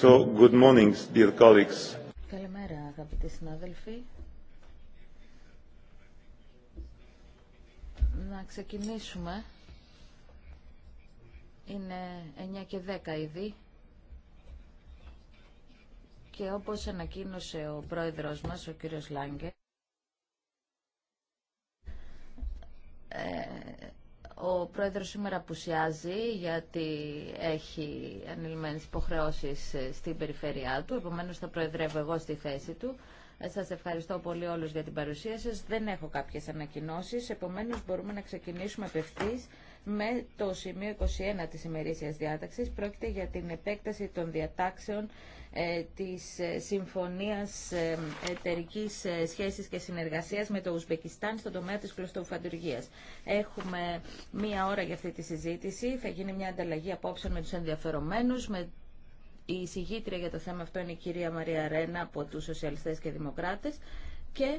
So, good morning, dear colleagues. Καλημέρα, αγαπητοί συνάδελφοι. Να ξεκινήσουμε. Είναι 9 και 10 ήδη. Και όπως ανακοίνωσε ο πρόεδρος μας, ο κύριος Λάγκε, Ο πρόεδρος σήμερα απουσιάζει γιατί έχει ανηλυμένες υποχρεώσεις ε, στην περιφέρειά του, επομένως θα προεδρεύω εγώ στη θέση του. Ε, σας ευχαριστώ πολύ όλους για την παρουσία σας. Δεν έχω κάποιες ανακοινώσεις, επομένως μπορούμε να ξεκινήσουμε απευθύς με το σημείο 21 της ημερήσιας διάταξης. Πρόκειται για την επέκταση των διατάξεων ε, της ε, Συμφωνίας ε, Εταιρικής Σχέσης και Συνεργασίας με το Ουσβεκιστάν στον τομέα της κλωστοφαντουργίας. Έχουμε μία ώρα για αυτή τη συζήτηση. Θα γίνει μια ανταλλαγή απόψεων με τους ενδιαφερομένους, με η συγγήτρια για το θέμα αυτό είναι η κυρία Μαρία Ρένα από τους Σοσιαλιστές και Δημοκράτες και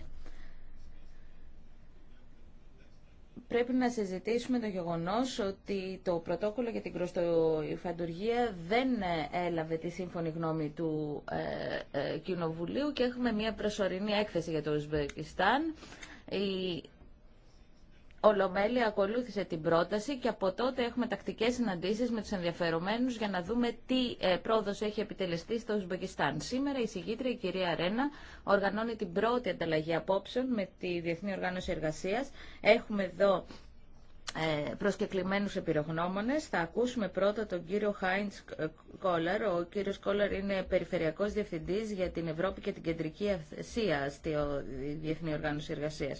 πρέπει να συζητήσουμε το γεγονός ότι το πρωτόκολλο για την κροστοϊφαντουργία δεν έλαβε τη σύμφωνη γνώμη του ε, ε, Κοινοβουλίου και έχουμε μια προσωρινή έκθεση για το Ουσβεκιστάν. Ολομέλεια ακολούθησε την πρόταση και από τότε έχουμε τακτικέ συναντήσεις με του ενδιαφερομένους για να δούμε τι ε, πρόοδο έχει επιτελεστεί στο Ουσμπεκιστάν. Σήμερα η συγγήτρια η κυρία Ρένα οργανώνει την πρώτη ανταλλαγή απόψεων με τη Διεθνή Οργάνωση εργασία. Έχουμε εδώ ε, προσκεκλημένους επιρρογνώμονε. Θα ακούσουμε πρώτα τον κύριο Χάιντ ε, Κόλλαρ. Ο κύριο Κόλλαρ είναι περιφερειακό διευθυντής για την Ευρώπη και την Κεντρική Ασία στη Διεθνή Οργάνωση εργασία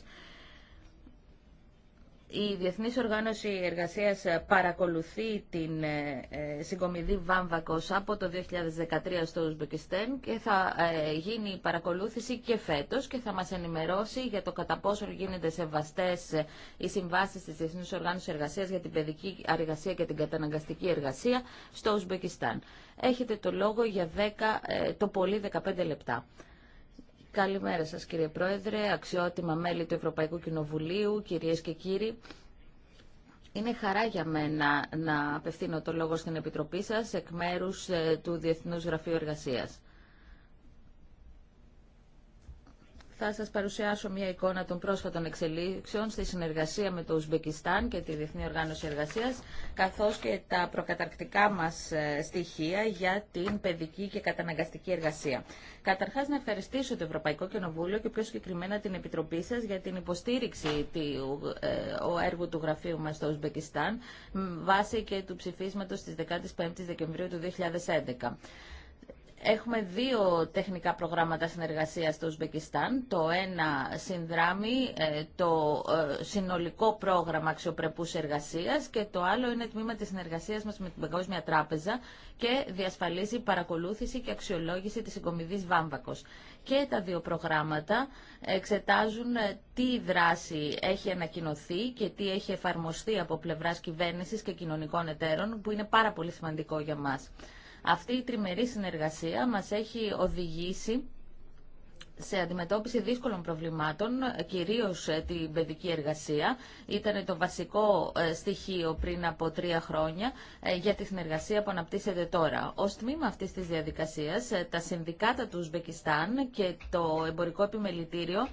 η Διεθνής Οργάνωση Εργασίας παρακολουθεί την ε, ε, συγκομιδή Βάμβακος από το 2013 στο Ουσμπεκιστέν και θα ε, γίνει η παρακολούθηση και φέτος και θα μας ενημερώσει για το κατά πόσο γίνεται σεβαστές οι συμβάσεις της Διεθνής Οργάνωσης Εργασίας για την παιδική εργασία και την καταναγκαστική εργασία στο Ουσμπεκιστάν. Έχετε το λόγο για 10, το πολύ 15 λεπτά. Καλημέρα σας κύριε Πρόεδρε, αξιότιμα μέλη του Ευρωπαϊκού Κοινοβουλίου, κυρίες και κύριοι. Είναι χαρά για μένα να απευθύνω το λόγο στην Επιτροπή σας εκ μέρους ε, του Διεθνούς Γραφείου Εργασίας. θα σα παρουσιάσω μια εικόνα των πρόσφατων εξελίξεων στη συνεργασία με το Ουσμπεκιστάν και τη Διεθνή Οργάνωση εργασία, καθώ και τα προκαταρκτικά μα ε, στοιχεία για την παιδική και καταναγκαστική εργασία. Καταρχά να ευχαριστήσω το Ευρωπαϊκό Κοινοβούλιο και πιο συγκεκριμένα την Επιτροπή σα για την υποστήριξη του ε, έργου του γραφείου μα στο Ουσμπεκιστάν, βάσει και του ψηφίσματος τη 15 5η Δεκεμβρίου του 2011. Έχουμε δύο τεχνικά προγράμματα συνεργασίας στο Ουσμπεκιστάν. Το ένα συνδράμει ε, το ε, συνολικό πρόγραμμα αξιοπρεπούς εργασίας και το άλλο είναι τμήμα της συνεργασίας μας με την Παγκόσμια Τράπεζα και διασφαλίζει παρακολούθηση και αξιολόγηση της συγκομιδής Βάμβακος. Και τα δύο προγράμματα εξετάζουν ε, τι δράση έχει ανακοινωθεί και τι έχει εφαρμοστεί από πλευράς κυβέρνησης και κοινωνικών εταίρων που είναι πάρα πολύ σημαντικό για μας. Αυτή η τριμερή συνεργασία μας έχει οδηγήσει σε αντιμετώπιση δύσκολων προβλημάτων, κυρίως ε, την παιδική εργασία. Ήταν το βασικό ε, στοιχείο πριν από τρία χρόνια ε, για τη συνεργασία που αναπτύσσεται τώρα. Ω τμήμα αυτής της διαδικασίας, τα συνδικάτα του Ουσβεκιστάν και το Εμπορικό Επιμελητήριο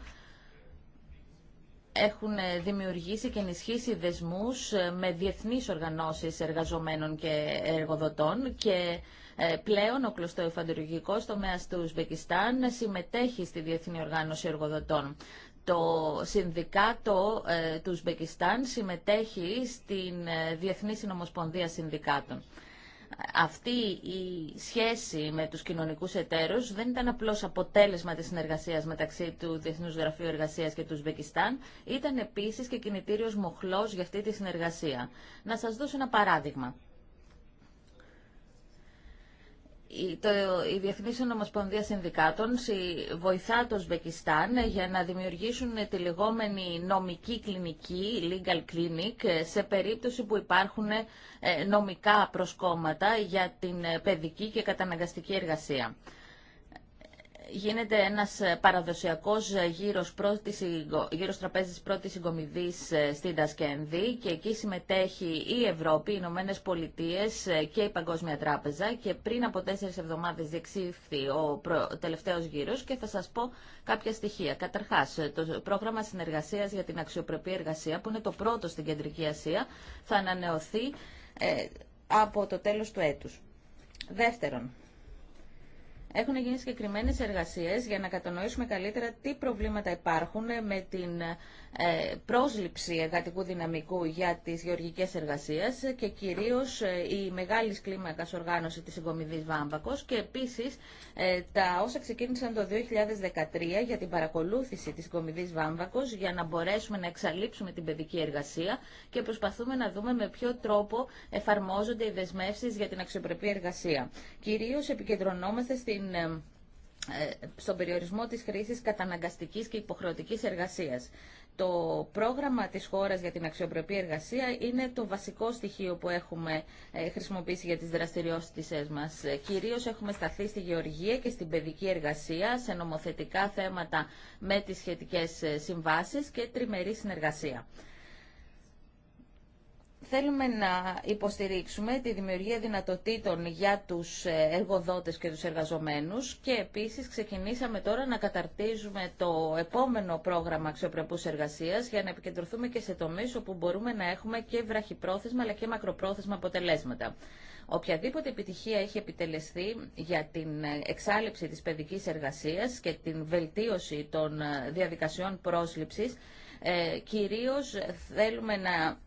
έχουν ε, δημιουργήσει και ενισχύσει δεσμούς ε, με διεθνείς οργανώσεις εργαζομένων και εργοδοτών και ε, πλέον ο κλωστό εφαντουργικό τομέας του Ουσβεκιστάν συμμετέχει στη Διεθνή Οργάνωση Εργοδοτών. Το Συνδικάτο του Ουσβεκιστάν συμμετέχει στην Διεθνή Συνομοσπονδία Συνδικάτων αυτή η σχέση με τους κοινωνικούς εταίρους δεν ήταν απλώς αποτέλεσμα της συνεργασίας μεταξύ του Διεθνούς Γραφείου Εργασίας και του Ουσβεκιστάν, ήταν επίσης και κινητήριος μοχλός για αυτή τη συνεργασία. Να σας δώσω ένα παράδειγμα το, η Διεθνή Ομοσπονδία Συνδικάτων βοηθά το Σμπεκιστάν για να δημιουργήσουν τη λεγόμενη νομική κλινική, legal clinic, σε περίπτωση που υπάρχουν ε, νομικά προσκόμματα για την ε, παιδική και καταναγκαστική εργασία γίνεται ένας ε, παραδοσιακός ε, γύρος, πρώτης, γύρος τραπέζης πρώτης συγκομιδής ε, στην Τασκένδη και εκεί συμμετέχει η Ευρώπη, οι Ηνωμένε Πολιτείε και η Παγκόσμια Τράπεζα και πριν από τέσσερις εβδομάδες διεξήφθη ο τελευταίος γύρος και θα σας πω κάποια στοιχεία. Καταρχάς, το πρόγραμμα συνεργασίας για την αξιοπρεπή εργασία που είναι το πρώτο στην Κεντρική Ασία θα ανανεωθεί από το τέλος του έτους. Δεύτερον, έχουν γίνει συγκεκριμένε εργασίε για να κατανοήσουμε καλύτερα τι προβλήματα υπάρχουν με την ε, πρόσληψη εργατικού δυναμικού για τις γεωργικές εργασίες και κυρίως ε, η μεγάλη κλίμακας οργάνωση της συγκομιδής Βάμβακος και επίσης ε, τα όσα ξεκίνησαν το 2013 για την παρακολούθηση της συγκομιδής Βάμβακος για να μπορέσουμε να εξαλείψουμε την παιδική εργασία και προσπαθούμε να δούμε με ποιο τρόπο εφαρμόζονται οι δεσμεύσεις για την αξιοπρεπή εργασία. Κυρίως επικεντρωνόμαστε στην ε, στον περιορισμό της χρήσης καταναγκαστικής και υποχρεωτικής εργασίας. Το πρόγραμμα της χώρας για την αξιοπρεπή εργασία είναι το βασικό στοιχείο που έχουμε ε, χρησιμοποιήσει για τις δραστηριότητες μας. Ε, κυρίως έχουμε σταθεί στη γεωργία και στην παιδική εργασία, σε νομοθετικά θέματα με τις σχετικές συμβάσεις και τριμερή συνεργασία θέλουμε να υποστηρίξουμε τη δημιουργία δυνατοτήτων για τους ε, εργοδότες και τους εργαζομένους και επίσης ξεκινήσαμε τώρα να καταρτίζουμε το επόμενο πρόγραμμα αξιοπρεπούς εργασίας για να επικεντρωθούμε και σε τομείς όπου μπορούμε να έχουμε και βραχυπρόθεσμα αλλά και μακροπρόθεσμα αποτελέσματα. Οποιαδήποτε επιτυχία έχει επιτελεστεί για την ε, εξάλληψη της παιδικής εργασίας και την βελτίωση των ε, διαδικασιών πρόσληψης, ε, κυρίως θέλουμε να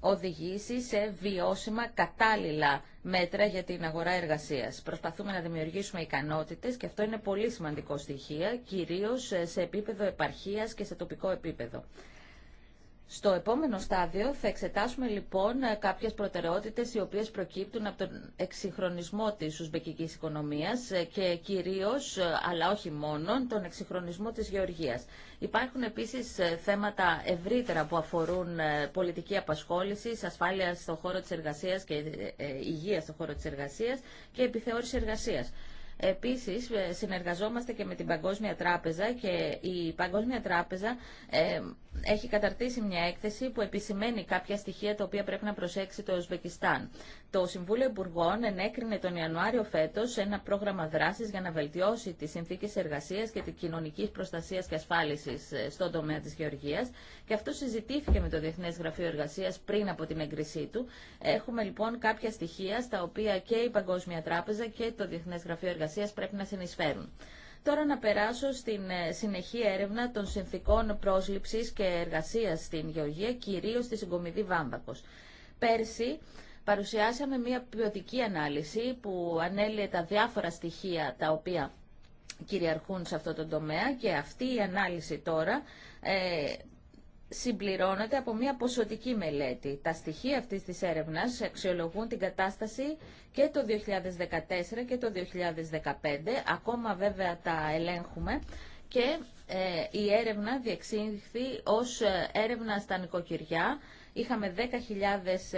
οδηγήσει σε βιώσιμα κατάλληλα μέτρα για την αγορά εργασίας. Προσπαθούμε να δημιουργήσουμε ικανότητες και αυτό είναι πολύ σημαντικό στοιχείο, κυρίως σε επίπεδο επαρχίας και σε τοπικό επίπεδο. Στο επόμενο στάδιο θα εξετάσουμε λοιπόν κάποιες προτεραιότητες οι οποίες προκύπτουν από τον εξυγχρονισμό της ουσμπεκικής οικονομίας και κυρίως, αλλά όχι μόνο, τον εξυγχρονισμό της γεωργίας. Υπάρχουν επίσης θέματα ευρύτερα που αφορούν ε, πολιτική απασχόληση, ασφάλεια στο χώρο της εργασίας και ε, υγεία στον χώρο της εργασίας και επιθεώρηση εργασίας. Επίσης, ε, συνεργαζόμαστε και με την Παγκόσμια Τράπεζα και η Παγκόσμια Τράπεζα έχει καταρτήσει μια έκθεση που επισημαίνει κάποια στοιχεία τα οποία πρέπει να προσέξει το Ουσβεκιστάν. Το Συμβούλιο Υπουργών ενέκρινε τον Ιανουάριο φέτο ένα πρόγραμμα δράση για να βελτιώσει τι συνθήκε εργασία και την κοινωνική προστασία και ασφάλιση ε, στον τομέα τη γεωργία και αυτό συζητήθηκε με το Διεθνέ Γραφείο Εργασία πριν από την έγκρισή του. Έχουμε λοιπόν κάποια στοιχεία στα οποία και η Παγκόσμια Τράπεζα και το Διεθνέ Γραφείο Εργασία πρέπει να συνεισφέρουν. Τώρα να περάσω στην ε, συνεχή έρευνα των συνθηκών πρόσληψης και εργασίας στην Γεωργία, κυρίως στη συγκομιδή Βάμβακος. Πέρσι παρουσιάσαμε μια ποιοτική ανάλυση που ανέλυε τα διάφορα στοιχεία τα οποία κυριαρχούν σε αυτό το τομέα και αυτή η ανάλυση τώρα ε, συμπληρώνεται από μια ποσοτική μελέτη. Τα στοιχεία αυτής της έρευνας αξιολογούν την κατάσταση και το 2014 και το 2015, ακόμα βέβαια τα ελέγχουμε και ε, η έρευνα διεξήχθη ως ε, έρευνα στα νοικοκυριά. Είχαμε 10.000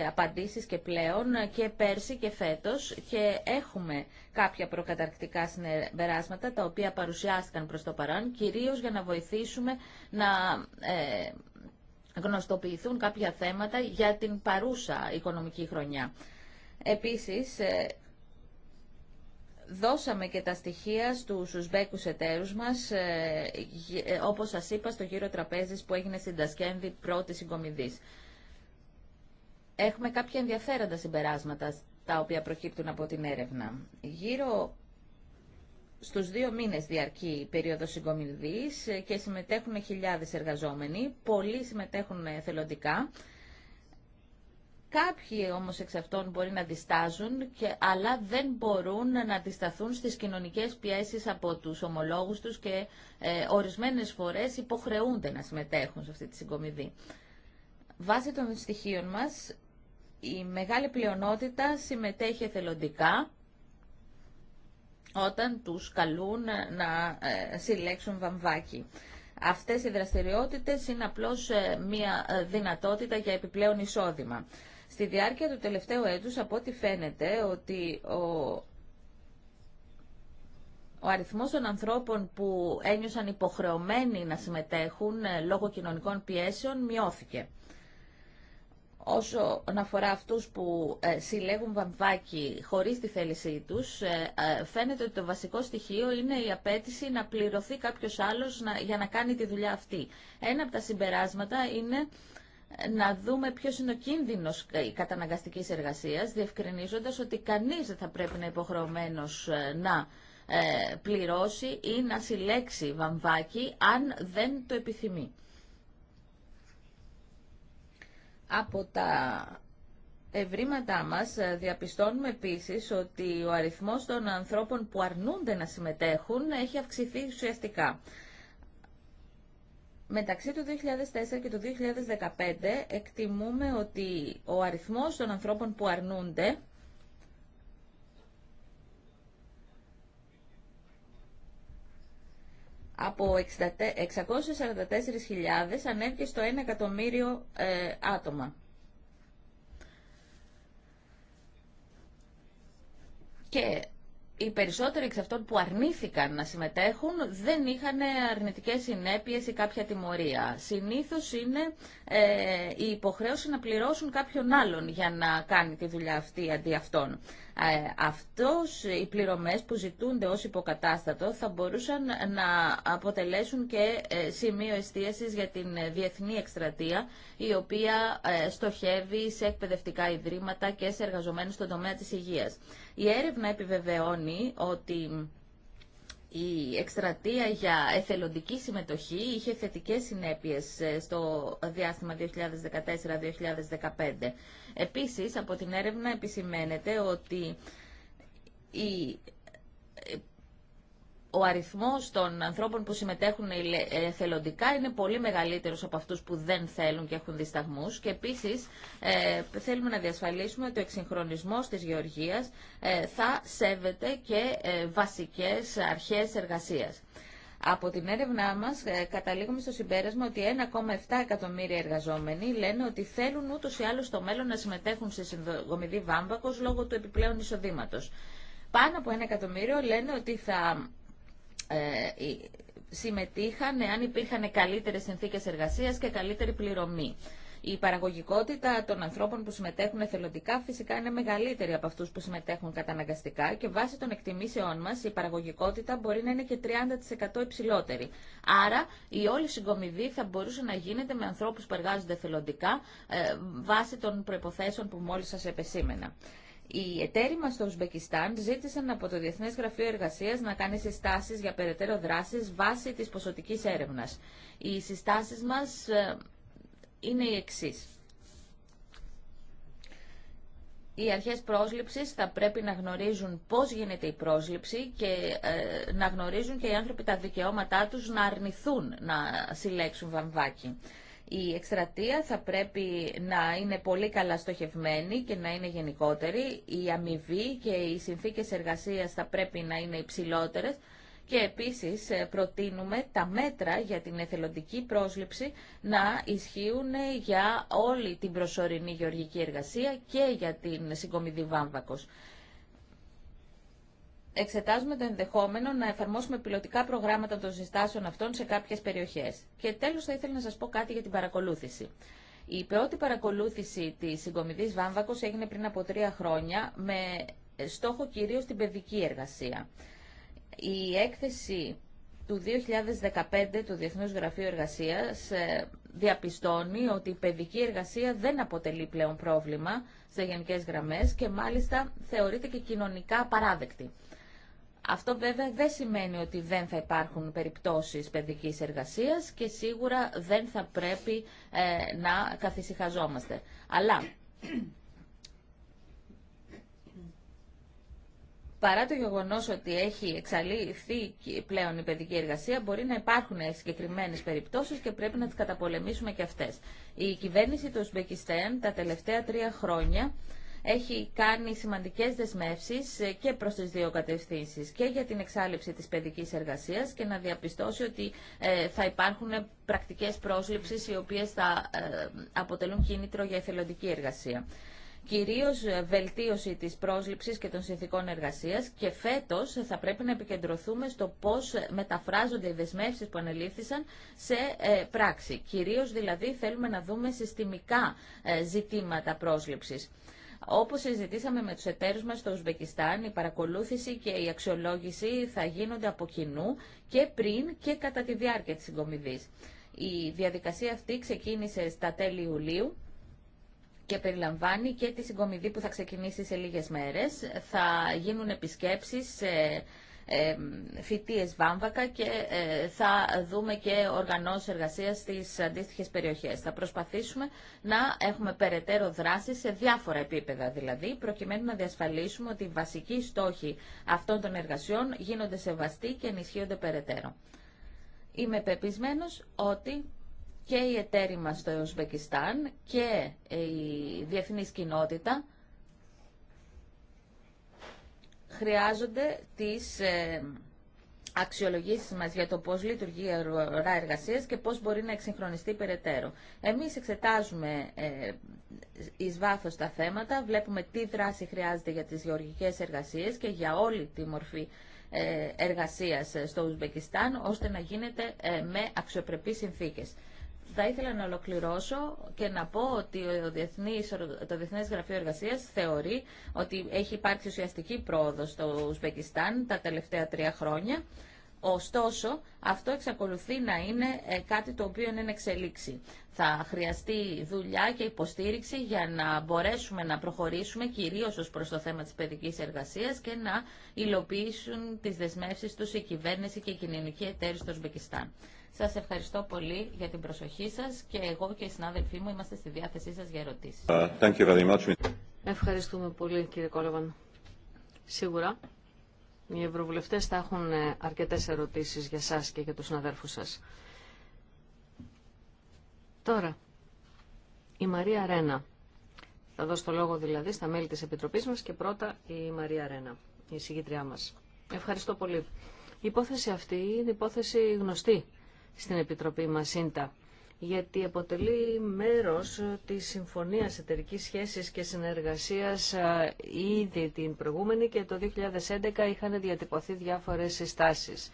απαντήσεις και πλέον και πέρσι και φέτος και έχουμε κάποια προκαταρκτικά συμπεράσματα τα οποία παρουσιάστηκαν προς το παρόν, κυρίως για να βοηθήσουμε να... Ε, γνωστοποιηθούν κάποια θέματα για την παρούσα οικονομική χρονιά. Επίσης, ε, δώσαμε και τα στοιχεία στους Ουσμπέκους εταίρους μας, ε, ε, όπως σας είπα, στο γύρο τραπέζης που έγινε στην Τασκένδη πρώτη συγκομιδής. Έχουμε κάποια ενδιαφέροντα συμπεράσματα τα οποία προκύπτουν από την έρευνα. Γύρω στους δύο μήνες διαρκεί η περίοδος συγκομιδής ε, και συμμετέχουν χιλιάδες εργαζόμενοι, πολλοί συμμετέχουν ε, θελοντικά. Κάποιοι όμως εξ αυτών μπορεί να διστάζουν, και, αλλά δεν μπορούν να αντισταθούν στις κοινωνικές πιέσεις από τους ομολόγους τους και ε, ορισμένες φορές υποχρεούνται να συμμετέχουν σε αυτή τη συγκομιδή. Βάσει των στοιχείων μας, η μεγάλη πλειονότητα συμμετέχει εθελοντικά όταν τους καλούν να ε, συλλέξουν βαμβάκι. Αυτές οι δραστηριότητες είναι απλώς ε, μια ε, δυνατότητα για επιπλέον εισόδημα. Στη διάρκεια του τελευταίου έτους, από ό,τι φαίνεται, ότι ο ο αριθμός των ανθρώπων που ένιωσαν υποχρεωμένοι να συμμετέχουν λόγω κοινωνικών πιέσεων μειώθηκε όσον αφορά αυτούς που ε, συλλέγουν βαμβάκι χωρίς τη θέλησή τους, ε, ε, φαίνεται ότι το βασικό στοιχείο είναι η απέτηση να πληρωθεί κάποιος άλλος για να κάνει τη δουλειά αυτή. Ένα από τα συμπεράσματα είναι να δούμε ποιος είναι ο κίνδυνος καταναγκαστικής εργασίας, διευκρινίζοντας ότι κανείς δεν θα πρέπει να υποχρεωμένος να πληρώσει ή να συλλέξει βαμβάκι αν δεν το επιθυμεί. Από τα ευρήματά μας ε, διαπιστώνουμε επίσης ότι ο αριθμός των ανθρώπων που αρνούνται να συμμετέχουν έχει αυξηθεί ουσιαστικά. Μεταξύ του 2004 και του 2015 εκτιμούμε ότι ο αριθμός των ανθρώπων που αρνούνται από 644.000 ανέβηκε στο 1 εκατομμύριο ε, άτομα. Και οι περισσότεροι εξ αυτών που αρνήθηκαν να συμμετέχουν δεν είχαν αρνητικές συνέπειες ή κάποια τιμωρία. Συνήθως είναι ε, η υποχρέωση να πληρώσουν κάποιον άλλον για να κάνει τη δουλειά αυτή αντί αυτών. Ε, αυτός οι πληρωμές που ζητούνται ως υποκατάστατο θα μπορούσαν να αποτελέσουν και ε, σημείο εστίασης για την ε, διεθνή εκστρατεία η οποία στοχεύει σε εκπαιδευτικά ιδρύματα και σε εργαζομένους στον τομέα της υγείας. Η έρευνα επιβεβαιώνει ότι η εκστρατεία για εθελοντική συμμετοχή είχε θετικές συνέπειες ε, στο διάστημα 2014-2015. Επίσης, από την έρευνα επισημαίνεται ότι η ο αριθμός των ανθρώπων που συμμετέχουν ε, εθελοντικά είναι πολύ μεγαλύτερος από αυτούς που δεν θέλουν και έχουν δισταγμούς και επίσης ε, θέλουμε να διασφαλίσουμε ότι ο εξυγχρονισμός της γεωργίας ε, θα σέβεται και ε, βασικές αρχές εργασίας. Από την έρευνά μας ε, καταλήγουμε στο συμπέρασμα ότι 1,7 εκατομμύρια εργαζόμενοι λένε ότι θέλουν ούτως ή άλλως στο μέλλον να συμμετέχουν σε συνδρομητή βάμβακος λόγω του επιπλέον εισοδήματος. Πάνω από ένα εκατομμύριο λένε ότι θα ε, ε, συμμετείχαν αν υπήρχαν καλύτερες συνθήκες εργασίας και καλύτερη πληρωμή. Η παραγωγικότητα των ανθρώπων που συμμετέχουν εθελοντικά φυσικά είναι μεγαλύτερη από αυτούς που συμμετέχουν καταναγκαστικά και βάσει των εκτιμήσεών μας η παραγωγικότητα μπορεί να είναι και 30% υψηλότερη. Άρα η όλη συγκομιδή θα μπορούσε να γίνεται με ανθρώπους που εργάζονται εθελοντικά ε, βάσει των προϋποθέσεων που μόλις σας επεσήμενα. Οι εταίροι μα στο Ουσμπεκιστάν ζήτησαν από το Διεθνέ Γραφείο Εργασίας να κάνει συστάσεις για περαιτέρω δράσεις βάσει της ποσοτικής έρευνας. Οι συστάσεις μας ε, είναι οι εξή. Οι αρχές πρόσληψης θα πρέπει να γνωρίζουν πώς γίνεται η πρόσληψη και ε, να γνωρίζουν και οι άνθρωποι τα δικαιώματά τους να αρνηθούν να συλλέξουν βαμβάκι. Η εκστρατεία θα πρέπει να είναι πολύ καλά στοχευμένη και να είναι γενικότερη. Η αμοιβή και οι συνθήκες εργασίας θα πρέπει να είναι υψηλότερες. Και επίσης ε, προτείνουμε τα μέτρα για την εθελοντική πρόσληψη να ισχύουν για όλη την προσωρινή γεωργική εργασία και για την συγκομιδή βάμβακος εξετάζουμε το ενδεχόμενο να εφαρμόσουμε πιλωτικά προγράμματα των συστάσεων αυτών σε κάποιε περιοχέ. Και τέλο θα ήθελα να σα πω κάτι για την παρακολούθηση. Η πρώτη παρακολούθηση τη συγκομιδή Βάμβακο έγινε πριν από τρία χρόνια με στόχο κυρίω την παιδική εργασία. Η έκθεση του 2015 του Διεθνούς Γραφείου Εργασίας ε, διαπιστώνει ότι η παιδική εργασία δεν αποτελεί πλέον πρόβλημα σε γενικές γραμμές και μάλιστα θεωρείται και κοινωνικά απαράδεκτη. Αυτό βέβαια δεν σημαίνει ότι δεν θα υπάρχουν περιπτώσεις παιδικής εργασίας και σίγουρα δεν θα πρέπει ε, να καθησυχαζόμαστε. Αλλά παρά το γεγονός ότι έχει εξαλειφθεί πλέον η παιδική εργασία, μπορεί να υπάρχουν συγκεκριμένες περιπτώσεις και πρέπει να τις καταπολεμήσουμε και αυτές. Η κυβέρνηση του Ουσμπεκιστέν τα τελευταία τρία χρόνια έχει κάνει σημαντικές δεσμεύσεις ε, και προς τις δύο κατευθύνσεις και για την εξάλληψη της παιδικής εργασίας και να διαπιστώσει ότι ε, θα υπάρχουν πρακτικές πρόσληψεις οι οποίες θα ε, αποτελούν κίνητρο για εθελοντική εργασία κυρίως βελτίωση της πρόσληψης και των συνθηκών εργασίας και φέτος θα πρέπει να επικεντρωθούμε στο πώς μεταφράζονται οι δεσμεύσεις που ανελήφθησαν σε πράξη. Κυρίως δηλαδή θέλουμε να δούμε συστημικά ζητήματα πρόσληψη. Όπω συζητήσαμε με τους εταίρου μας στο Ουσβεκιστάν, η παρακολούθηση και η αξιολόγηση θα γίνονται από κοινού και πριν και κατά τη διάρκεια της συγκομιδής. Η διαδικασία αυτή ξεκίνησε στα τέλη Ιουλίου και περιλαμβάνει και τη συγκομιδή που θα ξεκινήσει σε λίγες μέρες. Θα γίνουν επισκέψεις φοιτίες βάμβακα και ε, θα δούμε και οργανώσεις εργασίας στις αντίστοιχες περιοχές. Θα προσπαθήσουμε να έχουμε περαιτέρω δράση σε διάφορα επίπεδα δηλαδή, προκειμένου να διασφαλίσουμε ότι οι βασικοί στόχοι αυτών των εργασιών γίνονται σεβαστοί και ενισχύονται περαιτέρω. Είμαι πεπισμένος ότι και η εταίροι μας στο Ουσβεκιστάν και η διεθνής κοινότητα χρειάζονται τις ε, αξιολογήσεις μας για το πώς λειτουργεί η αγορά εργασίας και πώς μπορεί να εξυγχρονιστεί περαιτέρω. Εμείς εξετάζουμε ε, εις βάθος τα θέματα, βλέπουμε τι δράση χρειάζεται για τις γεωργικές εργασίες και για όλη τη μορφή ε, εργασίας στο Ουσμπεκιστάν, ώστε να γίνεται με αξιοπρεπείς συνθήκες θα ήθελα να ολοκληρώσω και να πω ότι ο Διεθνής, το Διεθνέ Γραφείο Εργασία θεωρεί ότι έχει υπάρξει ουσιαστική πρόοδο στο Ουσβεκιστάν τα τελευταία τρία χρόνια. Ωστόσο, αυτό εξακολουθεί να είναι ε, κάτι το οποίο είναι εξελίξη. Θα χρειαστεί δουλειά και υποστήριξη για να μπορέσουμε να προχωρήσουμε κυρίως ως προς το θέμα της παιδικής εργασίας και να υλοποιήσουν τις δεσμεύσεις τους η κυβέρνηση και η κοινωνική εταίρες στο Ουσβεκιστάν. Σας ευχαριστώ πολύ για την προσοχή σας και εγώ και οι συνάδελφοί μου είμαστε στη διάθεσή σας για ερωτήσεις. Uh, thank Ευχαριστούμε πολύ κύριε Κόλεβαν. Σίγουρα οι ευρωβουλευτές θα έχουν ε, αρκετές ερωτήσεις για σας και για τους συναδέλφους σας. Τώρα, η Μαρία Ρένα. Θα δώσω το λόγο δηλαδή στα μέλη της Επιτροπής μας και πρώτα η Μαρία Ρένα, η συγκήτριά μας. Ευχαριστώ πολύ. Η υπόθεση αυτή είναι υπόθεση γνωστή στην Επιτροπή μας γιατί αποτελεί μέρος της Συμφωνίας εταιρική Σχέσης και Συνεργασίας ήδη την προηγούμενη και το 2011 είχαν διατυπωθεί διάφορες συστάσεις.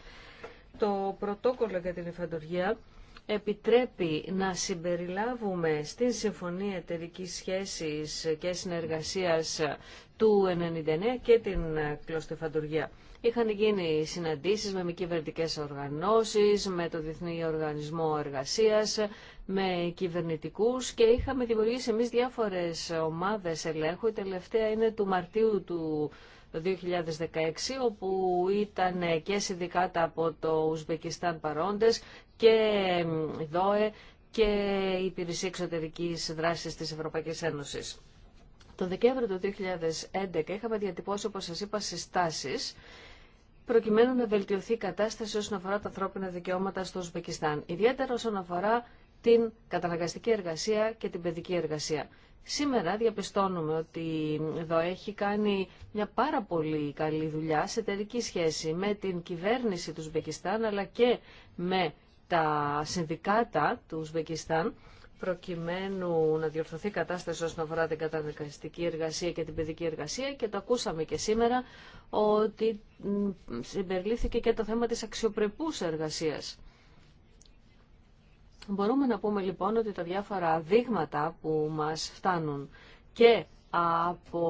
Το πρωτόκολλο για την εφαντουργία επιτρέπει να συμπεριλάβουμε στην Συμφωνία εταιρική Σχέσης και Συνεργασίας του 1999 και την κλωστεφαντουργία. Είχαν γίνει συναντήσεις με μη κυβερνητικέ οργανώσεις, με το Διεθνή Οργανισμό Εργασίας, με κυβερνητικούς και είχαμε δημιουργήσει εμείς διάφορες ομάδες ελέγχου. Η τελευταία είναι του Μαρτίου του 2016, όπου ήταν και συνδικάτα από το Ουσβεκιστάν παρόντες και ΔΟΕ και η Υπηρεσία Εξωτερικής Δράσης της Ευρωπαϊκής Ένωσης. Το Δεκέμβριο του 2011 είχαμε διατυπώσει, όπως σας είπα, συστάσεις προκειμένου να βελτιωθεί η κατάσταση όσον αφορά τα ανθρώπινα δικαιώματα στο Ουσβεκιστάν, ιδιαίτερα όσον αφορά την καταναγκαστική εργασία και την παιδική εργασία. Σήμερα διαπιστώνουμε ότι εδώ έχει κάνει μια πάρα πολύ καλή δουλειά σε εταιρική σχέση με την κυβέρνηση του Ουσβεκιστάν αλλά και με τα συνδικάτα του Ουσβεκιστάν προκειμένου να διορθωθεί η κατάσταση όσον αφορά την καταδικαστική εργασία και την παιδική εργασία και το ακούσαμε και σήμερα ότι συμπεριλήφθηκε και το θέμα της αξιοπρεπούς εργασίας. Μπορούμε να πούμε λοιπόν ότι τα διάφορα δείγματα που μας φτάνουν και από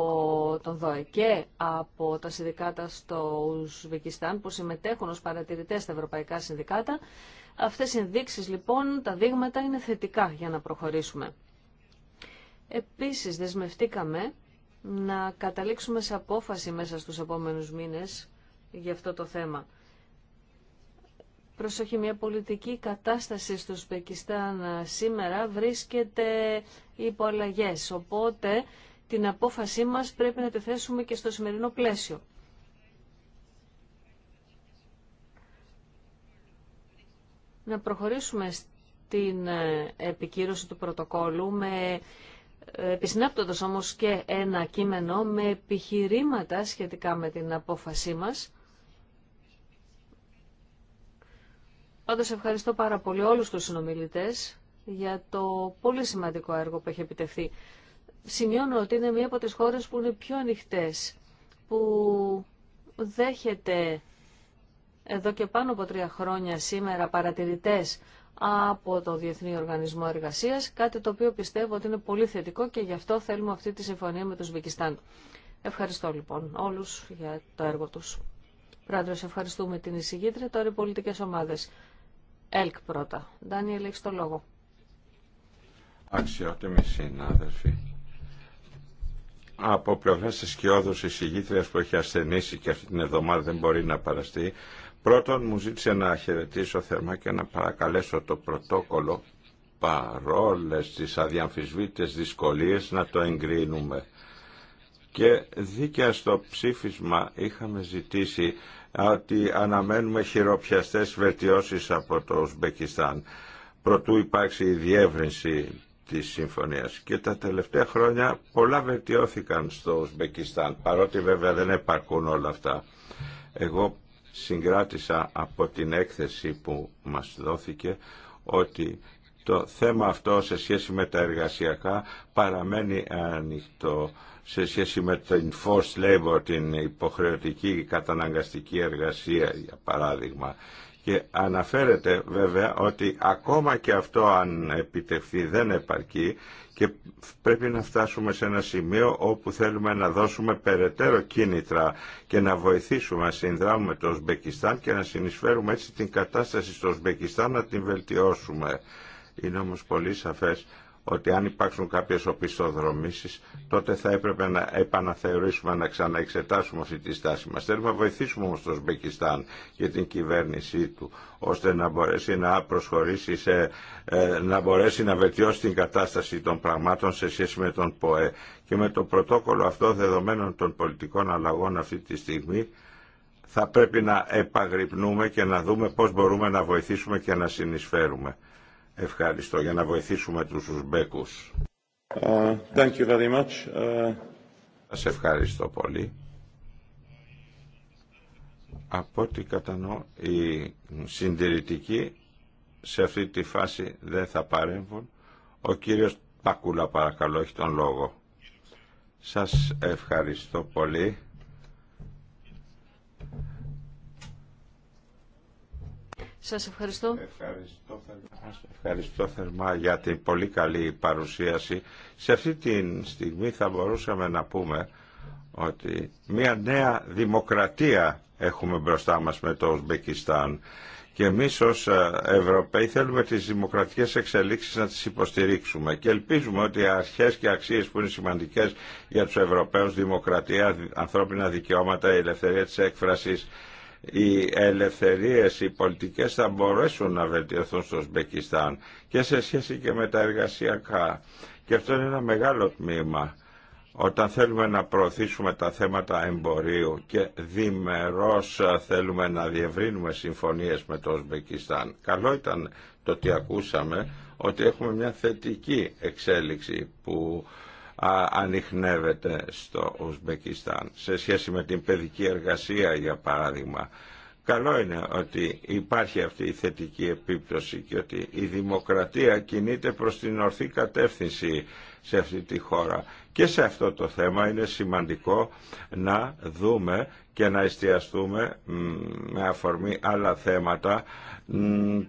τον ΔΟΕ και από τα συνδικάτα στο Ουσβικιστάν που συμμετέχουν ως παρατηρητές στα ευρωπαϊκά συνδικάτα Αυτές οι ενδείξεις λοιπόν, τα δείγματα είναι θετικά για να προχωρήσουμε. Επίσης δεσμευτήκαμε να καταλήξουμε σε απόφαση μέσα στους επόμενους μήνες για αυτό το θέμα. Προσοχή, μια πολιτική κατάσταση στο Σπεκιστάν σήμερα βρίσκεται υπό αλλαγές, οπότε την απόφασή μας πρέπει να τη θέσουμε και στο σημερινό πλαίσιο. να προχωρήσουμε στην ε, επικύρωση του πρωτοκόλου με ε, επισυνάπτοντας όμως και ένα κείμενο με επιχειρήματα σχετικά με την απόφασή μας. Όντως ευχαριστώ πάρα πολύ όλους τους συνομιλητές για το πολύ σημαντικό έργο που έχει επιτευχθεί. Σημειώνω ότι είναι μία από τις χώρες που είναι πιο ανοιχτές, που δέχεται εδώ και πάνω από τρία χρόνια σήμερα παρατηρητές από το Διεθνή Οργανισμό Εργασίας, κάτι το οποίο πιστεύω ότι είναι πολύ θετικό και γι' αυτό θέλουμε αυτή τη συμφωνία με το Βικιστάν. Ευχαριστώ λοιπόν όλους για το έργο τους. Πρόεδρος, ευχαριστούμε την εισηγήτρια, τώρα οι πολιτικές ομάδες. ΕΛΚ πρώτα. Ντάνιελ, έχεις το λόγο. Αξιότιμοι συνάδελφοι, από πλευρά τη Κιόδου εισηγήτρια που έχει ασθενήσει και αυτή την εβδομάδα δεν μπορεί να παραστεί, Πρώτον μου ζήτησε να χαιρετήσω θερμά και να παρακαλέσω το πρωτόκολλο παρόλες τις αδιαμφισβήτες δυσκολίες να το εγκρίνουμε. Και δίκαια στο ψήφισμα είχαμε ζητήσει ότι αναμένουμε χειροπιαστές βελτιώσεις από το Ουσμπεκιστάν. Προτού υπάρξει η διεύρυνση της συμφωνίας. Και τα τελευταία χρόνια πολλά βελτιώθηκαν στο Ουσμπεκιστάν, παρότι βέβαια δεν επαρκούν όλα αυτά. Εγώ συγκράτησα από την έκθεση που μας δόθηκε ότι το θέμα αυτό σε σχέση με τα εργασιακά παραμένει ανοιχτό σε σχέση με την forced labor, την υποχρεωτική καταναγκαστική εργασία για παράδειγμα. Και αναφέρεται βέβαια ότι ακόμα και αυτό αν επιτευχθεί δεν επαρκεί και πρέπει να φτάσουμε σε ένα σημείο όπου θέλουμε να δώσουμε περαιτέρω κίνητρα και να βοηθήσουμε να συνδράμουμε το Ουσμπεκιστάν και να συνεισφέρουμε έτσι την κατάσταση στο Ουσμπεκιστάν να την βελτιώσουμε. Είναι όμως πολύ σαφές ότι αν υπάρξουν κάποιες οπισθοδρομήσεις τότε θα έπρεπε να επαναθεωρήσουμε, να ξαναεξετάσουμε αυτή τη στάση μας. Θέλουμε να βοηθήσουμε όμως το Σμπεκιστάν και την κυβέρνησή του ώστε να μπορέσει να προσχωρήσει σε, ε, να μπορέσει να βελτιώσει την κατάσταση των πραγμάτων σε σχέση με τον ΠΟΕ. Και με το πρωτόκολλο αυτό δεδομένων των πολιτικών αλλαγών αυτή τη στιγμή θα πρέπει να επαγρυπνούμε και να δούμε πώς μπορούμε να βοηθήσουμε και να συνεισφέρουμε. Ευχαριστώ για να βοηθήσουμε τους Ουσμπέκους. Uh, Σας ευχαριστώ πολύ. Από ό,τι κατανοώ, οι συντηρητικοί σε αυτή τη φάση δεν θα παρέμβουν. Ο κύριος Πακούλα παρακαλώ έχει τον λόγο. Σας ευχαριστώ πολύ. Σας ευχαριστώ. Ευχαριστώ θερμά. ευχαριστώ θερμά για την πολύ καλή παρουσίαση. Σε αυτή τη στιγμή θα μπορούσαμε να πούμε ότι μια νέα δημοκρατία έχουμε μπροστά μας με το Ουσμπεκιστάν και εμείς ως ε, Ευρωπαίοι θέλουμε τις δημοκρατικές εξελίξεις να τις υποστηρίξουμε και ελπίζουμε ότι οι αρχές και αξίες που είναι σημαντικές για τους Ευρωπαίους, δημοκρατία, ανθρώπινα δικαιώματα, η ελευθερία της έκφρασης οι ελευθερίες, οι πολιτικές θα μπορέσουν να βελτιωθούν στο Σμπεκιστάν και σε σχέση και με τα εργασιακά. Και αυτό είναι ένα μεγάλο τμήμα. Όταν θέλουμε να προωθήσουμε τα θέματα εμπορίου και διμερώς θέλουμε να διευρύνουμε συμφωνίες με το Σμπεκιστάν. Καλό ήταν το ότι ακούσαμε ότι έχουμε μια θετική εξέλιξη που ανιχνεύεται στο Ουσμπεκιστάν σε σχέση με την παιδική εργασία για παράδειγμα. Καλό είναι ότι υπάρχει αυτή η θετική επίπτωση και ότι η δημοκρατία κινείται προς την ορθή κατεύθυνση σε αυτή τη χώρα. Και σε αυτό το θέμα είναι σημαντικό να δούμε και να εστιαστούμε με αφορμή άλλα θέματα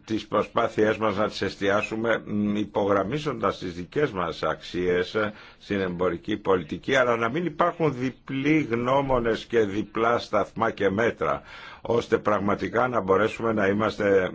τις προσπάθειές μας να τις εστιάσουμε υπογραμμίζοντας τις δικές μας αξίες ε, στην εμπορική πολιτική αλλά να μην υπάρχουν διπλοί γνώμονες και διπλά σταθμά και μέτρα ώστε πραγματικά να μπορέσουμε να είμαστε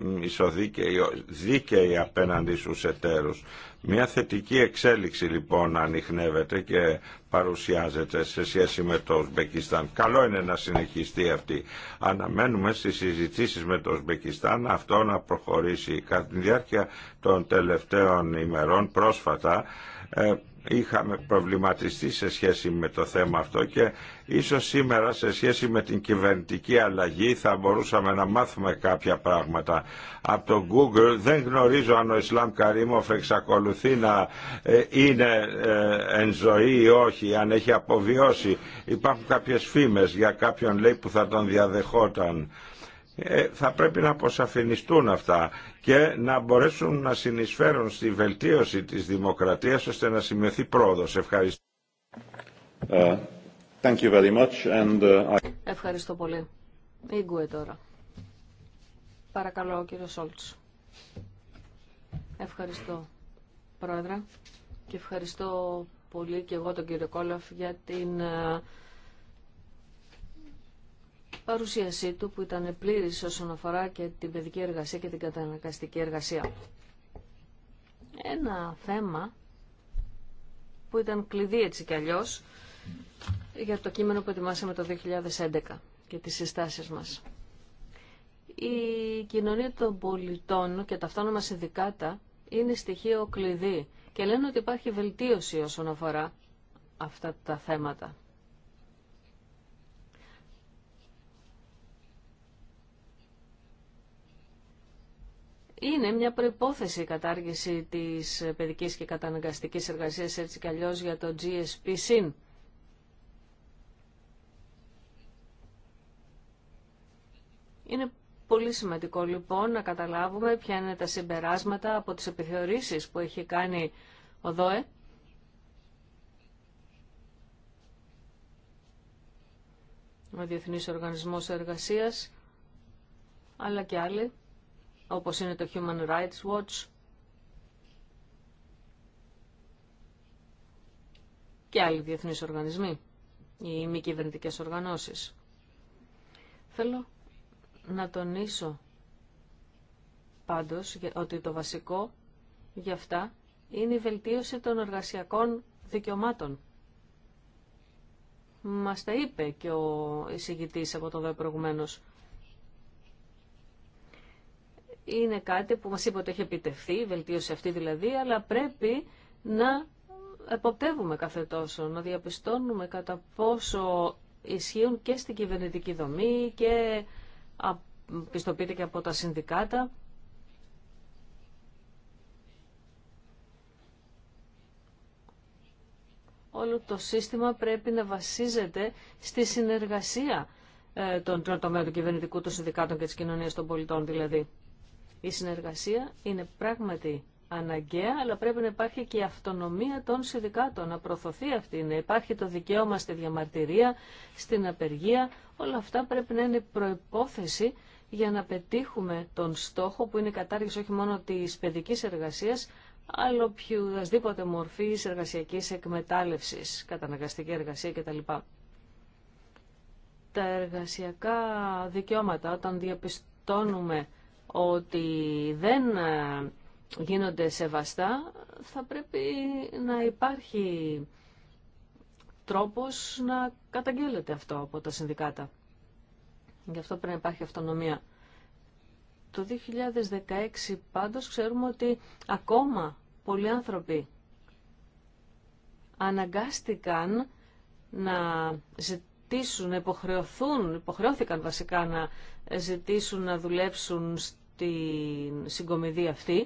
δίκαιοι απέναντι στους εταίρους. Μια θετική εξέλιξη λοιπόν ανοιχνεύεται και παρουσιάζεται σε σχέση με το Ουσμπεκιστάν. Καλό είναι να συνεχιστεί αυτή. Αναμένουμε στις συζητήσεις με το Ουσμπεκιστάν αυτό να προχωρήσει. Κατά τη διάρκεια των τελευταίων ημερών πρόσφατα ε, είχαμε προβληματιστεί σε σχέση με το θέμα αυτό και ίσως σήμερα σε σχέση με την κυβερνητική αλλαγή θα μπορούσαμε να μάθουμε κάποια πράγματα. Από το Google δεν γνωρίζω αν ο Ισλάμ Καρίμοφ εξακολουθεί να ε, είναι ε, εν ζωή ή όχι, αν έχει αποβιώσει. Υπάρχουν κάποιες φήμες για κάποιον λέει που θα τον διαδεχόταν. Ε, θα πρέπει να αποσαφινιστούν αυτά και να μπορέσουν να συνεισφέρουν στη βελτίωση της δημοκρατίας ώστε να σημειωθεί πρόοδος. Ευχαριστώ. Uh, thank you very much and, uh, I... Ευχαριστώ πολύ. Ήγκουε τώρα. Παρακαλώ κύριο Σόλτς. Ευχαριστώ πρόεδρε και ευχαριστώ πολύ και εγώ τον κύριο Κόλαφ για την ε, παρουσίασή του που ήταν πλήρης όσον αφορά και την παιδική εργασία και την κατανακαστική εργασία. Ένα θέμα που ήταν κλειδί έτσι κι αλλιώς για το κείμενο που ετοιμάσαμε το 2011 και τις συστάσεις μας. Η κοινωνία των πολιτών και τα αυτόνομα συνδικάτα είναι στοιχείο κλειδί και λένε ότι υπάρχει βελτίωση όσον αφορά αυτά τα θέματα. Είναι μια προπόθεση η κατάργηση της παιδικής και καταναγκαστικής εργασίας έτσι κι αλλιώς για το gsp σύν. Είναι πολύ σημαντικό λοιπόν να καταλάβουμε ποια είναι τα συμπεράσματα από τις επιθεωρήσεις που έχει κάνει ο ΔΟΕ. Ο Διεθνής Οργανισμός Εργασίας, αλλά και άλλοι όπως είναι το Human Rights Watch και άλλοι διεθνείς οργανισμοί ή μη κυβερνητικέ οργανώσεις. Θέλω να τονίσω πάντως ότι το βασικό για αυτά είναι η βελτίωση των εργασιακών δικαιωμάτων. Μας τα είπε και ο εισηγητής από τον ΔΕ είναι κάτι που μας είπε ότι έχει επιτευχθεί, η βελτίωση αυτή δηλαδή, αλλά πρέπει να εποπτεύουμε κάθε τόσο, να διαπιστώνουμε κατά πόσο ισχύουν και στην κυβερνητική δομή και πιστοποιείται και από τα συνδικάτα. Όλο το σύστημα πρέπει να βασίζεται στη συνεργασία ε, των τομέων του κυβερνητικού, των συνδικάτων και της κοινωνίας των πολιτών δηλαδή. Η συνεργασία είναι πράγματι αναγκαία, αλλά πρέπει να υπάρχει και η αυτονομία των συνδικάτων, να προωθωθεί αυτή, να υπάρχει το δικαίωμα στη διαμαρτυρία, στην απεργία. Όλα αυτά πρέπει να είναι προϋπόθεση για να πετύχουμε τον στόχο που είναι η κατάργηση όχι μόνο της παιδικής εργασίας, αλλά οποιοδήποτε μορφή εργασιακής εκμετάλλευσης, καταναγκαστική εργασία κτλ. Τα εργασιακά δικαιώματα, όταν διαπιστώνουμε ότι δεν ε, γίνονται σεβαστά, θα πρέπει να υπάρχει τρόπος να καταγγέλλεται αυτό από τα συνδικάτα. Γι' αυτό πρέπει να υπάρχει αυτονομία. Το 2016 πάντως ξέρουμε ότι ακόμα πολλοί άνθρωποι αναγκάστηκαν να ζητήσουν, υποχρεωθούν, υποχρεώθηκαν βασικά να ζητήσουν να δουλέψουν την συγκομιδή αυτή,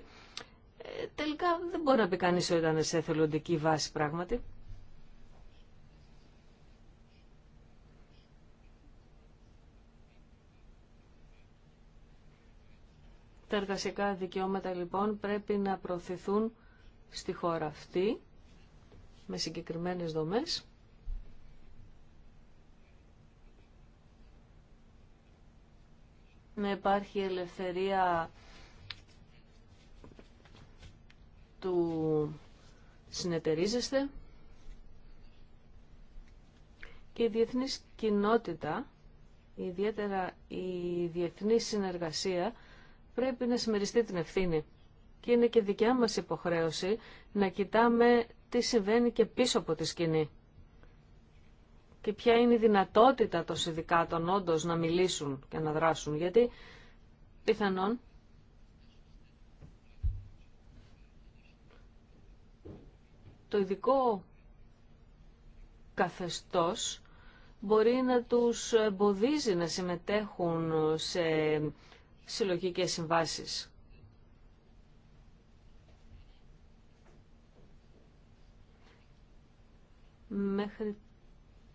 ε, τελικά δεν μπορεί να πει κανείς ότι ήταν σε εθελοντική βάση πράγματι. Τα εργασιακά δικαιώματα λοιπόν πρέπει να προωθηθούν στη χώρα αυτή με συγκεκριμένες δομές. να υπάρχει ελευθερία του συνεταιρίζεστε και η διεθνής κοινότητα, ιδιαίτερα η διεθνή συνεργασία, πρέπει να συμμεριστεί την ευθύνη. Και είναι και δικιά μας υποχρέωση να κοιτάμε τι συμβαίνει και πίσω από τη σκηνή και ποια είναι η δυνατότητα των συνδικάτων όντως να μιλήσουν και να δράσουν. Γιατί πιθανόν το ειδικό καθεστώς μπορεί να τους εμποδίζει να συμμετέχουν σε συλλογικές συμβάσεις. Μέχρι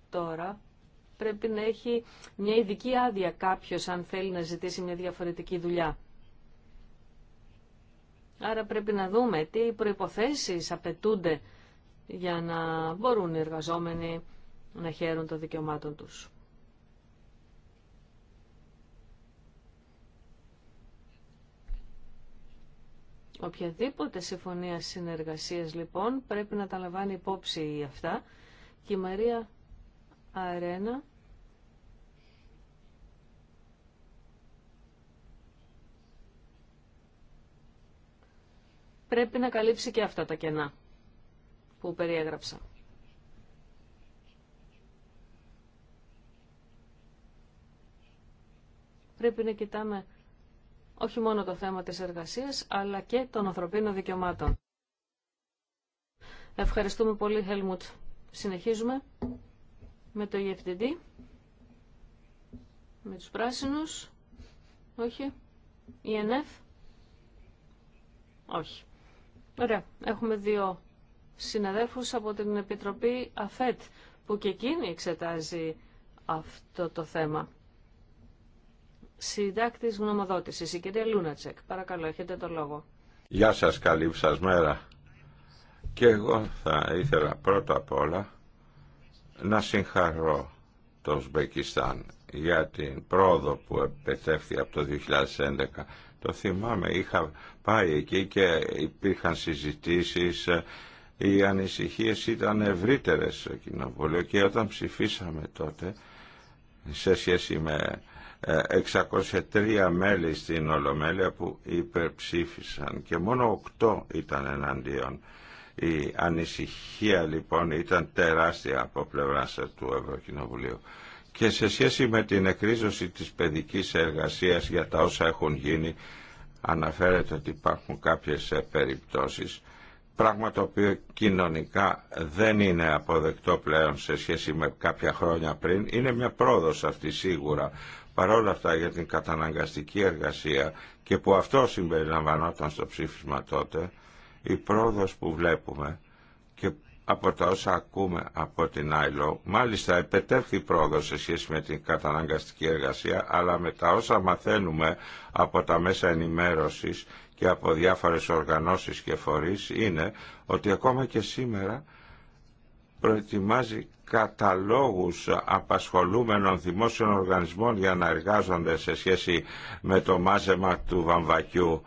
τώρα πρέπει να έχει μια ειδική άδεια κάποιος αν θέλει να ζητήσει μια διαφορετική δουλειά. Άρα πρέπει να δούμε τι προϋποθέσεις απαιτούνται για να μπορούν οι εργαζόμενοι να χαίρουν των δικαιωμάτων τους. Οποιαδήποτε συμφωνία συνεργασίας λοιπόν πρέπει να τα λαμβάνει υπόψη αυτά και η Μαρία αρένα πρέπει να καλύψει και αυτά τα κενά που περιέγραψα. Πρέπει να κοιτάμε όχι μόνο το θέμα της εργασίας, αλλά και των ανθρωπίνων δικαιωμάτων. Ευχαριστούμε πολύ, Χέλμουτ. Συνεχίζουμε με το EFTD, με τους πράσινους, όχι, ENF, όχι. Ωραία, έχουμε δύο συναδέλφους από την Επιτροπή ΑΦΕΤ που και εκείνη εξετάζει αυτό το θέμα. Συντάκτης γνωμοδότησης, η κυρία Λούνατσεκ. Παρακαλώ, έχετε το λόγο. Γεια σας, καλή σας μέρα. Και εγώ θα ήθελα πρώτα απ' όλα να συγχαρώ το Ουσμπεκιστάν για την πρόοδο που επετεύχθη από το 2011. Το θυμάμαι, είχα πάει εκεί και υπήρχαν συζητήσεις, οι ανησυχίες ήταν ευρύτερες στο κοινοβούλιο και όταν ψηφίσαμε τότε σε σχέση με 603 ε, μέλη στην Ολομέλεια που υπερψήφισαν και μόνο 8 ήταν εναντίον. Η ανησυχία λοιπόν ήταν τεράστια από πλευρά του Ευρωκοινοβουλίου. Και σε σχέση με την εκρίζωση της παιδικής εργασίας για τα όσα έχουν γίνει, αναφέρεται ότι υπάρχουν κάποιες ε, περιπτώσεις πράγμα το οποίο κοινωνικά δεν είναι αποδεκτό πλέον σε σχέση με κάποια χρόνια πριν. Είναι μια πρόοδος αυτή σίγουρα, παρόλα αυτά για την καταναγκαστική εργασία και που αυτό συμπεριλαμβανόταν στο ψήφισμα τότε, η πρόοδος που βλέπουμε και από τα όσα ακούμε από την Άιλο, μάλιστα επετεύχθη πρόοδος σε σχέση με την καταναγκαστική εργασία, αλλά με τα όσα μαθαίνουμε από τα μέσα ενημέρωσης και από διάφορες οργανώσεις και φορείς, είναι ότι ακόμα και σήμερα προετοιμάζει καταλόγους απασχολούμενων δημόσιων οργανισμών για να εργάζονται σε σχέση με το μάζεμα του βαμβακιού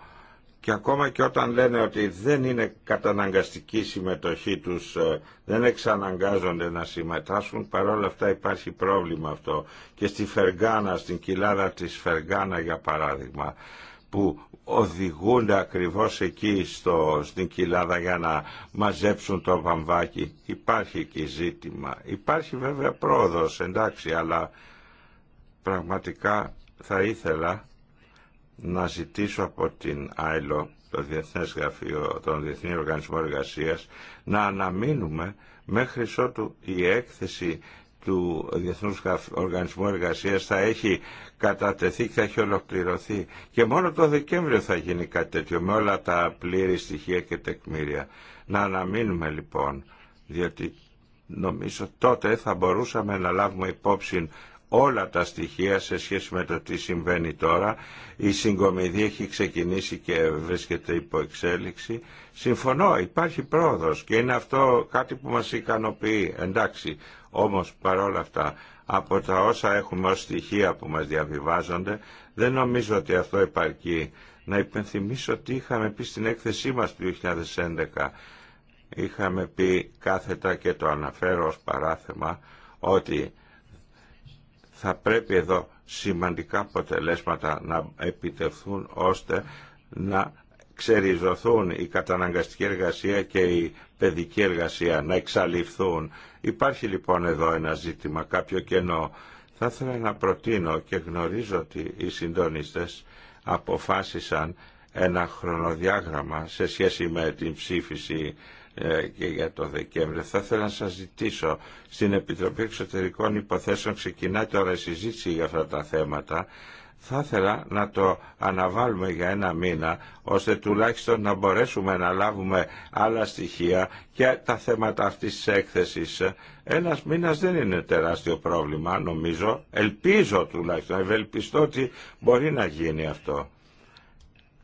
και ακόμα και όταν λένε ότι δεν είναι καταναγκαστική συμμετοχή τους, ε, δεν εξαναγκάζονται να συμμετάσχουν, παρόλα αυτά υπάρχει πρόβλημα αυτό. Και στη Φεργάνα, στην κοιλάδα της Φεργάνα για παράδειγμα, που οδηγούνται ακριβώς εκεί στο, στην κοιλάδα για να μαζέψουν το βαμβάκι. Υπάρχει εκεί ζήτημα. Υπάρχει βέβαια πρόοδος, εντάξει, αλλά πραγματικά θα ήθελα να ζητήσω από την ΆΙΛΟ, το Διεθνές Γραφείο, τον Διεθνή Οργανισμό Εργασίας, να αναμείνουμε μέχρι ότου η έκθεση του Διεθνούς Οργανισμού Εργασίας θα έχει κατατεθεί και θα έχει ολοκληρωθεί. Και μόνο το Δεκέμβριο θα γίνει κάτι τέτοιο, με όλα τα πλήρη στοιχεία και τεκμήρια. Να αναμείνουμε λοιπόν, διότι νομίζω τότε θα μπορούσαμε να λάβουμε υπόψη όλα τα στοιχεία σε σχέση με το τι συμβαίνει τώρα. Η συγκομιδή έχει ξεκινήσει και βρίσκεται υπό εξέλιξη. Συμφωνώ, υπάρχει πρόοδος και είναι αυτό κάτι που μας ικανοποιεί. Εντάξει, όμως παρόλα αυτά από τα όσα έχουμε ως στοιχεία που μας διαβιβάζονται δεν νομίζω ότι αυτό επαρκεί. Να υπενθυμίσω ότι είχαμε πει στην έκθεσή μας του 2011 είχαμε πει κάθετα και το αναφέρω ως παράθεμα ότι θα πρέπει εδώ σημαντικά αποτελέσματα να επιτευχθούν ώστε να ξεριζωθούν η καταναγκαστική εργασία και η παιδική εργασία, να εξαλειφθούν. Υπάρχει λοιπόν εδώ ένα ζήτημα, κάποιο κενό. Θα ήθελα να προτείνω και γνωρίζω ότι οι συντονίστες αποφάσισαν ένα χρονοδιάγραμμα σε σχέση με την ψήφιση ε, και για το Δεκέμβριο. Θα ήθελα να σας ζητήσω, στην Επιτροπή Εξωτερικών Υποθέσεων ξεκινάει τώρα η συζήτηση για αυτά τα θέματα, θα ήθελα να το αναβάλουμε για ένα μήνα, ώστε τουλάχιστον να μπορέσουμε να λάβουμε άλλα στοιχεία και τα θέματα αυτής της έκθεσης. Ένας μήνας δεν είναι τεράστιο πρόβλημα, νομίζω. Ελπίζω τουλάχιστον, ευελπιστώ ότι μπορεί να γίνει αυτό.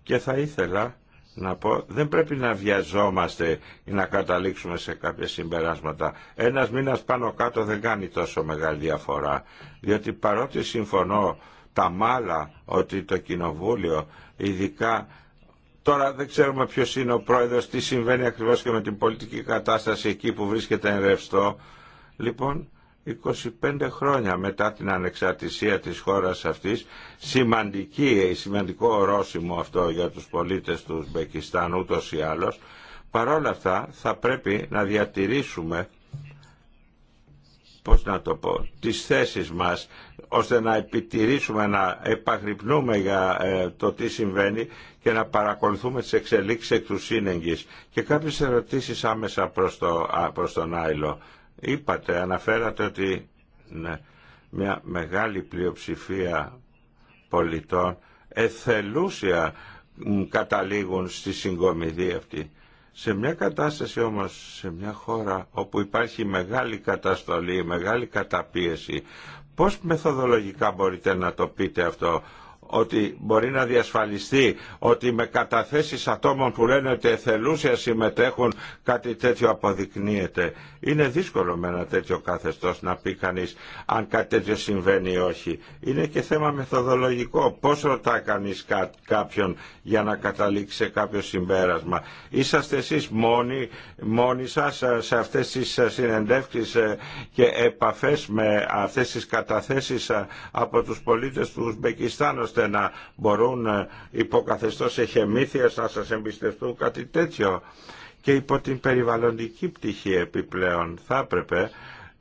Και θα ήθελα να πω, δεν πρέπει να βιαζόμαστε ή να καταλήξουμε σε κάποια συμπεράσματα. Ένας μήνας πάνω κάτω δεν κάνει τόσο μεγάλη διαφορά. Διότι παρότι συμφωνώ τα μάλα ότι το Κοινοβούλιο ειδικά Τώρα δεν ξέρουμε ποιος είναι ο πρόεδρος, τι συμβαίνει ακριβώς και με την πολιτική κατάσταση εκεί που βρίσκεται εν ρευστό. Λοιπόν, 25 χρόνια μετά την ανεξαρτησία της χώρας αυτής σημαντική, σημαντικό ορόσημο αυτό για τους πολίτες του Μπεκιστάν ούτως ή άλλως παρόλα αυτά θα πρέπει να διατηρήσουμε πώς να το τις θέσεις μας ώστε να επιτηρήσουμε, να επαγρυπνούμε για ε, το τι συμβαίνει και να παρακολουθούμε τις εξελίξεις εκ του σύνεγγης. Και κάποιες ερωτήσεις άμεσα προς, προς τον Άιλο. Είπατε, αναφέρατε ότι ναι, μια μεγάλη πλειοψηφία πολιτών εθελούσια καταλήγουν στη συγκομιδή αυτή. Σε μια κατάσταση όμως, σε μια χώρα όπου υπάρχει μεγάλη καταστολή, μεγάλη καταπίεση, πώς μεθοδολογικά μπορείτε να το πείτε αυτό ότι μπορεί να διασφαλιστεί ότι με καταθέσεις ατόμων που λένε ότι εθελούσια συμμετέχουν κάτι τέτοιο αποδεικνύεται. Είναι δύσκολο με ένα τέτοιο καθεστώς να πει κανείς αν κάτι τέτοιο συμβαίνει ή όχι. Είναι και θέμα μεθοδολογικό. Πώς ρωτά κανείς κάποιον για να καταλήξει σε κάποιο συμπέρασμα. Είσαστε εσείς μόνοι, μόνοι σας σε αυτές τις συνεντεύξεις ε, και επαφές με αυτές τις καταθέσεις ε, από τους πολίτες του Ουσμπεκιστάν να μπορούν ε, υποκαθεστώς εχεμήθειας να σας εμπιστευτούν κάτι τέτοιο. Και υπό την περιβαλλοντική πτυχή επιπλέον θα έπρεπε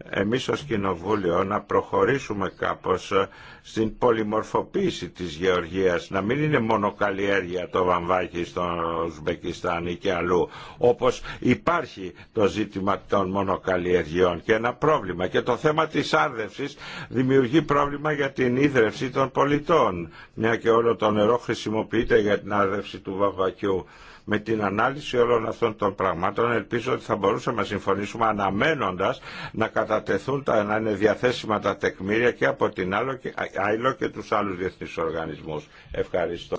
εμείς ως Κοινοβούλιο να προχωρήσουμε κάπως ε, στην πολυμορφοποίηση της γεωργίας, να μην είναι μονοκαλλιέργεια το βαμβάκι στο Ουσμπεκιστάν ή και αλλού, όπως υπάρχει το ζήτημα των μονοκαλλιεργειών και ένα πρόβλημα. Και το θέμα της άρδευσης δημιουργεί πρόβλημα για την ίδρευση των πολιτών, μια και όλο το νερό χρησιμοποιείται για την άρδευση του βαμβακιού. Με την ανάλυση όλων αυτών των πραγμάτων ελπίζω ότι θα μπορούσαμε να συμφωνήσουμε αναμένοντας να κατατεθούν τα, να είναι διαθέσιμα τα τεκμήρια και από την άλλο και, άλλο και τους άλλους διεθνείς οργανισμούς. Ευχαριστώ.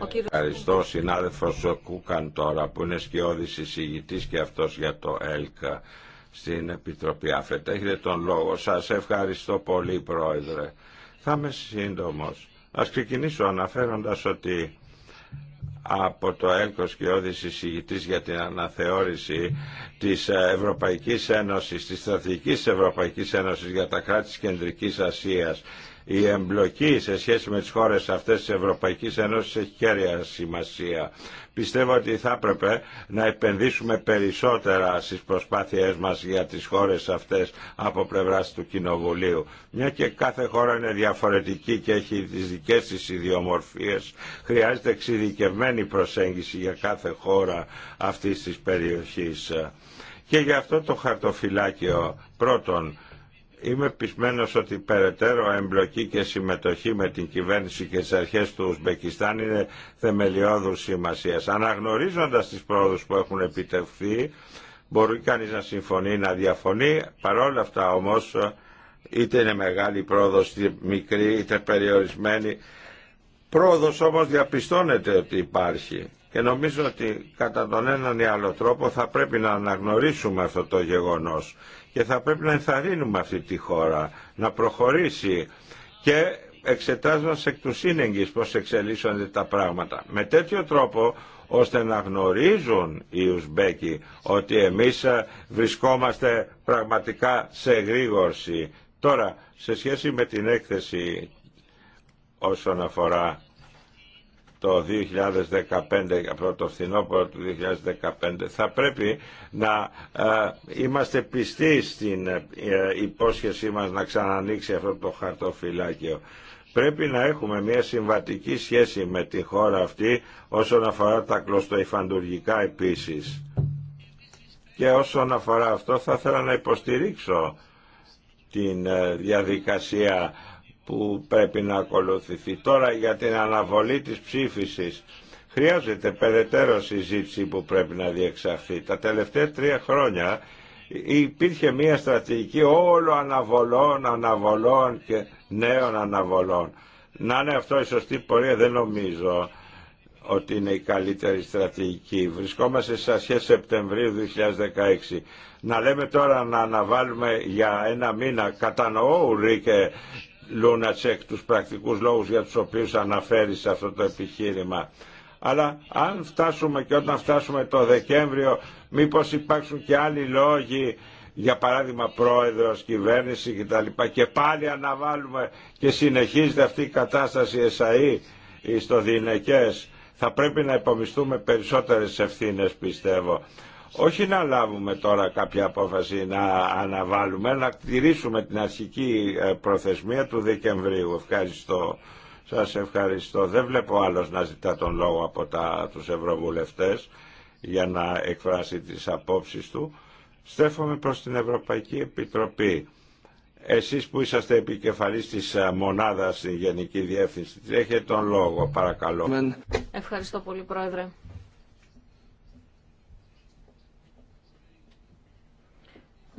Ευχαριστώ συνάδελφος Κούκαν τώρα που είναι σκιώδης εισηγητής και αυτός για το ΕΛΚΑ στην Επιτροπή ΑΦΕΤ. Έχετε τον λόγο σας. Ευχαριστώ πολύ Πρόεδρε. Θα είμαι σύντομος. Ας ξεκινήσω αναφέροντας ότι από το ΕΛΚΟΣ και όδηση συγητής για την αναθεώρηση της Ευρωπαϊκής Ένωσης, της Στρατηγικής Ευρωπαϊκής Ένωσης για τα κράτη της Κεντρικής Ασίας. Η εμπλοκή σε σχέση με τις χώρες αυτές της Ευρωπαϊκής Ένωσης έχει κέρια σημασία πιστεύω ότι θα έπρεπε να επενδύσουμε περισσότερα στις προσπάθειές μας για τις χώρες αυτές από πλευράς του Κοινοβουλίου. Μια και κάθε χώρα είναι διαφορετική και έχει τις δικές της ιδιομορφίες, χρειάζεται εξειδικευμένη προσέγγιση για κάθε χώρα αυτής της περιοχής. Και για αυτό το χαρτοφυλάκιο πρώτον Είμαι πεισμένος ότι περαιτέρω εμπλοκή και συμμετοχή με την κυβέρνηση και τις αρχές του Ουσμπεκιστάν είναι θεμελιώδους σημασίας. Αναγνωρίζοντας τις πρόοδους που έχουν επιτευχθεί, μπορεί κανείς να συμφωνεί, ή να διαφωνεί, παρόλα αυτά όμως είτε είναι μεγάλη πρόοδος, είτε μικρή, είτε περιορισμένη. Πρόοδος όμως διαπιστώνεται ότι υπάρχει. Και νομίζω ότι κατά τον έναν ή άλλο τρόπο θα πρέπει να αναγνωρίσουμε αυτό το γεγονός και θα πρέπει να ενθαρρύνουμε αυτή τη χώρα να προχωρήσει και εξετάζοντας εκ του σύνεγγυς πώς εξελίσσονται τα πράγματα. Με τέτοιο τρόπο ώστε να γνωρίζουν οι Ουσμπέκοι ότι εμείς ε, βρισκόμαστε πραγματικά σε γρήγορση. Τώρα, σε σχέση με την έκθεση όσον αφορά το 2015, από το φθινόπωρο του 2015, θα πρέπει να ε, είμαστε πιστοί στην ε, υπόσχεσή μας να ξανανοίξει αυτό το χαρτοφυλάκιο. Πρέπει να έχουμε μια συμβατική σχέση με τη χώρα αυτή όσον αφορά τα κλωστοϊφαντουργικά επίσης. Και όσον αφορά αυτό θα ήθελα να υποστηρίξω την ε, διαδικασία που πρέπει να ακολουθηθεί. Τώρα για την αναβολή της ψήφισης χρειάζεται περαιτέρω συζήτηση που πρέπει να διεξαχθεί. Τα τελευταία τρία χρόνια υπήρχε μια στρατηγική όλων αναβολών, αναβολών και νέων αναβολών. Να είναι αυτό η σωστή πορεία δεν νομίζω ότι είναι η καλύτερη στρατηγική. Βρισκόμαστε σε αρχές Σεπτεμβρίου 2016. Να λέμε τώρα να αναβάλουμε για ένα μήνα, κατανοώ Ρίκε... Λούνατσεκ τους πρακτικούς λόγους για τους οποίους αναφέρει σε αυτό το επιχείρημα. Αλλά αν φτάσουμε και όταν φτάσουμε το Δεκέμβριο μήπως υπάρξουν και άλλοι λόγοι για παράδειγμα πρόεδρος, κυβέρνηση κτλ. Και πάλι αναβάλουμε και συνεχίζεται αυτή η κατάσταση ΕΣΑΗ στο Δινεκές. Θα πρέπει να υπομισθούμε περισσότερες ευθύνες πιστεύω όχι να λάβουμε τώρα κάποια απόφαση να αναβάλουμε, να τηρήσουμε την αρχική ε, προθεσμία του Δεκεμβρίου. Ευχαριστώ. Σας ευχαριστώ. Δεν βλέπω άλλος να ζητά τον λόγο από τα, τους ευρωβουλευτές για να εκφράσει τις απόψεις του. Στρέφομαι προς την Ευρωπαϊκή Επιτροπή. Εσείς που είσαστε επικεφαλής της ε, μονάδας στην Γενική Διεύθυνση, έχετε τον λόγο, παρακαλώ. Ευχαριστώ πολύ, Πρόεδρε.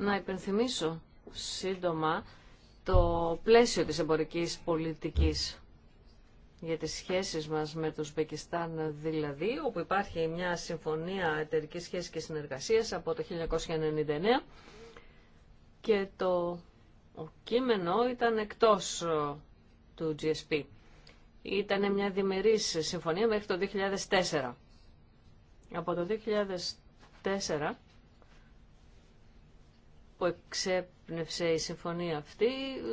να υπενθυμίσω σύντομα το πλαίσιο της εμπορικής πολιτικής για τις σχέσεις μας με το Ουσμπεκιστάν δηλαδή, όπου υπάρχει μια συμφωνία εταιρική σχέση και συνεργασίας από το 1999 και το ο κείμενο ήταν εκτός ε, του GSP. Ήταν μια διμερής συμφωνία μέχρι το 2004. Από το 2004 που εξέπνευσε η συμφωνία αυτή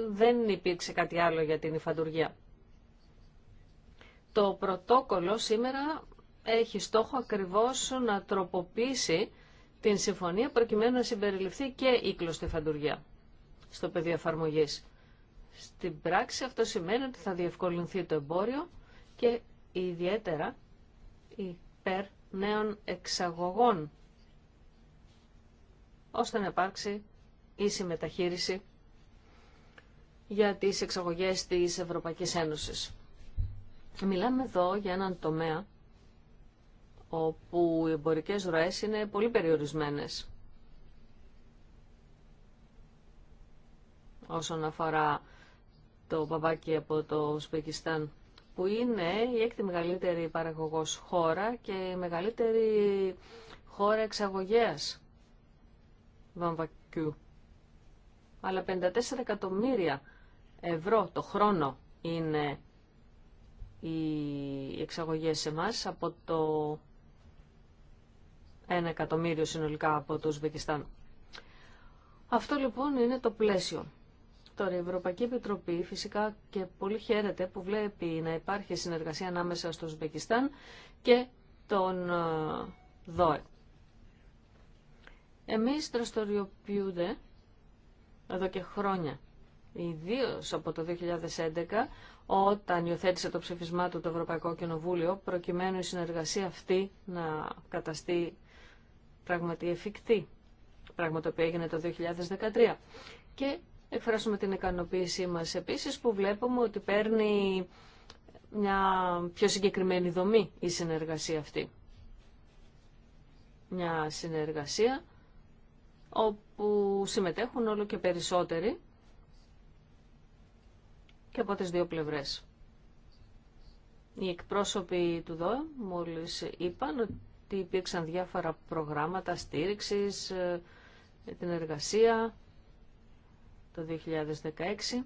δεν υπήρξε κάτι άλλο για την υφαντουργία. Το πρωτόκολλο σήμερα έχει στόχο ακριβώς να τροποποιήσει την συμφωνία προκειμένου να συμπεριληφθεί και η υφαντουργία στο πεδίο εφαρμογή. Στην πράξη αυτό σημαίνει ότι θα διευκολυνθεί το εμπόριο και ιδιαίτερα υπέρ νέων εξαγωγών ώστε να υπάρξει ίση μεταχείριση για τις εξαγωγές της Ευρωπαϊκής Ένωσης. Μιλάμε εδώ για έναν τομέα όπου οι εμπορικέ ροές είναι πολύ περιορισμένες όσον αφορά το παπάκι από το Σπίκιστάν, που είναι η έκτη μεγαλύτερη παραγωγός χώρα και η μεγαλύτερη χώρα εξαγωγέας βαμβακιού αλλά 54 εκατομμύρια ευρώ το χρόνο είναι οι εξαγωγές σε μας από το 1 εκατομμύριο συνολικά από το Ουσβεκιστάν. Αυτό λοιπόν είναι το πλαίσιο. Τώρα η Ευρωπαϊκή Επιτροπή φυσικά και πολύ χαίρεται που βλέπει να υπάρχει συνεργασία ανάμεσα στο Ουσβεκιστάν και τον ε, ΔΟΕ. Εμείς δραστηριοποιούνται εδώ και χρόνια. Ιδίω από το 2011, όταν υιοθέτησε το ψηφισμά του το Ευρωπαϊκό Κοινοβούλιο, προκειμένου η συνεργασία αυτή να καταστεί πράγματι εφικτή, πράγμα το οποίο έγινε το 2013. Και εκφράσουμε την ικανοποίησή μας επίσης που βλέπουμε ότι παίρνει μια πιο συγκεκριμένη δομή η συνεργασία αυτή. Μια συνεργασία όπου συμμετέχουν όλο και περισσότεροι και από τις δύο πλευρές. Οι εκπρόσωποι του ΔΟΕ μόλις είπαν ότι υπήρξαν διάφορα προγράμματα στήριξης, ε, την εργασία το 2016,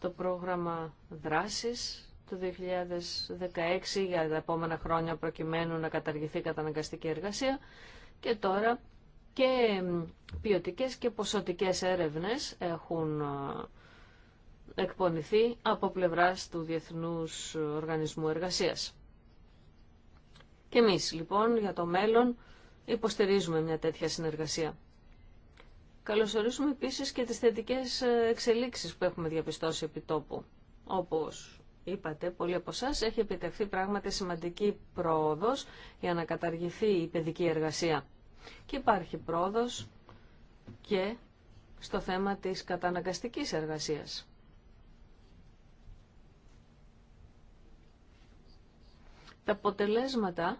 το πρόγραμμα δράσης το 2016 για τα επόμενα χρόνια προκειμένου να καταργηθεί καταναγκαστική εργασία και τώρα και ποιοτικές και ποσοτικές έρευνες έχουν εκπονηθεί από πλευράς του Διεθνούς Οργανισμού Εργασίας. Και εμείς λοιπόν για το μέλλον υποστηρίζουμε μια τέτοια συνεργασία. Καλωσορίζουμε επίσης και τις θετικές ε, εξελίξεις που έχουμε διαπιστώσει επί τόπου. Όπως είπατε, πολλοί από εσά έχει επιτευχθεί πράγματι σημαντική πρόοδος για να καταργηθεί η παιδική εργασία. Και υπάρχει πρόοδος και στο θέμα της καταναγκαστικής εργασίας. Τα αποτελέσματα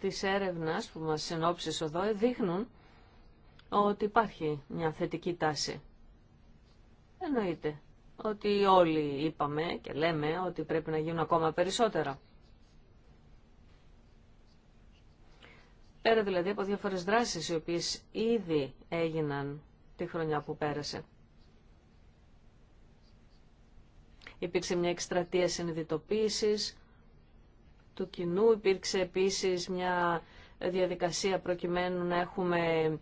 της έρευνας που μας συνόψεις εδώ δείχνουν ότι υπάρχει μια θετική τάση. Εννοείται ότι όλοι είπαμε και λέμε ότι πρέπει να γίνουν ακόμα περισσότερα. Πέρα δηλαδή από διάφορες δράσεις οι οποίες ήδη έγιναν τη χρονιά που πέρασε. Υπήρξε μια εκστρατεία συνειδητοποίηση του κοινού, υπήρξε επίσης μια διαδικασία προκειμένου να έχουμε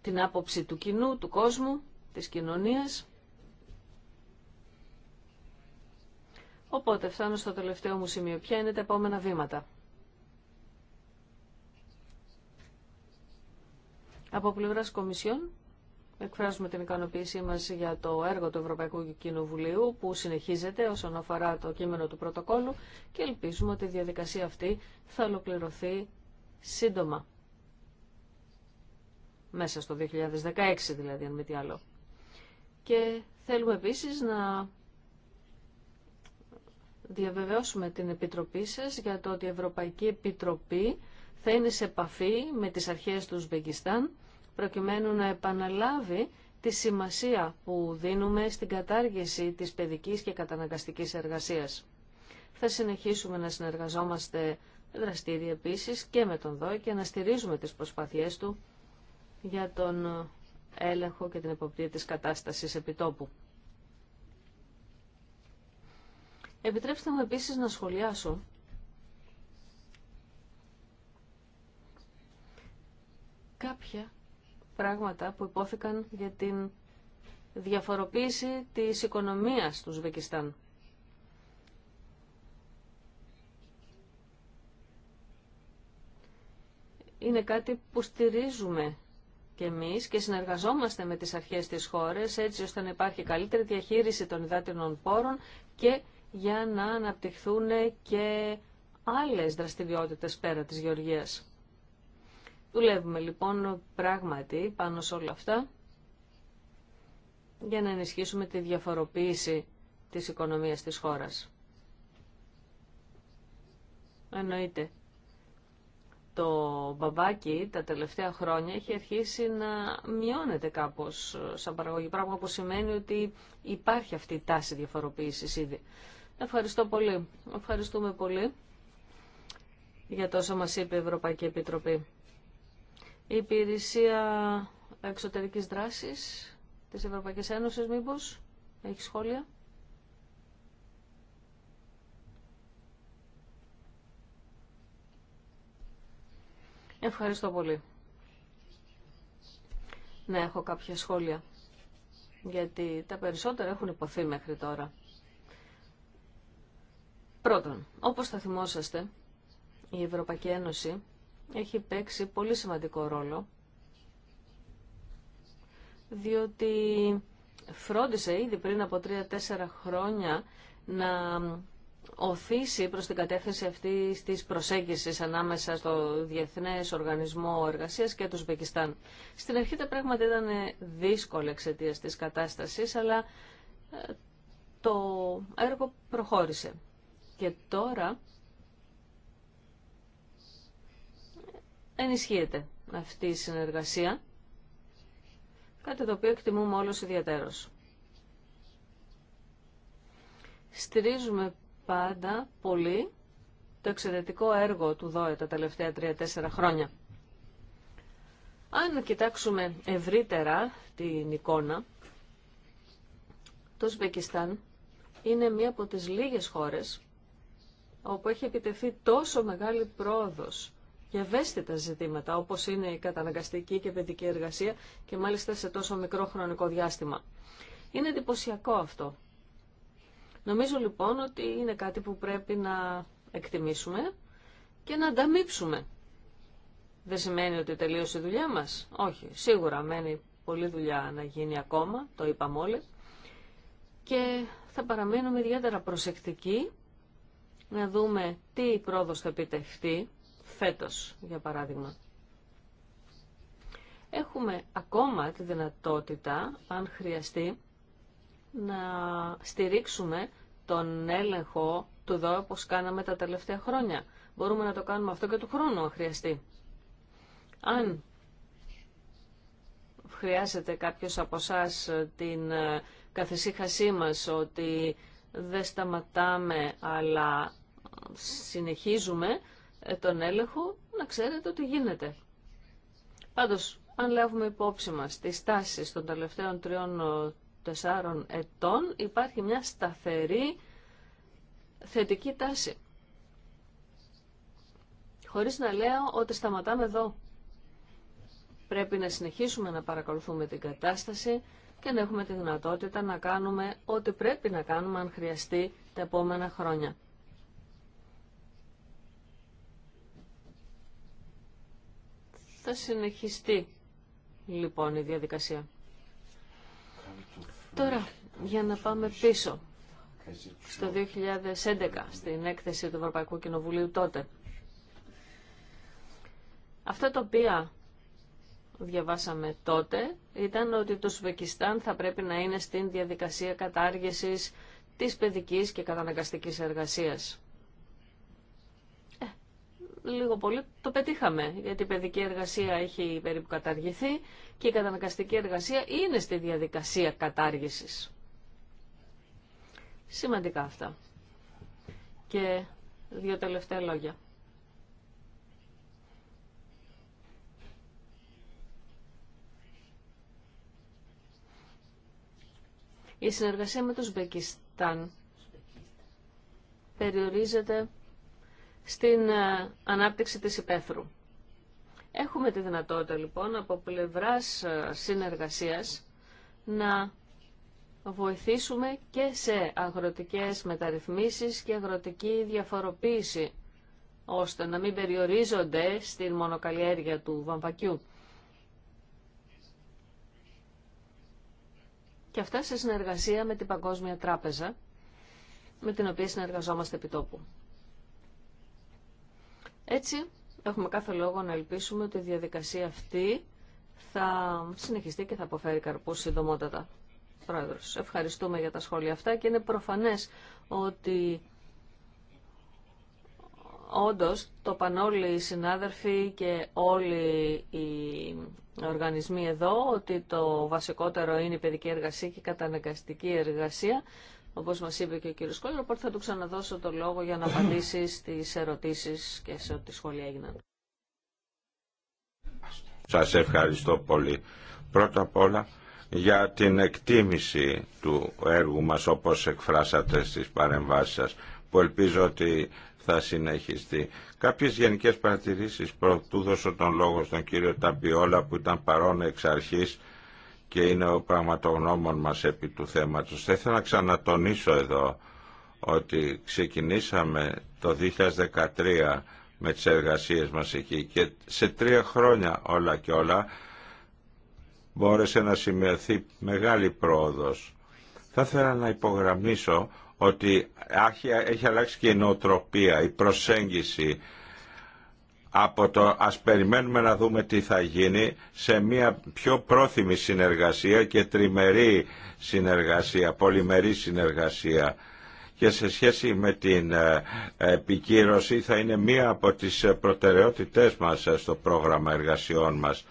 την άποψη του κοινού, του κόσμου, της κοινωνίας. Οπότε φτάνω στο τελευταίο μου σημείο. Ποια είναι τα επόμενα βήματα. Από πλευράς Κομισιόν, εκφράζουμε την ικανοποίησή μα για το έργο του Ευρωπαϊκού Κοινοβουλίου που συνεχίζεται όσον αφορά το κείμενο του πρωτοκόλου και ελπίζουμε ότι η διαδικασία αυτή θα ολοκληρωθεί σύντομα. Μέσα στο 2016 δηλαδή, αν μη τι άλλο. Και θέλουμε επίσης να διαβεβαιώσουμε την Επιτροπή σας για το ότι η Ευρωπαϊκή Επιτροπή θα είναι σε επαφή με τις αρχές του Ουσμπεκιστάν προκειμένου να επαναλάβει τη σημασία που δίνουμε στην κατάργηση της παιδικής και καταναγκαστικής εργασίας. Θα συνεχίσουμε να συνεργαζόμαστε δραστήριοι επίσης και με τον ΔΟΕ και να στηρίζουμε τις προσπάθειές του για τον έλεγχο και την εποπτεία της κατάστασης επιτόπου. Επιτρέψτε μου επίσης να σχολιάσω κάποια πράγματα που υπόθηκαν για την διαφοροποίηση της οικονομίας του Ζουβεκιστάν. Είναι κάτι που στηρίζουμε και εμείς και συνεργαζόμαστε με τις αρχές της χώρας έτσι ώστε να υπάρχει καλύτερη διαχείριση των υδάτινων πόρων και για να αναπτυχθούν και άλλες δραστηριότητες πέρα της γεωργίας. Δουλεύουμε λοιπόν πράγματι πάνω σε όλα αυτά για να ενισχύσουμε τη διαφοροποίηση της οικονομίας της χώρας. Εννοείται. Το μπαμπάκι τα τελευταία χρόνια έχει αρχίσει να μειώνεται κάπως σαν παραγωγή, πράγμα που σημαίνει ότι υπάρχει αυτή η τάση διαφοροποίησης ήδη. Ευχαριστώ πολύ. Ευχαριστούμε πολύ για τόσο μας είπε η Ευρωπαϊκή Επιτροπή. Η υπηρεσία εξωτερικής δράσης της Ευρωπαϊκής Ένωσης μήπως έχει σχόλια. Ευχαριστώ πολύ. Ναι, έχω κάποια σχόλια, γιατί τα περισσότερα έχουν υποθεί μέχρι τώρα. Πρώτον, όπως θα θυμόσαστε, η Ευρωπαϊκή Ένωση έχει παίξει πολύ σημαντικό ρόλο διότι φρόντισε ήδη πριν από 3-4 χρόνια να οθήσει προς την κατεύθυνση αυτή της προσέγγισης ανάμεσα στο Διεθνές Οργανισμό Εργασίας και του Σμπεκιστάν. Στην αρχή τα πράγματα ήταν δύσκολα εξαιτία της κατάστασης, αλλά ε, το έργο προχώρησε. Και τώρα ενισχύεται αυτή η συνεργασία, κάτι το οποίο εκτιμούμε όλος ιδιαίτερος. Στηρίζουμε πάντα πολύ το εξαιρετικό έργο του ΔΟΕ τα τελευταία τρία-τέσσερα χρόνια. Αν κοιτάξουμε ευρύτερα την εικόνα, το Σβεκιστάν είναι μία από τις λίγες χώρες όπου έχει επιτεθεί τόσο μεγάλη πρόοδος για ευαίσθητα ζητήματα όπως είναι η καταναγκαστική και παιδική εργασία και μάλιστα σε τόσο μικρό χρονικό διάστημα. Είναι εντυπωσιακό αυτό. Νομίζω λοιπόν ότι είναι κάτι που πρέπει να εκτιμήσουμε και να ανταμείψουμε. Δεν σημαίνει ότι τελείωσε η δουλειά μας. Όχι, σίγουρα μένει πολλή δουλειά να γίνει ακόμα, το είπαμε όλοι. Και θα παραμείνουμε ιδιαίτερα προσεκτικοί να δούμε τι πρόοδος θα επιτευχθεί φέτος, για παράδειγμα. Έχουμε ακόμα τη δυνατότητα, αν χρειαστεί, να στηρίξουμε τον έλεγχο του ΔΟΕ όπως κάναμε τα τελευταία χρόνια. Μπορούμε να το κάνουμε αυτό και του χρόνου, αν χρειαστεί. Αν χρειάζεται κάποιος από εσά την ε, καθησύχασή μας ότι δεν σταματάμε αλλά συνεχίζουμε, ε, τον έλεγχο, να ξέρετε ότι γίνεται. Πάντως, αν λάβουμε υπόψη μας τις τάσεις των τελευταίων τριών ε, τεσσάρων ετών, υπάρχει μια σταθερή θετική τάση. Χωρίς να λέω ότι σταματάμε εδώ. Πρέπει να συνεχίσουμε να παρακολουθούμε την κατάσταση και να έχουμε τη δυνατότητα να κάνουμε ό,τι πρέπει να κάνουμε αν χρειαστεί τα επόμενα χρόνια. θα συνεχιστεί λοιπόν η διαδικασία. Τώρα, για να πάμε πίσω στο 2011, στην έκθεση του Ευρωπαϊκού Κοινοβουλίου τότε. Αυτά τα οποία διαβάσαμε τότε ήταν ότι το Σουβεκιστάν θα πρέπει να είναι στην διαδικασία κατάργησης της παιδικής και καταναγκαστικής εργασίας λίγο πολύ το πετύχαμε, γιατί η παιδική εργασία έχει περίπου καταργηθεί και η καταναγκαστική εργασία είναι στη διαδικασία κατάργησης. Σημαντικά αυτά. Και δύο τελευταία λόγια. Η συνεργασία με το Σμπεκιστάν περιορίζεται στην ε, ανάπτυξη της υπαίθρου. Έχουμε τη δυνατότητα λοιπόν από πλευράς ε, συνεργασίας να βοηθήσουμε και σε αγροτικές μεταρρυθμίσεις και αγροτική διαφοροποίηση, ώστε να μην περιορίζονται στην μονοκαλλιέργεια του βαμβακιού. Και αυτά σε συνεργασία με την Παγκόσμια Τράπεζα, με την οποία συνεργαζόμαστε επιτόπου. Έτσι, έχουμε κάθε λόγο να ελπίσουμε ότι η διαδικασία αυτή θα συνεχιστεί και θα αποφέρει καρπούς συντομότατα. Πρόεδρος, ευχαριστούμε για τα σχόλια αυτά και είναι προφανές ότι όντως το πανόλοι οι συνάδελφοι και όλοι οι οργανισμοί εδώ ότι το βασικότερο είναι η παιδική εργασία και η καταναγκαστική εργασία όπως μας είπε και ο κύριος Κόλλερ, οπότε θα του ξαναδώσω το λόγο για να απαντήσει στις ερωτήσεις και σε ό,τι σχόλια έγιναν. Σας ευχαριστώ πολύ. Πρώτα απ' όλα για την εκτίμηση του έργου μας όπως εκφράσατε στις παρεμβάσεις σας που ελπίζω ότι θα συνεχιστεί. Κάποιες γενικές παρατηρήσεις πρωτού δώσω τον λόγο στον κύριο Ταμπιόλα που ήταν παρόν εξ αρχής και είναι ο πραγματογνώμων μας επί του θέματος. Θα ήθελα να ξανατονίσω εδώ ότι ξεκινήσαμε το 2013 με τις εργασίες μας εκεί και σε τρία χρόνια όλα και όλα μπόρεσε να σημειωθεί μεγάλη πρόοδος. Θα ήθελα να υπογραμμίσω ότι έχει αλλάξει και η νοοτροπία, η προσέγγιση από το ας περιμένουμε να δούμε τι θα γίνει σε μια πιο πρόθυμη συνεργασία και τριμερή συνεργασία, πολυμερή συνεργασία και σε σχέση με την ε, επικύρωση θα είναι μία από τις προτεραιότητές μας ε, στο πρόγραμμα εργασιών μας.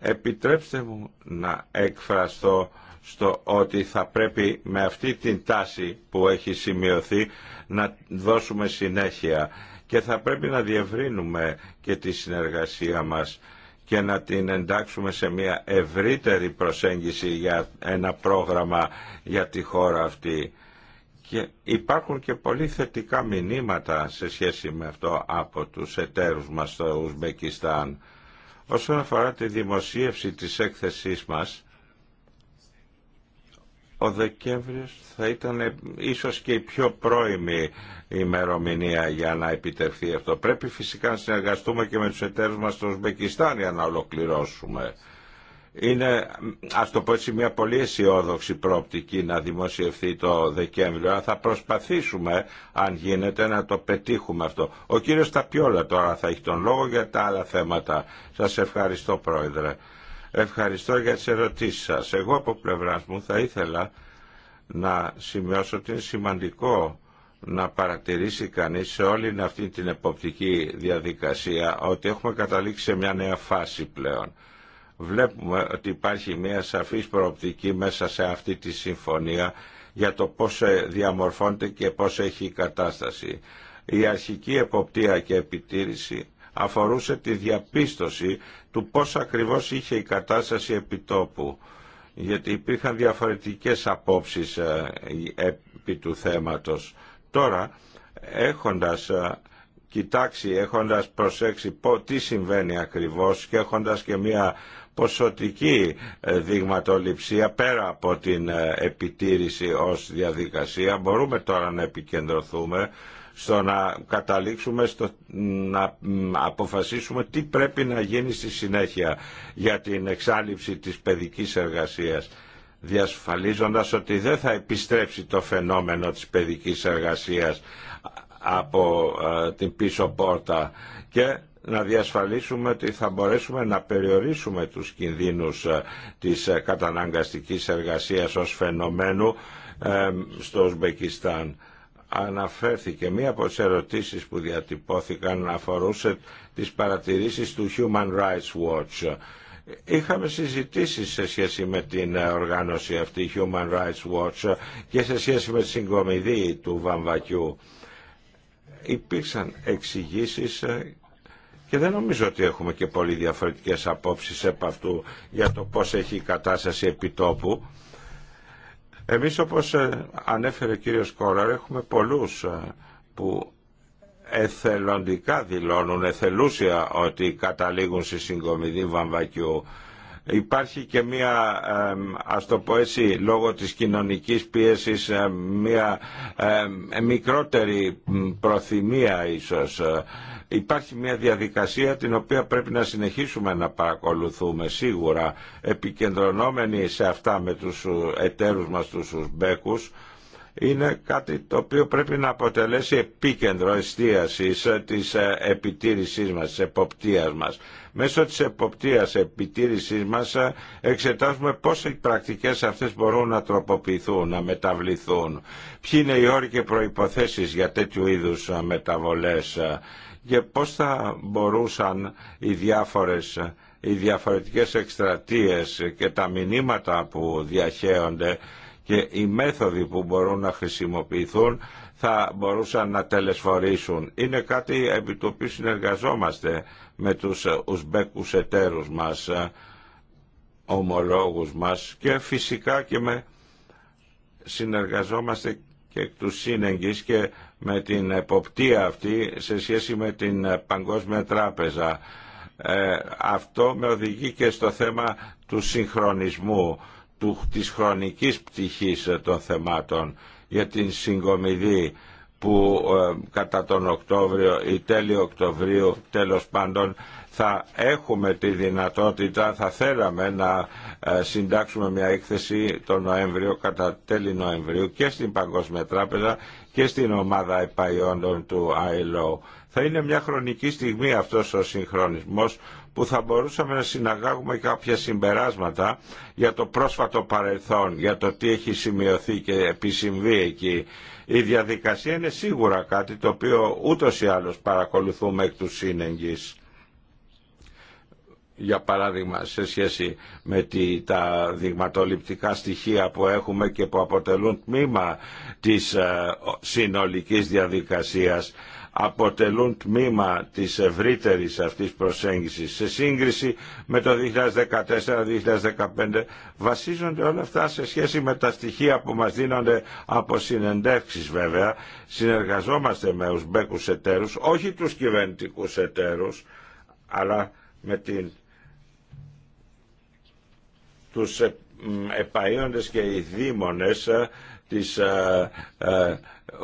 Επιτρέψτε μου να εκφραστώ στο ότι θα πρέπει με αυτή την τάση που έχει σημειωθεί να δώσουμε συνέχεια και θα πρέπει να διευρύνουμε και τη συνεργασία μας και να την εντάξουμε σε μια ευρύτερη προσέγγιση για ένα πρόγραμμα για τη χώρα αυτή. Και υπάρχουν και πολύ θετικά μηνύματα σε σχέση με αυτό από τους εταίρους μας στο Ουσμπεκιστάν. Όσον αφορά τη δημοσίευση της έκθεσής μας, ο Δεκέμβριος θα ήταν ίσως και η πιο πρώιμη ημερομηνία για να επιτευχθεί αυτό. Πρέπει φυσικά να συνεργαστούμε και με τους εταίρους μας στο Ουσμπεκιστάν για να ολοκληρώσουμε. Είναι, ας το πω έτσι, μια πολύ αισιόδοξη πρόπτικη να δημοσιευθεί το Δεκέμβριο, αλλά θα προσπαθήσουμε, αν γίνεται, να το πετύχουμε αυτό. Ο κύριος Ταπιόλα τώρα θα έχει τον λόγο για τα άλλα θέματα. Σας ευχαριστώ, Πρόεδρε. Ευχαριστώ για τις ερωτήσεις σας. Εγώ από πλευράς μου θα ήθελα να σημειώσω ότι είναι σημαντικό να παρατηρήσει κανείς σε όλη αυτή την εποπτική διαδικασία ότι έχουμε καταλήξει σε μια νέα φάση πλέον. Βλέπουμε ότι υπάρχει μια σαφής προοπτική μέσα σε αυτή τη συμφωνία για το πώς διαμορφώνεται και πώς έχει η κατάσταση. Η αρχική εποπτεία και επιτήρηση αφορούσε τη διαπίστωση του πώς ακριβώς είχε η κατάσταση επιτόπου γιατί υπήρχαν διαφορετικές απόψεις ε, επί του θέματος. Τώρα, έχοντας ε, κοιτάξει, έχοντας προσέξει τι συμβαίνει ακριβώς και έχοντας και μια ποσοτική ε, δειγματοληψία πέρα από την επιτήρηση ως διαδικασία μπορούμε τώρα να επικεντρωθούμε στο να καταλήξουμε στο να αποφασίσουμε τι πρέπει να γίνει στη συνέχεια για την εξάλληψη της παιδικής εργασίας διασφαλίζοντας ότι δεν θα επιστρέψει το φαινόμενο της παιδικής εργασίας από ε, την πίσω πόρτα και να διασφαλίσουμε ότι θα μπορέσουμε να περιορίσουμε τους κινδύνους ε, της ε, καταναγκαστικής εργασίας ως φαινομένου στο Ουσμπεκιστάν αναφέρθηκε. Μία από τις ερωτήσεις που διατυπώθηκαν αφορούσε τις παρατηρήσεις του Human Rights Watch. Είχαμε συζητήσεις σε σχέση με την οργάνωση αυτή Human Rights Watch και σε σχέση με τη συγκομιδή του Βαμβακιού. Υπήρξαν εξηγήσεις ε, και δεν νομίζω ότι έχουμε και πολύ διαφορετικές απόψεις επ' αυτού για το πώς έχει η κατάσταση επιτόπου. Εμείς όπως ε, ανέφερε ο κύριος Κόραρ έχουμε πολλούς ε, που εθελοντικά δηλώνουν εθελούσια ότι καταλήγουν στη συγκομιδή βαμβακιού. Υπάρχει και μία, ας το πω έτσι, λόγω της κοινωνικής πίεσης, ε, μία μικρότερη προθυμία ίσως υπάρχει μια διαδικασία την οποία πρέπει να συνεχίσουμε να παρακολουθούμε σίγουρα επικεντρωνόμενοι σε αυτά με τους εταίρους μας τους Ουσμπέκους είναι κάτι το οποίο πρέπει να αποτελέσει επίκεντρο εστίασης της επιτήρησής μας, της εποπτείας μας. Μέσω της εποπτείας επιτήρησής μας εξετάζουμε πώς οι πρακτικές αυτές μπορούν να τροποποιηθούν, να μεταβληθούν. Ποιοι είναι οι όροι και προϋποθέσεις για τέτοιου είδους μεταβολές και πώς θα μπορούσαν οι διάφορες οι διαφορετικές εκστρατείες και τα μηνύματα που διαχέονται και οι μέθοδοι που μπορούν να χρησιμοποιηθούν θα μπορούσαν να τελεσφορήσουν. Είναι κάτι επί το οποίο συνεργαζόμαστε με τους Ουσμπέκους εταίρους μας, ομολόγους μας και φυσικά και με συνεργαζόμαστε και του σύνεγγις και με την εποπτεία αυτή σε σχέση με την Παγκόσμια Τράπεζα. Ε, αυτό με οδηγεί και στο θέμα του συγχρονισμού, του, της χρονικής πτυχής των θεμάτων για την συγκομιδή που ε, κατά τον Οκτώβριο ή τέλειο Οκτωβρίου τέλος πάντων θα έχουμε τη δυνατότητα, θα θέλαμε να ε, συντάξουμε μια έκθεση το Νοέμβριο, κατά τέλη Νοεμβρίου και στην Παγκόσμια Τράπεζα και στην ομάδα επαϊόντων του ILO. Θα είναι μια χρονική στιγμή αυτός ο συγχρονισμός που θα μπορούσαμε να συναγάγουμε κάποια συμπεράσματα για το πρόσφατο παρελθόν, για το τι έχει σημειωθεί και επισυμβεί εκεί. Η διαδικασία είναι σίγουρα κάτι το οποίο ούτως ή άλλως παρακολουθούμε εκ του σύνεγγης για παράδειγμα σε σχέση με τα δειγματοληπτικά στοιχεία που έχουμε και που αποτελούν τμήμα της ε, συνολικής διαδικασίας αποτελούν τμήμα της ευρύτερης αυτής προσέγγισης σε σύγκριση με το 2014-2015 βασίζονται όλα αυτά σε σχέση με τα στοιχεία που μας δίνονται από συνεντεύξεις βέβαια συνεργαζόμαστε με ουσμπέκους εταίρους όχι τους κυβερνητικούς εταίρους αλλά με την τους ε, επαΐοντες και οι δήμονες ε, της ε,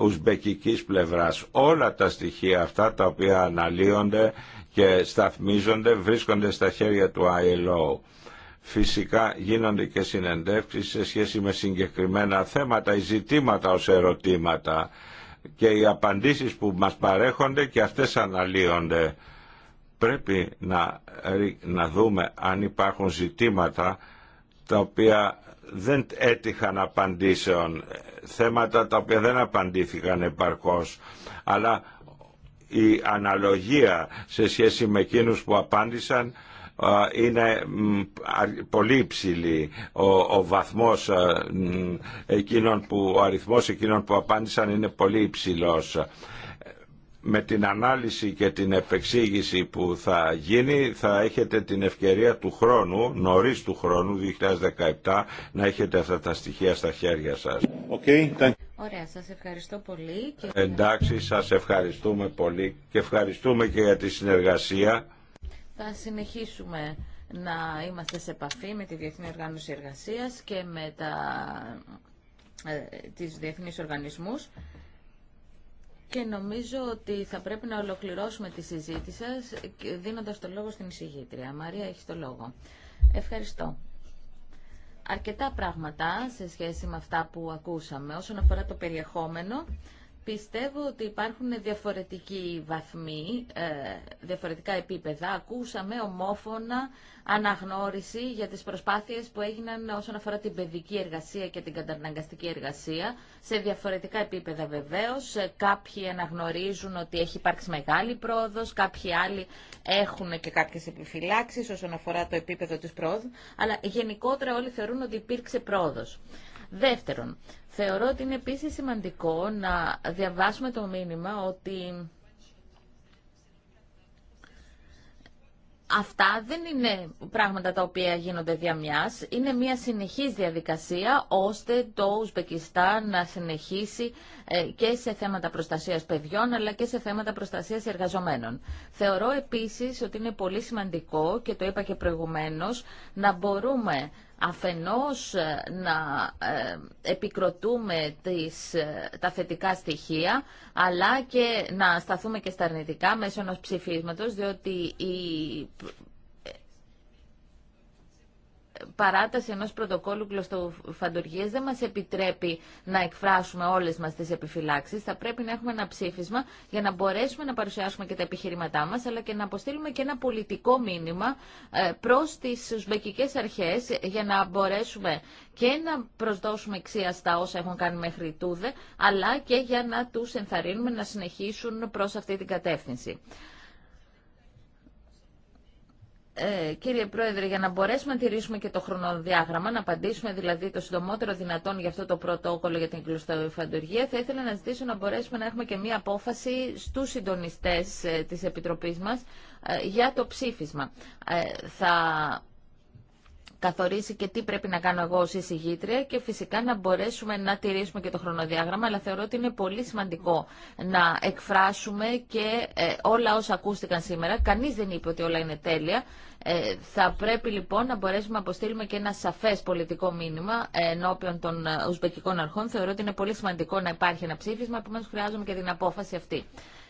ουσμπεκικής πλευράς. Όλα τα στοιχεία αυτά τα οποία αναλύονται και σταθμίζονται βρίσκονται στα χέρια του ILO. Φυσικά γίνονται και συνεντεύξεις σε σχέση με συγκεκριμένα θέματα ή ζητήματα ως ερωτήματα και οι απαντήσεις που μας παρέχονται και αυτές αναλύονται. Πρέπει να, να δούμε αν υπάρχουν ζητήματα τα οποία δεν έτυχαν απαντήσεων, θέματα τα οποία δεν απαντήθηκαν επαρκώς, αλλά η αναλογία σε σχέση με εκείνους που απάντησαν είναι πολύ υψηλή ο, βαθμός εκείνων που, ο αριθμός εκείνων που απάντησαν είναι πολύ υψηλός με την ανάλυση και την επεξήγηση που θα γίνει θα έχετε την ευκαιρία του χρόνου, νωρίς του χρόνου 2017, να έχετε αυτά τα στοιχεία στα χέρια σας. Okay, thank Ωραία, σας ευχαριστώ πολύ. Και... Εντάξει, σας ευχαριστούμε πολύ και ευχαριστούμε και για τη συνεργασία. Θα συνεχίσουμε να είμαστε σε επαφή με τη Διεθνή Οργάνωση Εργασίας και με τα, ε, τις διεθνείς οργανισμούς. Και νομίζω ότι θα πρέπει να ολοκληρώσουμε τη συζήτηση σας δίνοντας το λόγο στην εισηγήτρια. Μαρία, έχει το λόγο. Ευχαριστώ. Αρκετά πράγματα σε σχέση με αυτά που ακούσαμε όσον αφορά το περιεχόμενο. Πιστεύω ότι υπάρχουν διαφορετικοί βαθμοί, ε, διαφορετικά επίπεδα. Ακούσαμε ομόφωνα αναγνώριση για τις προσπάθειες που έγιναν όσον αφορά την παιδική εργασία και την καταναγκαστική εργασία, σε διαφορετικά επίπεδα βεβαίως. Ε, κάποιοι αναγνωρίζουν ότι έχει υπάρξει μεγάλη πρόοδος, κάποιοι άλλοι έχουν και κάποιες επιφυλάξεις όσον αφορά το επίπεδο της πρόοδου, αλλά γενικότερα όλοι θεωρούν ότι υπήρξε πρόοδος. Δεύτερον, θεωρώ ότι είναι επίση σημαντικό να διαβάσουμε το μήνυμα ότι Αυτά δεν είναι πράγματα τα οποία γίνονται διαμιάς. Είναι μια συνεχής διαδικασία ώστε το Ουσμπεκιστάν να συνεχίσει ε, και σε θέματα προστασίας παιδιών αλλά και σε θέματα προστασίας εργαζομένων. Θεωρώ επίσης ότι είναι πολύ σημαντικό και το είπα και προηγουμένως να μπορούμε αφενός ε, να ε, επικροτούμε τις, ε, τα θετικά στοιχεία, αλλά και να σταθούμε και στα αρνητικά μέσω ενός ψηφίσματος, διότι η παράταση ενός πρωτοκόλλου κλωστοφαντουργίας δεν μας επιτρέπει να εκφράσουμε όλες μας τις επιφυλάξεις. Θα πρέπει να έχουμε ένα ψήφισμα για να μπορέσουμε να παρουσιάσουμε και τα επιχειρήματά μας, αλλά και να αποστείλουμε και ένα πολιτικό μήνυμα ε, προς τις Ουσμπεκικέ αρχές για να μπορέσουμε και να προσδώσουμε αξία στα όσα έχουν κάνει μέχρι τούδε, αλλά και για να του ενθαρρύνουμε να συνεχίσουν προ αυτή την κατεύθυνση. Ε, κύριε Πρόεδρε, για να μπορέσουμε να τηρήσουμε και το χρονοδιάγραμμα, να απαντήσουμε δηλαδή το συντομότερο δυνατόν για αυτό το πρωτόκολλο για την κλωστοφαντουργία, θα ήθελα να ζητήσω να μπορέσουμε να έχουμε και μία απόφαση στους συντονιστές ε, της Επιτροπής μας ε, για το ψήφισμα. Ε, θα καθορίσει και τι πρέπει να κάνω εγώ ως εισηγήτρια και φυσικά να μπορέσουμε να τηρήσουμε και το χρονοδιάγραμμα, αλλά θεωρώ ότι είναι πολύ σημαντικό να εκφράσουμε και ε, όλα όσα ακούστηκαν σήμερα. Κανείς δεν είπε ότι όλα είναι τέλεια. Ε, θα πρέπει λοιπόν να μπορέσουμε να αποστείλουμε και ένα σαφές πολιτικό μήνυμα ε, ενώπιον των ουσμπεκικών αρχών. Θεωρώ ότι είναι πολύ σημαντικό να υπάρχει ένα ψήφισμα, επομένως χρειάζομαι και την απόφαση αυτή.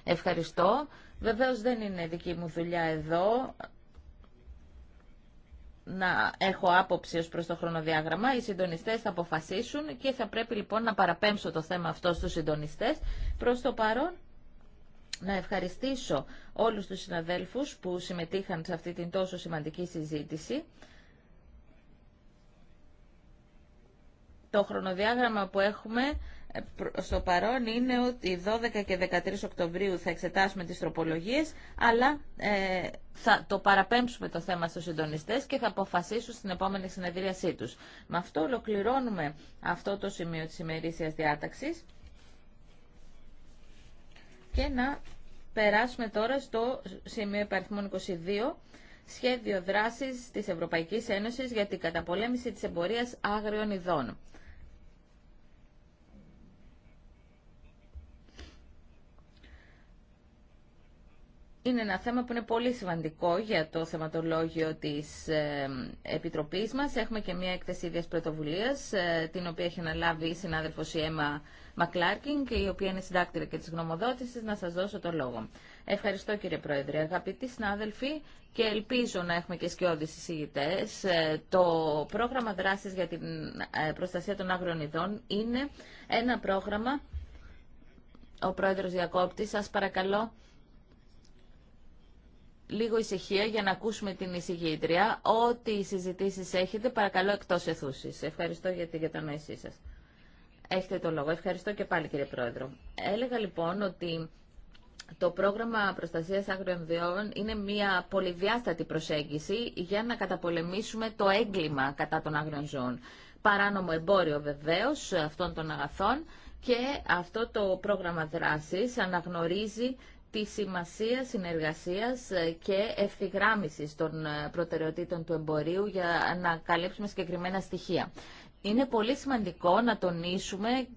Ευχαριστώ. Βεβαίως δεν είναι δική μου δουλειά εδώ να έχω άποψη ως προς το χρονοδιάγραμμα. Οι συντονιστές θα αποφασίσουν και θα πρέπει λοιπόν να παραπέμψω το θέμα αυτό στους συντονιστές. Προς το παρόν να ευχαριστήσω όλους τους συναδέλφους που συμμετείχαν σε αυτή την τόσο σημαντική συζήτηση. Το χρονοδιάγραμμα που έχουμε στο παρόν είναι ότι 12 και 13 Οκτωβρίου θα εξετάσουμε τις τροπολογίες, αλλά ε, θα το παραπέμψουμε το θέμα στους συντονιστές και θα αποφασίσουν στην επόμενη συνεδρίασή τους. Με αυτό ολοκληρώνουμε αυτό το σημείο της ημερήσιας διάταξης και να περάσουμε τώρα στο σημείο υπαριθμών 22, σχέδιο δράσης της Ευρωπαϊκής Ένωσης για την καταπολέμηση της εμπορίας άγριων ειδών. είναι ένα θέμα που είναι πολύ σημαντικό για το θεματολόγιο της ε, Επιτροπής μας. Έχουμε και μια έκθεση ίδιας πρωτοβουλίας, ε, την οποία έχει αναλάβει η συνάδελφος η Έμα Μακλάρκιν και η οποία είναι συντάκτηρα και της γνωμοδότησης. Να σας δώσω το λόγο. Ευχαριστώ κύριε Πρόεδρε. Αγαπητοί συνάδελφοι, και ελπίζω να έχουμε και σκιώδεις συζητητές, ε, το πρόγραμμα δράσης για την προστασία των άγριων ειδών είναι ένα πρόγραμμα... Ο Πρόεδρος Διακόπτη, σα παρακαλώ λίγο ησυχία για να ακούσουμε την εισηγήτρια. Ό,τι συζητήσεις έχετε, παρακαλώ εκτός αιθούση. Ευχαριστώ για την κατανόησή σα. Έχετε το λόγο. Ευχαριστώ και πάλι κύριε Πρόεδρο. Έλεγα λοιπόν ότι το πρόγραμμα προστασίας άγριων είναι μια πολυδιάστατη προσέγγιση για να καταπολεμήσουμε το έγκλημα κατά των άγριων ζώων. Παράνομο εμπόριο βεβαίω αυτών των αγαθών και αυτό το πρόγραμμα δράσης αναγνωρίζει τη σημασία συνεργασίας ε, και ευθυγράμμισης των ε, προτεραιοτήτων του εμπορίου για να καλύψουμε συγκεκριμένα στοιχεία. Είναι πολύ σημαντικό να τονίσουμε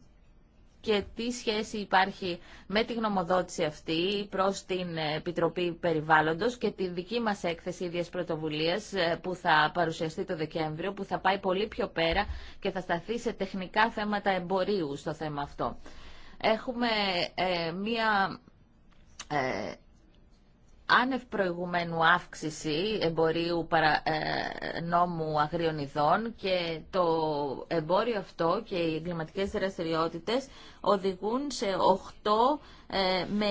και τι σχέση υπάρχει με τη γνωμοδότηση αυτή προς την ε, Επιτροπή Περιβάλλοντος και τη δική μας έκθεση ίδιας πρωτοβουλίας που θα παρουσιαστεί το Δεκέμβριο, που θα πάει πολύ πιο πέρα και θα σταθεί σε τεχνικά θέματα εμπορίου στο θέμα αυτό. Έχουμε μία ε, άνευ προηγουμένου αύξηση εμπορίου παρα, ε, νόμου αγρίων ειδών και το εμπόριο αυτό και οι εγκληματικές δραστηριότητε οδηγούν σε 8 ε, με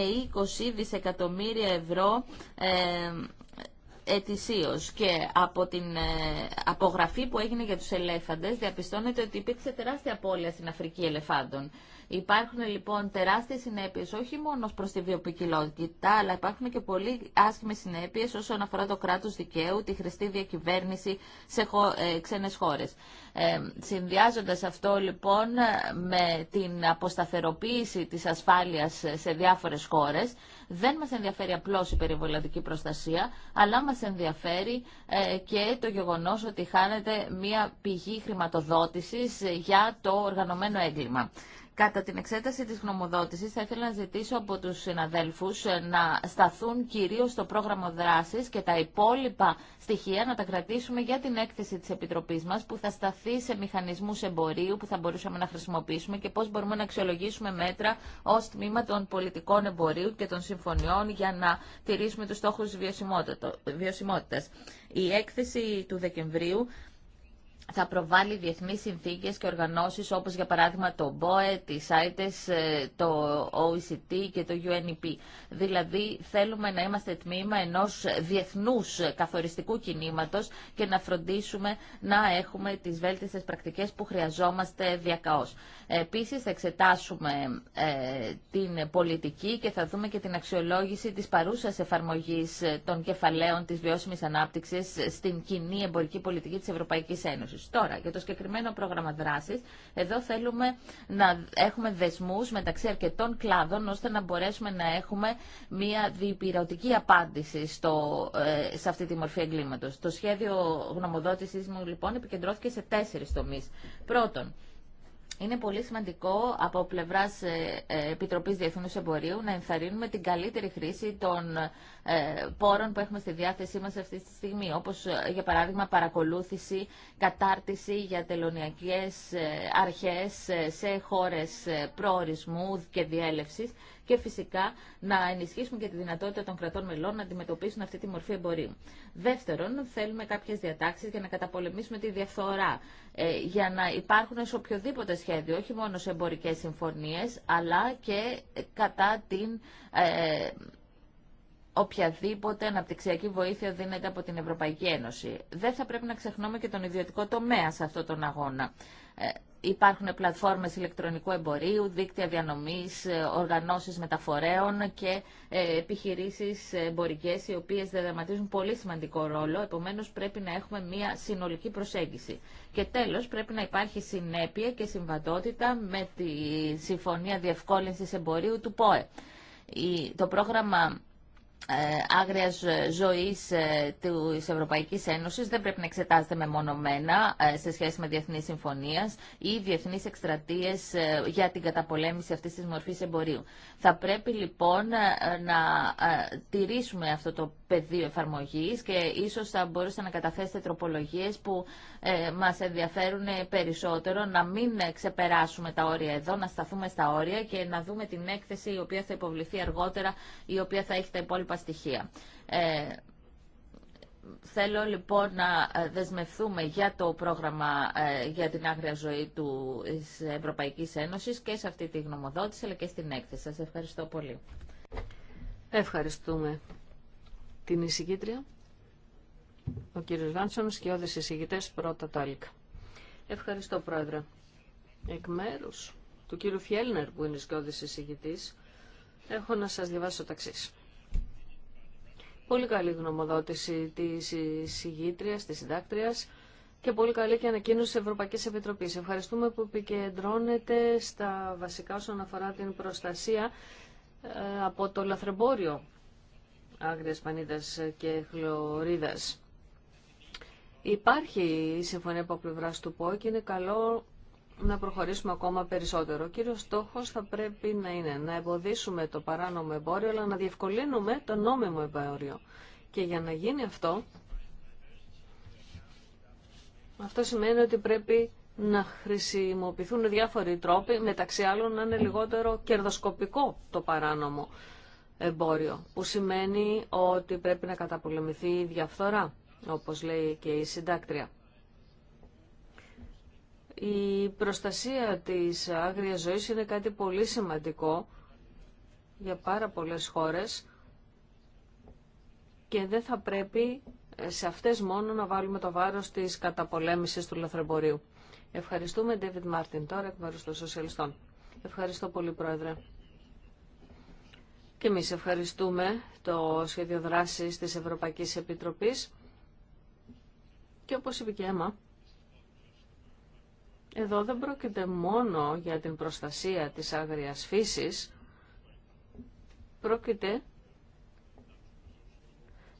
20 δισεκατομμύρια ευρώ ε, Ετησίω και από την ε, απογραφή που έγινε για τους ελέφαντε διαπιστώνεται ότι υπήρξε τεράστια απώλεια στην Αφρική ελεφάντων. Υπάρχουν λοιπόν τεράστιε συνέπειε, όχι μόνο προ τη βιοποικιλότητα αλλά υπάρχουν και πολύ άσχημε συνέπειε όσον αφορά το κράτος δικαίου, τη χρηστή διακυβέρνηση σε ε, ξένες χώρε. Ε, συνδυάζοντας αυτό λοιπόν με την αποσταθεροποίηση της ασφάλειας σε διάφορες χώρες, δεν μας ενδιαφέρει απλώς η περιβολατική προστασία, αλλά μας ενδιαφέρει ε, και το γεγονός ότι χάνεται μια πηγή χρηματοδότησης για το οργανωμένο έγκλημα. Κατά την εξέταση της γνωμοδότησης θα ήθελα να ζητήσω από τους συναδέλφους ε, να σταθούν κυρίως στο πρόγραμμα δράσης και τα υπόλοιπα στοιχεία να τα κρατήσουμε για την έκθεση της Επιτροπής μας που θα σταθεί σε μηχανισμούς εμπορίου που θα μπορούσαμε να χρησιμοποιήσουμε και πώς μπορούμε να αξιολογήσουμε μέτρα ως τμήμα των πολιτικών εμπορίου και των συμφωνιών για να τηρήσουμε τους στόχους βιωσιμότητας. Η έκθεση του Δεκεμβρίου θα προβάλλει διεθνείς συνθήκες και οργανώσεις όπως για παράδειγμα το BOE, τις σάιτες, ε, το OECD και το UNEP. Δηλαδή θέλουμε να είμαστε τμήμα ενός διεθνούς καθοριστικού κινήματος και να φροντίσουμε να έχουμε τις βέλτιστες πρακτικές που χρειαζόμαστε διακαώς. Επίσης θα εξετάσουμε ε, την πολιτική και θα δούμε και την αξιολόγηση της παρούσας εφαρμογής των κεφαλαίων της βιώσιμης ανάπτυξης στην κοινή εμπορική πολιτική της Ευρωπαϊκής Ένωσης. Τώρα, για το συγκεκριμένο πρόγραμμα δράση, εδώ θέλουμε να έχουμε δεσμού μεταξύ αρκετών κλάδων, ώστε να μπορέσουμε να έχουμε μια διπυρωτική απάντηση στο, ε, σε αυτή τη μορφή εγκλήματο. Το σχέδιο γνωμοδότησή μου, λοιπόν, επικεντρώθηκε σε τέσσερι τομεί. Πρώτον, είναι πολύ σημαντικό από πλευρά ε, ε, Επιτροπή Διεθνού Εμπορίου να ενθαρρύνουμε την καλύτερη χρήση των ε, πόρων που έχουμε στη διάθεσή μα αυτή τη στιγμή. Όπω για παράδειγμα παρακολούθηση, κατάρτιση για τελωνιακέ αρχέ σε χώρε προορισμού και διέλευση και φυσικά να ενισχύσουμε και τη δυνατότητα των κρατών μελών να αντιμετωπίσουν αυτή τη μορφή εμπορίου. Δεύτερον, θέλουμε κάποιε διατάξει για να καταπολεμήσουμε τη διαφθορά. Ε, για να υπάρχουν σε οποιοδήποτε σχέδιο, όχι μόνο σε εμπορικέ συμφωνίε, αλλά και κατά την. Ε, οποιαδήποτε αναπτυξιακή βοήθεια δίνεται από την Ευρωπαϊκή Ένωση. Δεν θα πρέπει να ξεχνάμε και τον ιδιωτικό τομέα σε αυτόν τον αγώνα. Ε, υπάρχουν πλατφόρμες ηλεκτρονικού εμπορίου, δίκτυα διανομής, ε, οργανώσεις μεταφορέων και ε, επιχειρήσεις εμπορικές οι οποίες διαδραματίζουν πολύ σημαντικό ρόλο, επομένως πρέπει να έχουμε μια συνολική προσέγγιση. Και τέλος πρέπει να υπάρχει συνέπεια και συμβατότητα με τη Συμφωνία Διευκόλυνσης Εμπορίου του ΠΟΕ. Το πρόγραμμα ε, άγριας ε, ζωής ε, τη Ευρωπαϊκή Ένωση, δεν πρέπει να εξετάζεται μεμονωμένα σε σχέση με διεθνεί συμφωνίες ή διεθνείς εκστρατείες για την καταπολέμηση αυτή τη μορφή εμπορίου. Θα πρέπει λοιπόν να τηρήσουμε αυτό το πεδίο εφαρμογή και ίσω θα μπορούσατε να καταθέσετε τροπολογίε που μα ενδιαφέρουν περισσότερο να μην ξεπεράσουμε τα όρια εδώ, να σταθούμε στα όρια και να δούμε την έκθεση η οποία θα υποβληθεί αργότερα, η οποία θα έχει τα υπόλοιπα στοιχεία. Ε, θέλω λοιπόν να ε, δεσμευθούμε για το πρόγραμμα ε, για την άγρια ζωή του Ευρωπαϊκής Ένωσης και σε αυτή τη γνωμοδότηση αλλά και στην έκθεση. Σας ευχαριστώ πολύ. Ευχαριστούμε την εισηγήτρια. Ο κύριος Βάνσον και όδες εισηγητές πρώτα το Ευχαριστώ πρόεδρε. Εκ μέρους του κύριου Φιέλνερ που είναι σκιώδης εισηγητής έχω να σας διαβάσω ταξίς. Πολύ καλή γνωμοδότηση της συγγήτριας, της συντάκτρια και πολύ καλή και ανακοίνωση της Ευρωπαϊκής Επιτροπής. Ευχαριστούμε που επικεντρώνεται στα βασικά όσον αφορά την προστασία ε, από το λαθρεμπόριο άγριας πανίδας και χλωρίδας. Υπάρχει η συμφωνία από πλευρά του ΠΟΕ και είναι καλό να προχωρήσουμε ακόμα περισσότερο. Ο κύριος στόχος θα πρέπει να είναι να εμποδίσουμε το παράνομο εμπόριο, αλλά να διευκολύνουμε το νόμιμο εμπόριο. Και για να γίνει αυτό, αυτό σημαίνει ότι πρέπει να χρησιμοποιηθούν διάφοροι τρόποι, μεταξύ άλλων να είναι λιγότερο κερδοσκοπικό το παράνομο εμπόριο, που σημαίνει ότι πρέπει να καταπολεμηθεί η διαφθορά, όπως λέει και η συντάκτρια. Η προστασία της άγριας ζωής είναι κάτι πολύ σημαντικό για πάρα πολλές χώρες και δεν θα πρέπει σε αυτές μόνο να βάλουμε το βάρος της καταπολέμησης του λαθρεμπορίου. Ευχαριστούμε, David Μάρτιν, τώρα εκ μέρους των Σοσιαλιστών. Ευχαριστώ πολύ, Πρόεδρε. Και εμείς ευχαριστούμε το σχέδιο δράσης της Ευρωπαϊκής Επιτροπής και όπως είπε και Έμα, εδώ δεν πρόκειται μόνο για την προστασία της άγριας φύσης, πρόκειται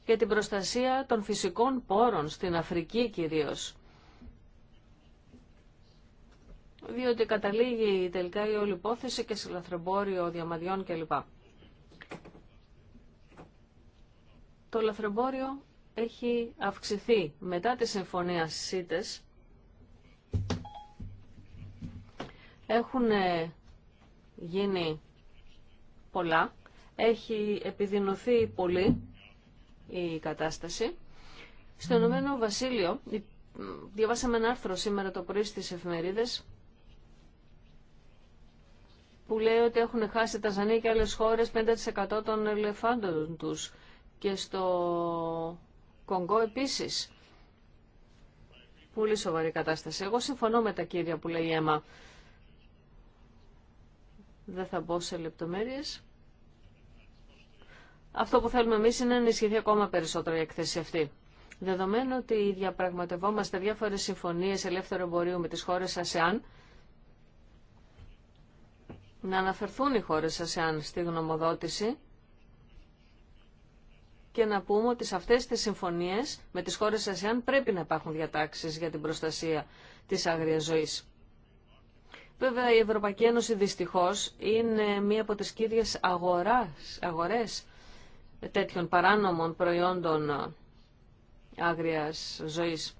για την προστασία των φυσικών πόρων στην Αφρική κυρίως. Διότι καταλήγει τελικά η όλη υπόθεση και σε λαθρεμπόριο διαμαδιών κλπ. Το λαθρεμπόριο έχει αυξηθεί μετά τη συμφωνία ΣΥΤΕΣ Έχουν ε, γίνει πολλά. Έχει επιδεινωθεί πολύ η κατάσταση. Στο Ηνωμένο Βασίλειο, διαβάσαμε ένα άρθρο σήμερα το πρωί στις εφημερίδες, που λέει ότι έχουν χάσει τα Ζανία και άλλες χώρες 5% των ελεφάντων τους και στο Κονγκό επίσης. Πολύ σοβαρή κατάσταση. Εγώ συμφωνώ με τα κύρια που λέει η Έμα. Δεν θα μπω σε λεπτομέρειες. Αυτό που θέλουμε εμείς είναι να ενισχυθεί ακόμα περισσότερο η εκθέση αυτή. Δεδομένου ότι διαπραγματευόμαστε διάφορες συμφωνίες ελεύθερου εμπορίου με τις χώρες ΑΣΕΑΝ, να αναφερθούν οι χώρες ΑΣΕΑΝ στη γνωμοδότηση και να πούμε ότι σε αυτές τις συμφωνίες με τις χώρες ΑΣΕΑΝ πρέπει να υπάρχουν διατάξεις για την προστασία της άγριας ζωής. Βέβαια η Ευρωπαϊκή Ένωση δυστυχώς είναι μία από τις κύριες αγοράς, αγορές τέτοιων παράνομων προϊόντων ε, άγριας ζωής.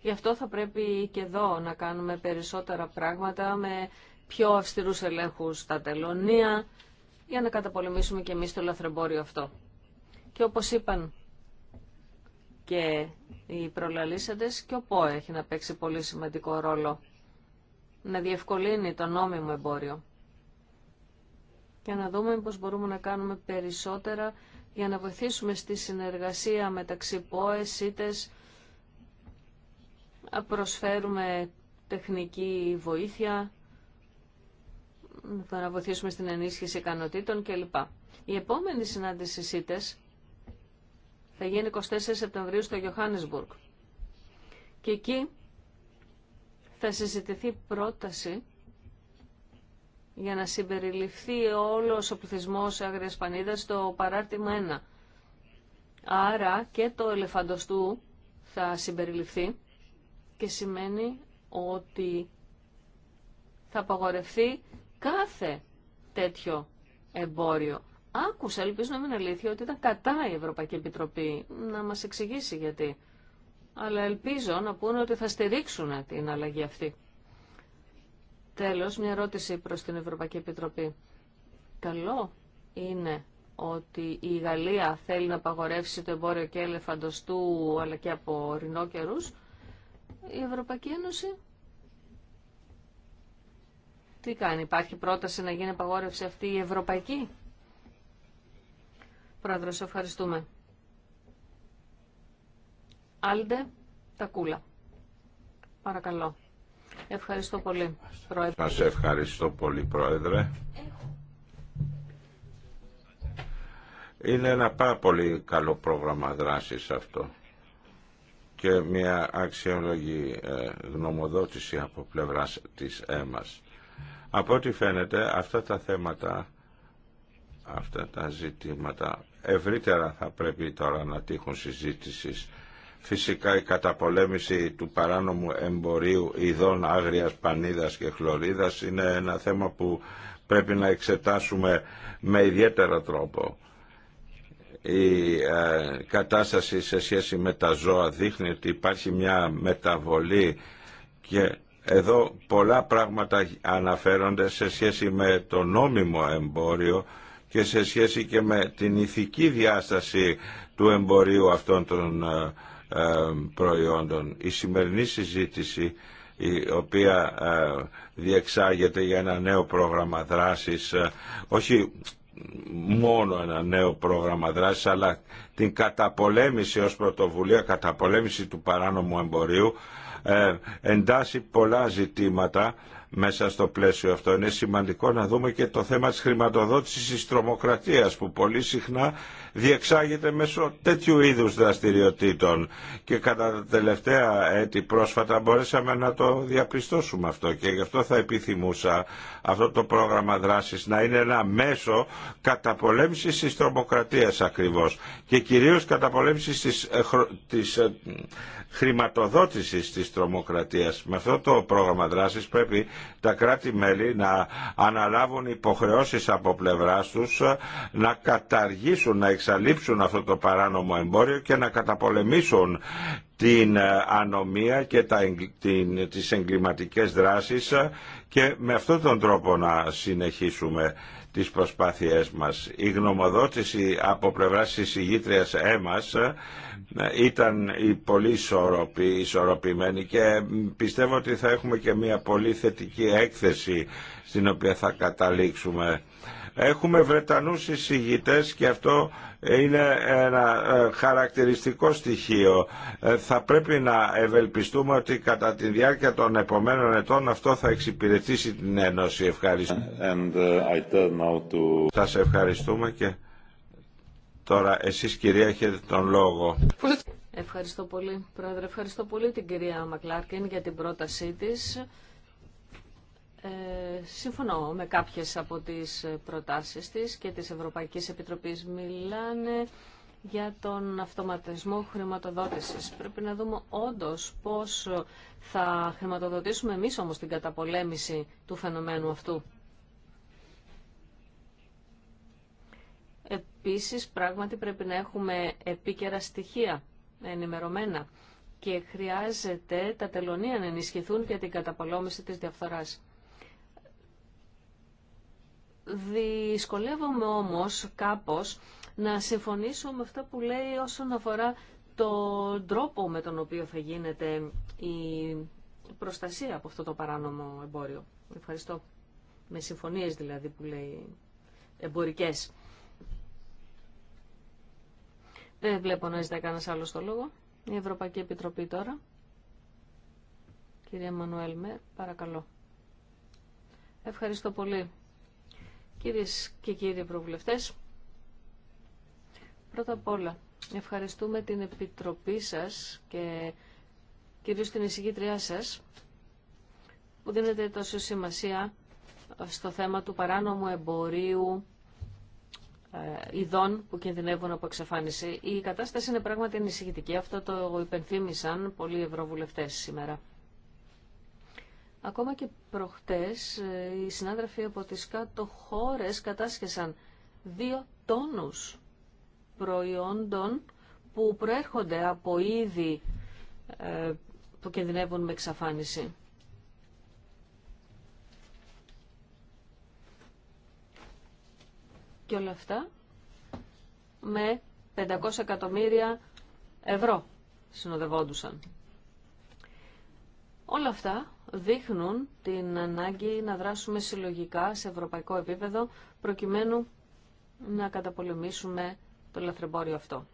Γι' αυτό θα πρέπει και εδώ να κάνουμε περισσότερα πράγματα με πιο αυστηρούς ελέγχους στα τελωνία για να καταπολεμήσουμε και εμείς το λαθρεμπόριο αυτό. Και όπως είπαν και οι προλαλήσαντες και ο ΠΟΕ έχει να παίξει πολύ σημαντικό ρόλο να διευκολύνει το νόμιμο εμπόριο και να δούμε πώς μπορούμε να κάνουμε περισσότερα για να βοηθήσουμε στη συνεργασία μεταξύ ΠΟΕΣ, ΣΥΤΕΣ, προσφέρουμε τεχνική βοήθεια, να βοηθήσουμε στην ενίσχυση ικανοτήτων κλπ. Η επόμενη συνάντηση ΣΥΤΕΣ θα γίνει 24 Σεπτεμβρίου στο Γιωχάννεσμπουργκ. Και εκεί θα συζητηθεί πρόταση για να συμπεριληφθεί όλος ο πληθυσμός Άγριας Πανίδας στο παράρτημα 1. Άρα και το ελεφαντοστού θα συμπεριληφθεί και σημαίνει ότι θα απαγορευτεί κάθε τέτοιο εμπόριο. Άκουσα, ελπίζω να μην αλήθεια, ότι ήταν κατά η Ευρωπαϊκή Επιτροπή να μας εξηγήσει γιατί αλλά ελπίζω να πούνε ότι θα στηρίξουν την αλλαγή αυτή. Τέλος, μια ερώτηση προς την Ευρωπαϊκή Επιτροπή. Καλό είναι ότι η Γαλλία θέλει να απαγορεύσει το εμπόριο και ελεφαντοστού αλλά και από ρινόκερους. Η Ευρωπαϊκή Ένωση τι κάνει, υπάρχει πρόταση να γίνει απαγόρευση αυτή η ευρωπαϊκή. Πρόεδρος, ευχαριστούμε. Άλντε Τακούλα. Παρακαλώ. Ευχαριστώ πολύ, Πρόεδρε. Σας ευχαριστώ πολύ, Πρόεδρε. Είναι ένα πάρα πολύ καλό πρόγραμμα δράσης αυτό και μια αξιολογή ε, γνωμοδότηση από πλευράς της ΕΜΑΣ. Από ό,τι φαίνεται αυτά τα θέματα, αυτά τα ζητήματα ευρύτερα θα πρέπει τώρα να τύχουν συζήτησης Φυσικά η καταπολέμηση του παράνομου εμπορίου ειδών άγριας πανίδας και χλωρίδας είναι ένα θέμα που πρέπει να εξετάσουμε με ιδιαίτερο τρόπο. Η ε, κατάσταση σε σχέση με τα ζώα δείχνει ότι υπάρχει μια μεταβολή και εδώ πολλά πράγματα αναφέρονται σε σχέση με το νόμιμο εμπόριο και σε σχέση και με την ηθική διάσταση του εμπορίου αυτών των ε, προϊόντων. Η σημερινή συζήτηση η οποία διεξάγεται για ένα νέο πρόγραμμα δράσης, ε, όχι μόνο ένα νέο πρόγραμμα δράσης, αλλά την καταπολέμηση ως πρωτοβουλία, καταπολέμηση του παράνομου εμπορίου, ε, εντάσσει πολλά ζητήματα μέσα στο πλαίσιο αυτό. Είναι σημαντικό να δούμε και το θέμα της χρηματοδότησης της τρομοκρατίας που πολύ συχνά διεξάγεται μέσω τέτοιου είδους δραστηριοτήτων και κατά τα τελευταία έτη πρόσφατα μπορέσαμε να το διαπιστώσουμε αυτό και γι' αυτό θα επιθυμούσα αυτό το πρόγραμμα δράσης να είναι ένα μέσο καταπολέμησης της τρομοκρατίας ακριβώς και κυρίως καταπολέμησης της, ε, ε, χρηματοδότησης της τρομοκρατίας. Με αυτό το πρόγραμμα δράσης πρέπει τα κράτη-μέλη να αναλάβουν υποχρεώσεις από ε, να καταργήσουν, να εξαλείψουν αυτό το παράνομο εμπόριο και να καταπολεμήσουν την ε, ανομία και τα, την, τις εγκληματικές δράσεις και με αυτόν τον τρόπο να συνεχίσουμε τις προσπάθειές μας. Η γνωμοδότηση από πλευράς της έμας ε, ήταν η πολύ ισορροπημένη και πιστεύω ότι θα έχουμε και μια πολύ θετική έκθεση στην οποία θα καταλήξουμε. Έχουμε Βρετανούς εισηγητές και αυτό είναι ένα ε, χαρακτηριστικό στοιχείο. Ε, θα πρέπει να ευελπιστούμε ότι κατά τη διάρκεια των επομένων ετών αυτό θα εξυπηρετήσει την Ένωση. Ευχαριστώ. Uh, Σα ευχαριστούμε και τώρα εσείς κυρία έχετε τον λόγο. Ευχαριστώ πολύ, Πρόεδρε. Ευχαριστώ πολύ την κυρία Μακλάρκιν για την πρότασή της. Ε, συμφωνώ με κάποιες από τις προτάσεις της και της Ευρωπαϊκής Επιτροπής μιλάνε για τον αυτοματισμό χρηματοδότησης. Πρέπει να δούμε όντως πώς θα χρηματοδοτήσουμε εμείς όμως την καταπολέμηση του φαινομένου αυτού. Επίσης, πράγματι πρέπει να έχουμε επίκαιρα στοιχεία, ενημερωμένα και χρειάζεται τα τελωνία να ενισχυθούν για την καταπολόμηση της διαφθοράς. Δυσκολεύομαι όμως κάπως να συμφωνήσω με αυτά που λέει όσον αφορά τον τρόπο με τον οποίο θα γίνεται η προστασία από αυτό το παράνομο εμπόριο. Ευχαριστώ. Με συμφωνίες δηλαδή που λέει εμπορικές. Δεν βλέπω να ζητάει κανένα άλλο το λόγο. Η Ευρωπαϊκή Επιτροπή τώρα. Κυρία Μανουέλ παρακαλώ. Ευχαριστώ πολύ. Κυρίες και κύριοι Ευρωβουλευτές, πρώτα απ' όλα ευχαριστούμε την Επιτροπή σας και κυρίως την εισηγήτριά σας που δίνετε τόσο σημασία στο θέμα του παράνομου εμπορίου ε, ειδών που κινδυνεύουν από εξαφάνιση. Η κατάσταση είναι πράγματι ανησυχητική. Αυτό το υπενθύμησαν πολλοί ευρωβουλευτές σήμερα. Ακόμα και προχτές ε, οι συνάδελφοι από τις κάτω χώρες κατάσχεσαν δύο τόνους προϊόντων που προέρχονται από είδη ε, που κινδυνεύουν με εξαφάνιση. Και όλα αυτά με 500 εκατομμύρια ευρώ συνοδευόντουσαν. Όλα αυτά δείχνουν την ανάγκη να δράσουμε συλλογικά σε ευρωπαϊκό επίπεδο προκειμένου να καταπολεμήσουμε το λαθρεμπόριο αυτό.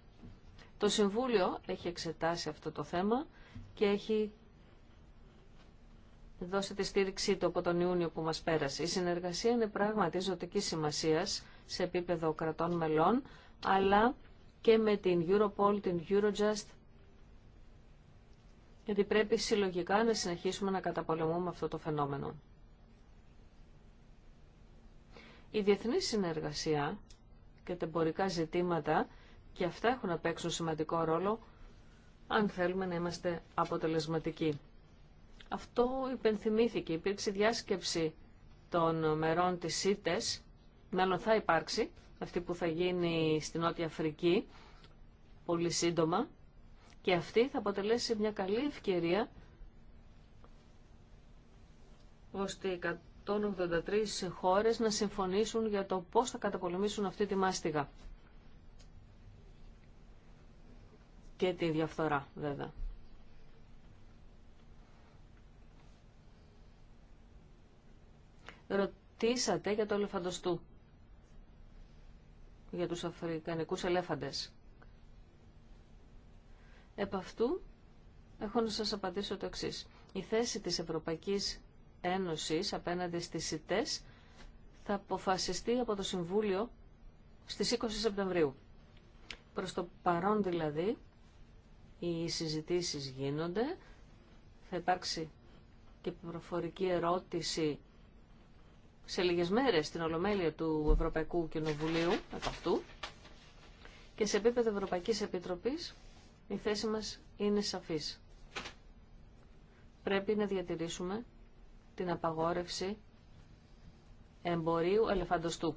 Το Συμβούλιο έχει εξετάσει αυτό το θέμα και έχει δώσει τη στήριξή του από τον Ιούνιο που μας πέρασε. Η συνεργασία είναι πράγματι ζωτική σημασίας σε επίπεδο κρατών μελών, αλλά και με την Europol, την Eurojust γιατί πρέπει συλλογικά να συνεχίσουμε να καταπολεμούμε αυτό το φαινόμενο. Η διεθνή συνεργασία και τα εμπορικά ζητήματα και αυτά έχουν να παίξουν σημαντικό ρόλο αν θέλουμε να είμαστε αποτελεσματικοί. Αυτό υπενθυμήθηκε. Υπήρξε διάσκεψη των μερών της ΣΥΤΕΣ, Μέλλον θα υπάρξει, αυτή που θα γίνει στην Νότια Αφρική, πολύ σύντομα, και αυτή θα αποτελέσει μια καλή ευκαιρία ώστε οι 183 χώρες να συμφωνήσουν για το πώς θα καταπολεμήσουν αυτή τη μάστιγα. Και τη διαφθορά βέβαια. Ρωτήσατε για το ελεφαντοστού, για τους αφρικανικούς ελέφαντες. Επ' αυτού έχω να σας απαντήσω το εξή. Η θέση της Ευρωπαϊκής Ένωσης απέναντι στις ΣΥΤΕΣ θα αποφασιστεί από το Συμβούλιο στις 20 Σεπτεμβρίου. Προς το παρόν δηλαδή οι συζητήσεις γίνονται, θα υπάρξει και προφορική ερώτηση σε λίγες μέρες στην Ολομέλεια του Ευρωπαϊκού Κοινοβουλίου από αυτού και σε επίπεδο Ευρωπαϊκής Επιτροπής η θέση μας είναι σαφής. Πρέπει να διατηρήσουμε την απαγόρευση εμπορίου ελεφαντοστού.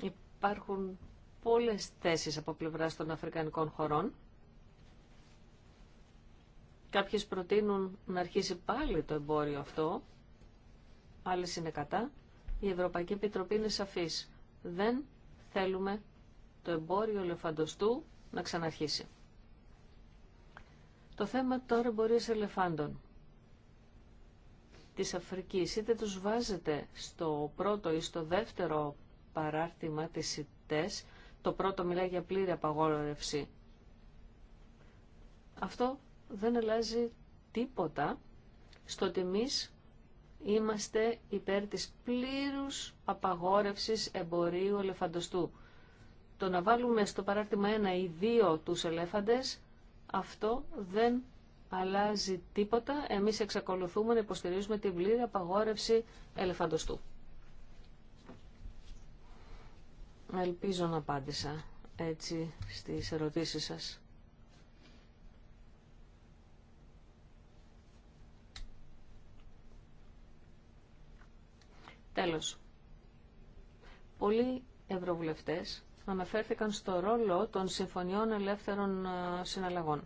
Υπάρχουν πολλές θέσεις από πλευράς των Αφρικανικών χωρών. Κάποιες προτείνουν να αρχίσει πάλι το εμπόριο αυτό, άλλες είναι κατά. Η Ευρωπαϊκή Επιτροπή είναι σαφής. Δεν θέλουμε το εμπόριο ελεφαντοστού να ξαναρχίσει. Το θέμα τώρα μπορεί σε ελεφάντων της Αφρικής. Είτε τους βάζετε στο πρώτο ή στο δεύτερο παράρτημα της ΙΤΕΣ, το πρώτο μιλάει για πλήρη απαγόρευση. Αυτό δεν αλλάζει τίποτα στο ότι είμαστε υπέρ της πλήρους απαγόρευσης εμπορίου ελεφαντοστού το να βάλουμε στο παράρτημα 1 ή δύο τους ελέφαντες, αυτό δεν αλλάζει τίποτα. Εμείς εξακολουθούμε να υποστηρίζουμε την πλήρη απαγόρευση ελεφαντοστού. Ελπίζω να απάντησα έτσι στις ερωτήσεις σας. Τέλος. Πολλοί ευρωβουλευτές αναφέρθηκαν στο ρόλο των συμφωνιών ελεύθερων ε, συναλλαγών.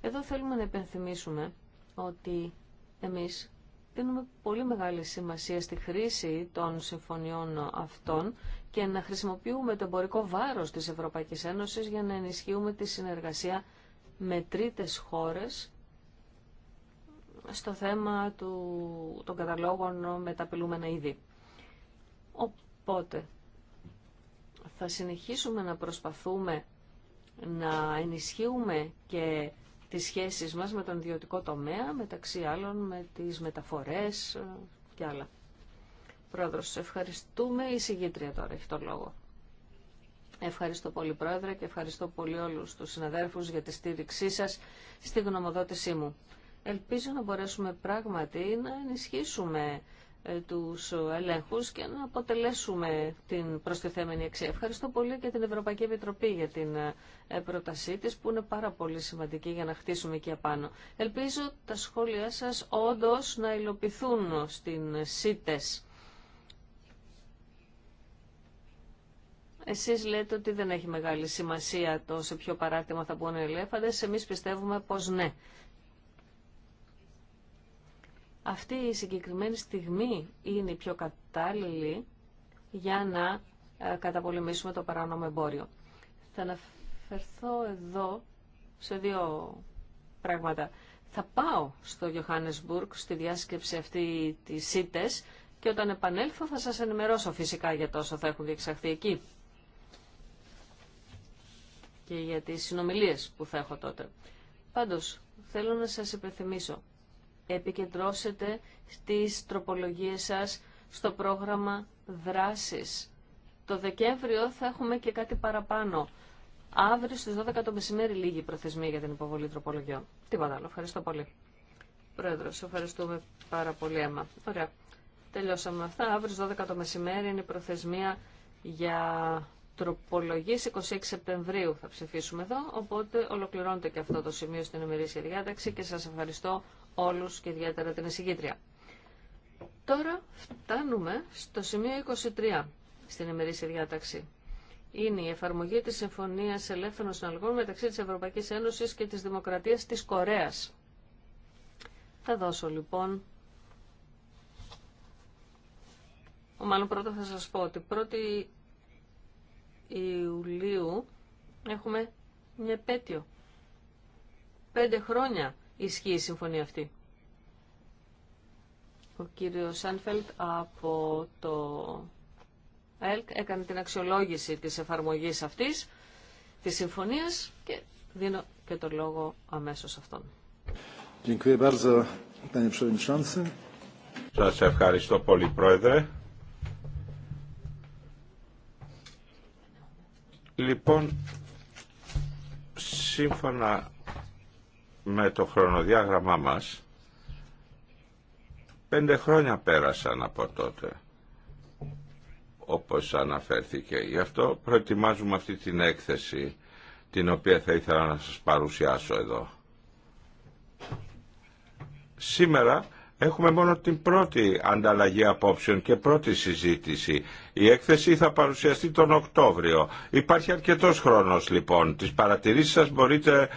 Εδώ θέλουμε να υπενθυμίσουμε ότι εμείς δίνουμε πολύ μεγάλη σημασία στη χρήση των συμφωνιών αυτών και να χρησιμοποιούμε το εμπορικό βάρος της Ευρωπαϊκής Ένωσης για να ενισχύουμε τη συνεργασία με τρίτες χώρες στο θέμα του, των καταλόγων με τα απειλούμενα είδη. Οπότε, θα συνεχίσουμε να προσπαθούμε να ενισχύουμε και τις σχέσεις μας με τον ιδιωτικό τομέα, μεταξύ άλλων με τις μεταφορές ε, και άλλα. Πρόεδρος, ευχαριστούμε. Η συγγήτρια τώρα έχει το λόγο. Ευχαριστώ πολύ Πρόεδρε και ευχαριστώ πολύ όλους τους συναδέρφους για τη στήριξή σας στη γνωμοδότησή μου. Ελπίζω να μπορέσουμε πράγματι να ενισχύσουμε ε, τους ελέγχους και να αποτελέσουμε την προστιθέμενη αξία. Ευχαριστώ πολύ και την Ευρωπαϊκή Επιτροπή για την ε, πρότασή της που είναι πάρα πολύ σημαντική για να χτίσουμε εκεί απάνω. Ελπίζω τα σχόλια σας όντως να υλοποιηθούν στην ΣΥΤΕΣ. Εσείς λέτε ότι δεν έχει μεγάλη σημασία το σε ποιο παράρτημα θα μπουν οι ελέφαντες. Εμείς πιστεύουμε πως ναι αυτή η συγκεκριμένη στιγμή είναι η πιο κατάλληλη για να ε, καταπολεμήσουμε το παράνομο εμπόριο. Θα αναφερθώ εδώ σε δύο πράγματα. Θα πάω στο Johannesburg στη διάσκεψη αυτή της ΣΥΤΕΣ και όταν επανέλθω θα σας ενημερώσω φυσικά για τόσο θα έχουν διεξαχθεί εκεί και για τις συνομιλίες που θα έχω τότε. Πάντως, θέλω να σας υπενθυμίσω επικεντρώσετε στις τροπολογίες σας στο πρόγραμμα δράσης. Το Δεκέμβριο θα έχουμε και κάτι παραπάνω. Αύριο στις 12 το μεσημέρι λίγη προθεσμία για την υποβολή τροπολογιών. Τίποτα άλλο. Ευχαριστώ πολύ. Πρόεδρο, ευχαριστούμε πάρα πολύ, Έμα. Ωραία. Τελειώσαμε αυτά. Αύριο στις 12 το μεσημέρι είναι η προθεσμία για τροπολογίες 26 Σεπτεμβρίου θα ψηφίσουμε εδώ, οπότε ολοκληρώνεται και αυτό το σημείο στην ημερήσια διάταξη και σα ευχαριστώ όλους και ιδιαίτερα την εισηγήτρια. Τώρα φτάνουμε στο σημείο 23 στην ημερήσια διάταξη. Είναι η εφαρμογή της Συμφωνίας Ελεύθερων Συναλλογών μεταξύ της Ευρωπαϊκής Ένωσης και της Δημοκρατίας της Κορέας. Θα δώσω λοιπόν... Μάλλον πρώτα θα σας πω ότι 1η Ιουλίου έχουμε μια επέτειο. Πέντε χρόνια ισχύει η συμφωνία αυτή. Ο κύριος Σάνφελτ από το ΕΛΚ έκανε την αξιολόγηση της εφαρμογής αυτής της συμφωνίας και δίνω και το λόγο αμέσως αυτόν. Σας ευχαριστώ πολύ Πρόεδρε. Λοιπόν, σύμφωνα με το χρονοδιάγραμμά μας, πέντε χρόνια πέρασαν από τότε, όπως αναφέρθηκε. Γι' αυτό προετοιμάζουμε αυτή την έκθεση, την οποία θα ήθελα να σας παρουσιάσω εδώ. Σήμερα έχουμε μόνο την πρώτη ανταλλαγή απόψεων και πρώτη συζήτηση. Η έκθεση θα παρουσιαστεί τον Οκτώβριο. Υπάρχει αρκετός χρόνος λοιπόν. Τις παρατηρήσεις σας μπορείτε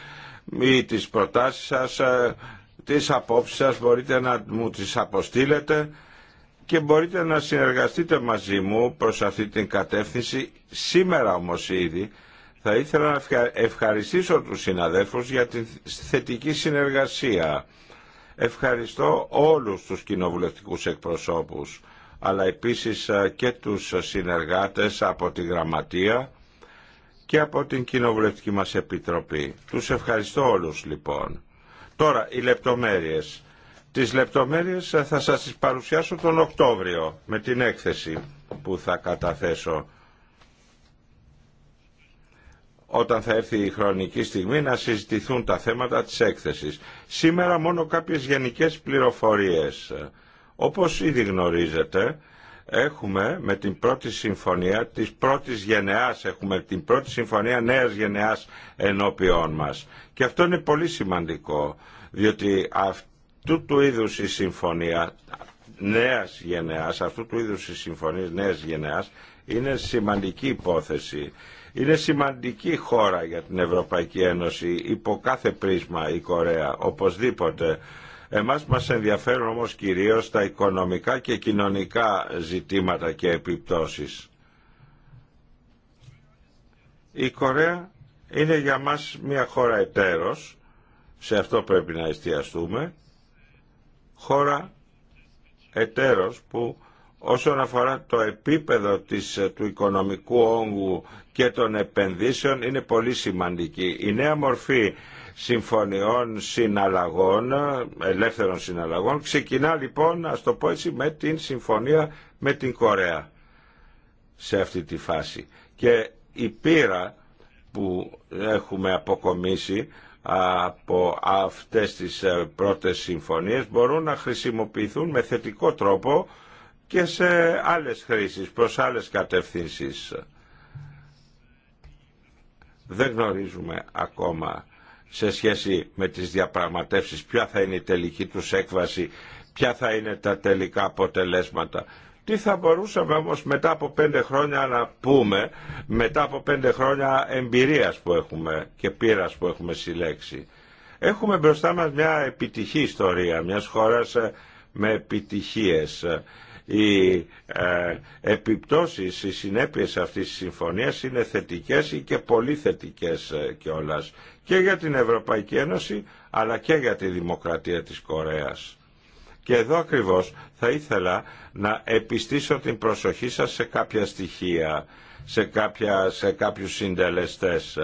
ή τις προτάσεις σας, ε, τις απόψεις σας μπορείτε να μου τις αποστείλετε και μπορείτε να συνεργαστείτε μαζί μου προς αυτή την κατεύθυνση σήμερα όμως ήδη. Θα ήθελα να ευχαριστήσω τους συναδέλφους για τη θετική συνεργασία. Ευχαριστώ όλους τους κοινοβουλευτικούς εκπροσώπους, αλλά επίσης ε, και τους συνεργάτες από τη Γραμματεία και από την Κοινοβουλευτική μας Επιτροπή. Τους ευχαριστώ όλους λοιπόν. Τώρα οι λεπτομέρειες. Τις λεπτομέρειες θα σας τις παρουσιάσω τον Οκτώβριο με την έκθεση που θα καταθέσω όταν θα έρθει η χρονική στιγμή να συζητηθούν τα θέματα της έκθεσης. Σήμερα μόνο κάποιες γενικές πληροφορίες. Όπως ήδη γνωρίζετε, έχουμε με την πρώτη συμφωνία της πρώτης γενεάς, έχουμε την πρώτη συμφωνία νέας γενεάς ενώπιών μας. Και αυτό είναι πολύ σημαντικό, διότι αυτού του είδους η συμφωνία νέας γενεάς, αυτού του είδους η συμφωνία νέας γενεάς είναι σημαντική υπόθεση. Είναι σημαντική χώρα για την Ευρωπαϊκή Ένωση υπό κάθε πρίσμα η Κορέα, οπωσδήποτε Εμάς μας ενδιαφέρουν όμως κυρίως τα οικονομικά και κοινωνικά ζητήματα και επιπτώσεις. Η Κορέα είναι για μας μια χώρα εταίρος, σε αυτό πρέπει να εστιαστούμε, χώρα εταίρος που όσον αφορά το επίπεδο της, του οικονομικού όγκου και των επενδύσεων είναι πολύ σημαντική. Η νέα μορφή συμφωνιών συναλλαγών, ελεύθερων συναλλαγών. Ξεκινά λοιπόν, ας το πω με την συμφωνία με την Κορέα σε αυτή τη φάση. Και η πείρα που έχουμε αποκομίσει από αυτές τις ε, πρώτες συμφωνίες μπορούν να χρησιμοποιηθούν με θετικό τρόπο και σε άλλες χρήσεις, προς άλλες κατευθύνσεις. Δεν γνωρίζουμε ακόμα σε σχέση με τις διαπραγματεύσεις, ποια θα είναι η τελική τους έκβαση, ποια θα είναι τα τελικά αποτελέσματα. Τι θα μπορούσαμε όμως μετά από πέντε χρόνια να πούμε, μετά από πέντε χρόνια εμπειρίας που έχουμε και πείρας που έχουμε συλλέξει. Έχουμε μπροστά μας μια επιτυχή ιστορία, μιας χώρας ε, με επιτυχίες. Οι ε, επιπτώσεις, οι συνέπειες αυτής της συμφωνίας είναι θετικές ή και πολύ θετικές ε, κιόλας και για την Ευρωπαϊκή Ένωση αλλά και για τη δημοκρατία της Κορέας. Και εδώ ακριβώς θα ήθελα να επιστήσω την προσοχή σας σε κάποια στοιχεία, σε, κάποια, σε κάποιους συντελεστές.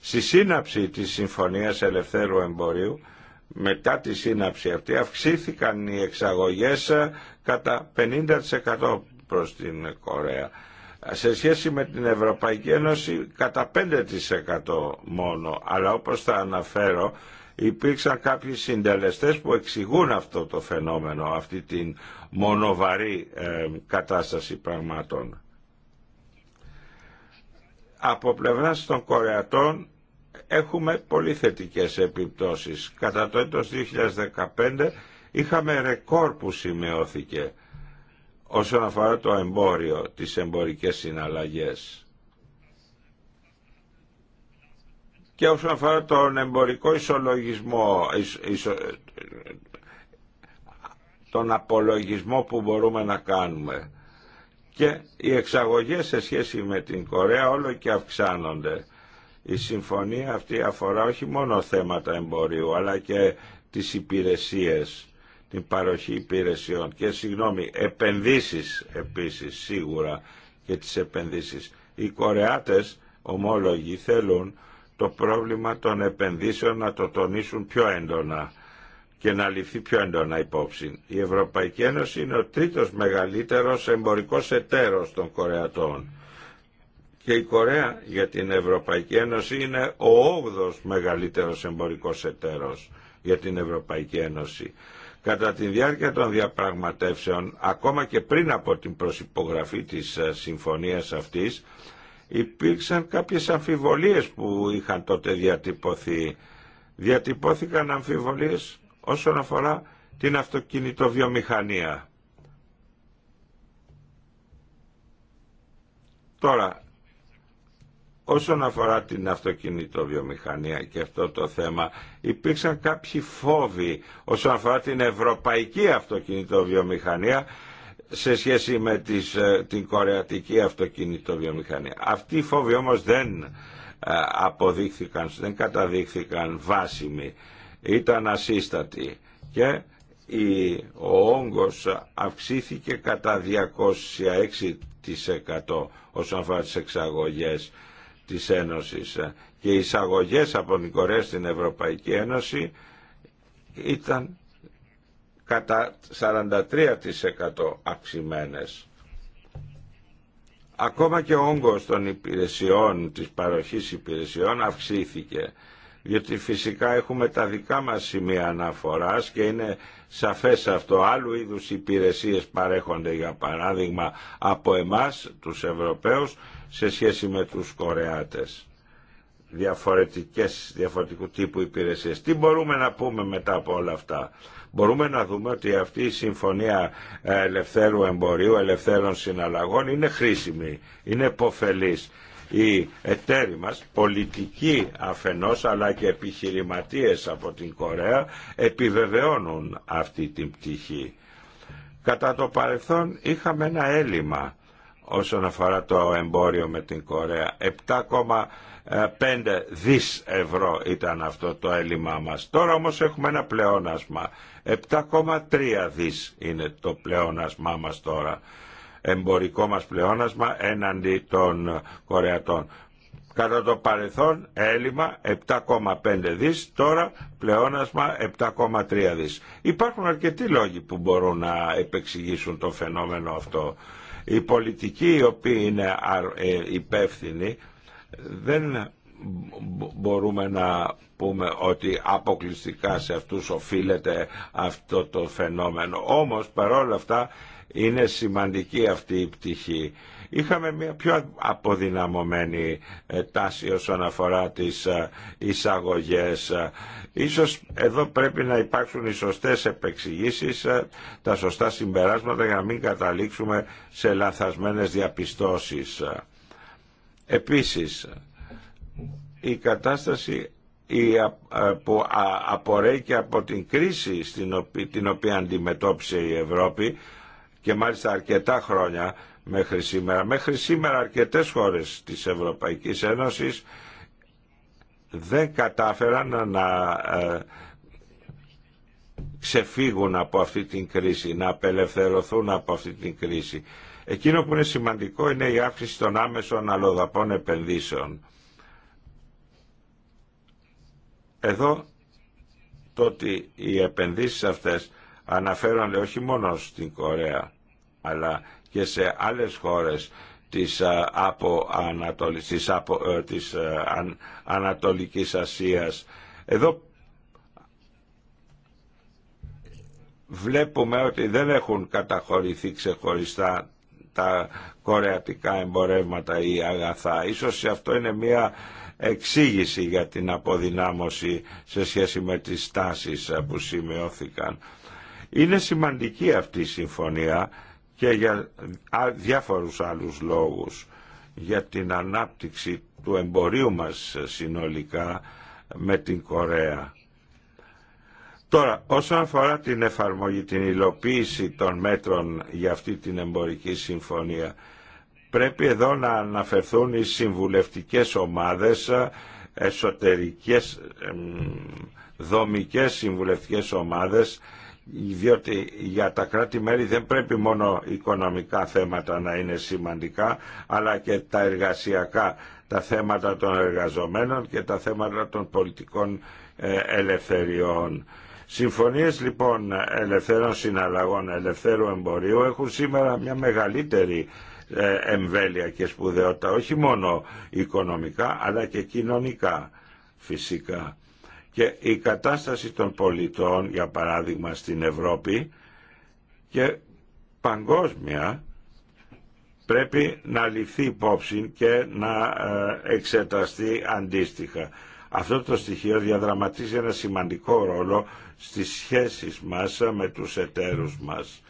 Στη σύναψη της Συμφωνίας Ελευθέρου Εμπορίου, μετά τη σύναψη αυτή, αυξήθηκαν οι εξαγωγές ε, κατά 50% προς την Κορέα σε σχέση με την Ευρωπαϊκή Ένωση κατά 5% μόνο. Αλλά όπως θα αναφέρω υπήρξαν κάποιοι συντελεστές που εξηγούν αυτό το φαινόμενο, αυτή την μονοβαρή ε, κατάσταση πραγμάτων. Από πλευράς των Κορεατών έχουμε πολύ θετικές επιπτώσεις. Κατά το έτος 2015 είχαμε ρεκόρ που σημειώθηκε όσον αφορά το εμπόριο, τις εμπορικές συναλλαγές. Και όσον αφορά τον εμπορικό ισολογισμό, τον απολογισμό που μπορούμε να κάνουμε. Και οι εξαγωγές σε σχέση με την Κορέα όλο και αυξάνονται. Η συμφωνία αυτή αφορά όχι μόνο θέματα εμπορίου, αλλά και τις υπηρεσίες την παροχή υπηρεσιών και συγγνώμη επενδύσεις επίσης σίγουρα και τις επενδύσεις. Οι Κορεάτες ομόλογοι θέλουν το πρόβλημα των επενδύσεων να το τονίσουν πιο έντονα και να ληφθεί πιο έντονα υπόψη. Η Ευρωπαϊκή Ένωση είναι ο τρίτος μεγαλύτερος εμπορικός εταίρος των Κορεατών και η Κορέα για την Ευρωπαϊκή Ένωση είναι ο όγδος μεγαλύτερος εμπορικός εταίρος για την Ευρωπαϊκή Ένωση. Κατά τη διάρκεια των διαπραγματεύσεων, ακόμα και πριν από την προσυπογραφή της ε, συμφωνίας αυτής, υπήρξαν κάποιες αμφιβολίες που είχαν τότε διατυπωθεί. Διατυπώθηκαν αμφιβολίες όσον αφορά την αυτοκινητοβιομηχανία. Τώρα, Όσον αφορά την αυτοκινητοβιομηχανία και αυτό το θέμα, υπήρξαν κάποιοι φόβοι όσον αφορά την ευρωπαϊκή αυτοκινητοβιομηχανία σε σχέση με τις, ε, την κορεατική αυτοκινητοβιομηχανία. Αυτοί οι φόβοι όμως δεν ε, αποδείχθηκαν, δεν καταδείχθηκαν βάσιμοι, ήταν ασύστατοι και ο όγκος αυξήθηκε κατά 206% όσον αφορά τις εξαγωγές της Ένωσης ε, και οι εισαγωγές από την Κορέα στην Ευρωπαϊκή Ένωση ήταν κατά 43% αυξημένες. Ακόμα και ο όγκος των υπηρεσιών, της παροχής υπηρεσιών αυξήθηκε, διότι φυσικά έχουμε τα δικά μας σημεία αναφοράς και είναι σαφές αυτό. Άλλου είδους υπηρεσίες παρέχονται, για παράδειγμα, από εμάς, τους Ευρωπαίους, σε σχέση με τους Κορεάτες διαφορετικές, διαφορετικού τύπου υπηρεσίες. Τι μπορούμε να πούμε μετά από όλα αυτά. Μπορούμε να δούμε ότι αυτή η συμφωνία ε, ελευθέρου εμπορίου, ελευθέρων συναλλαγών είναι χρήσιμη, είναι υποφελής Οι εταίροι μας, πολιτικοί αφενός αλλά και επιχειρηματίες από την Κορέα, επιβεβαιώνουν αυτή την πτυχή. Κατά το παρελθόν είχαμε ένα έλλειμμα όσον αφορά το εμπόριο με την Κορέα. 7,5 δις ευρώ ήταν αυτό το έλλειμμα μας. Τώρα όμως έχουμε ένα πλεόνασμα. 7,3 δις είναι το πλεόνασμά μας τώρα. Εμπορικό μας πλεόνασμα έναντι των Κορεατών. Κατά το παρελθόν έλλειμμα 7,5 δις, τώρα πλεόνασμα 7,3 δις. Υπάρχουν αρκετοί λόγοι που μπορούν να επεξηγήσουν το φαινόμενο αυτό. Οι πολιτικοί οι οποίοι είναι ε, υπεύθυνοι δεν μπορούμε να πούμε ότι αποκλειστικά σε αυτούς οφείλεται αυτό το φαινόμενο. Όμως παρόλα αυτά είναι σημαντική αυτή η πτυχή είχαμε μια πιο αποδυναμωμένη ε, τάση όσον αφορά τις ε, εισαγωγές. Ε, ίσως εδώ πρέπει να υπάρξουν οι σωστές επεξηγήσεις, τα σωστά συμπεράσματα για να μην καταλήξουμε σε λαθασμένες διαπιστώσεις. Επίσης, η κατάσταση που απορρέει και από την κρίση την οποία αντιμετώπισε η Ευρώπη και μάλιστα αρκετά χρόνια μέχρι σήμερα. Μέχρι σήμερα αρκετές χώρες της Ευρωπαϊκής Ένωσης δεν κατάφεραν να ε, ξεφύγουν από αυτή την κρίση, να απελευθερωθούν από αυτή την κρίση. Εκείνο που είναι σημαντικό είναι η αύξηση των άμεσων αλλοδαπών επενδύσεων. Εδώ το ότι οι επενδύσεις αυτές αναφέρονται όχι μόνο στην Κορέα, αλλά και σε άλλες χώρες της, από Ανατολής, από, ε, ε, Ανατολικής Ασίας. Εδώ βλέπουμε ότι δεν έχουν καταχωρηθεί ξεχωριστά τα κορεατικά εμπορεύματα ή αγαθά. Ίσως αυτό είναι μια εξήγηση για την αποδυνάμωση σε σχέση με τις τάσεις ε, που σημειώθηκαν. Είναι σημαντική αυτή η συμφωνία και για διάφορους άλλους λόγους για την ανάπτυξη του εμπορίου μας συνολικά με την Κορέα. Τώρα, όσον αφορά την εφαρμογή, την υλοποίηση των μέτρων για αυτή την εμπορική συμφωνία, πρέπει εδώ να αναφερθούν οι συμβουλευτικές ομάδες, εσωτερικές δομικές συμβουλευτικές ομάδες, διότι για τα κράτη-μέλη δεν πρέπει μόνο οικονομικά θέματα να είναι σημαντικά, αλλά και τα εργασιακά, τα θέματα των εργαζομένων και τα θέματα των πολιτικών ε, ελευθεριών. Συμφωνίες λοιπόν ελευθέρων συναλλαγών, ελευθέρου εμπορίου έχουν σήμερα μια μεγαλύτερη ε, εμβέλεια και σπουδαιότητα, όχι μόνο οικονομικά αλλά και κοινωνικά φυσικά και η κατάσταση των πολιτών, για παράδειγμα στην Ευρώπη και παγκόσμια, πρέπει να ληφθεί υπόψη και να ε, εξεταστεί αντίστοιχα. Αυτό το στοιχείο διαδραματίζει ένα σημαντικό ρόλο στις σχέσεις μας με τους εταίρους μας.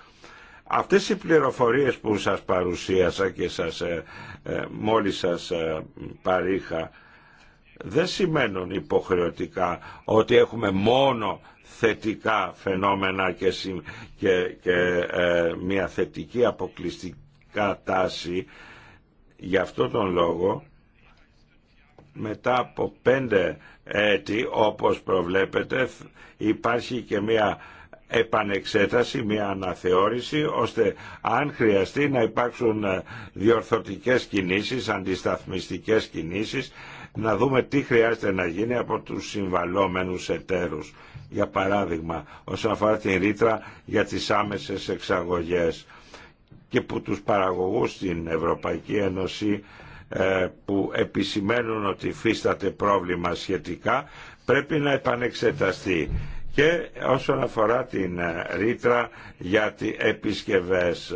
Αυτές οι πληροφορίες που σας παρουσίασα και σας, ε, ε, μόλις σας παρήχα, δεν σημαίνουν υποχρεωτικά ότι έχουμε μόνο θετικά φαινόμενα και, και, ε, μια θετική αποκλειστικά τάση. Γι' αυτό τον λόγο μετά από πέντε έτη όπως προβλέπετε υπάρχει και μια επανεξέταση, μια αναθεώρηση ώστε αν χρειαστεί να υπάρξουν ε, διορθωτικές κινήσεις, αντισταθμιστικές κινήσεις να δούμε τι χρειάζεται να γίνει από τους συμβαλόμενους εταίρους. Για παράδειγμα, όσον αφορά την ρήτρα για τις άμεσες εξαγωγές και που τους παραγωγούς στην Ευρωπαϊκή Ένωση ε, που επισημαίνουν ότι φύσταται πρόβλημα σχετικά πρέπει να επανεξεταστεί και όσον αφορά την ε, ρήτρα για τις επισκευές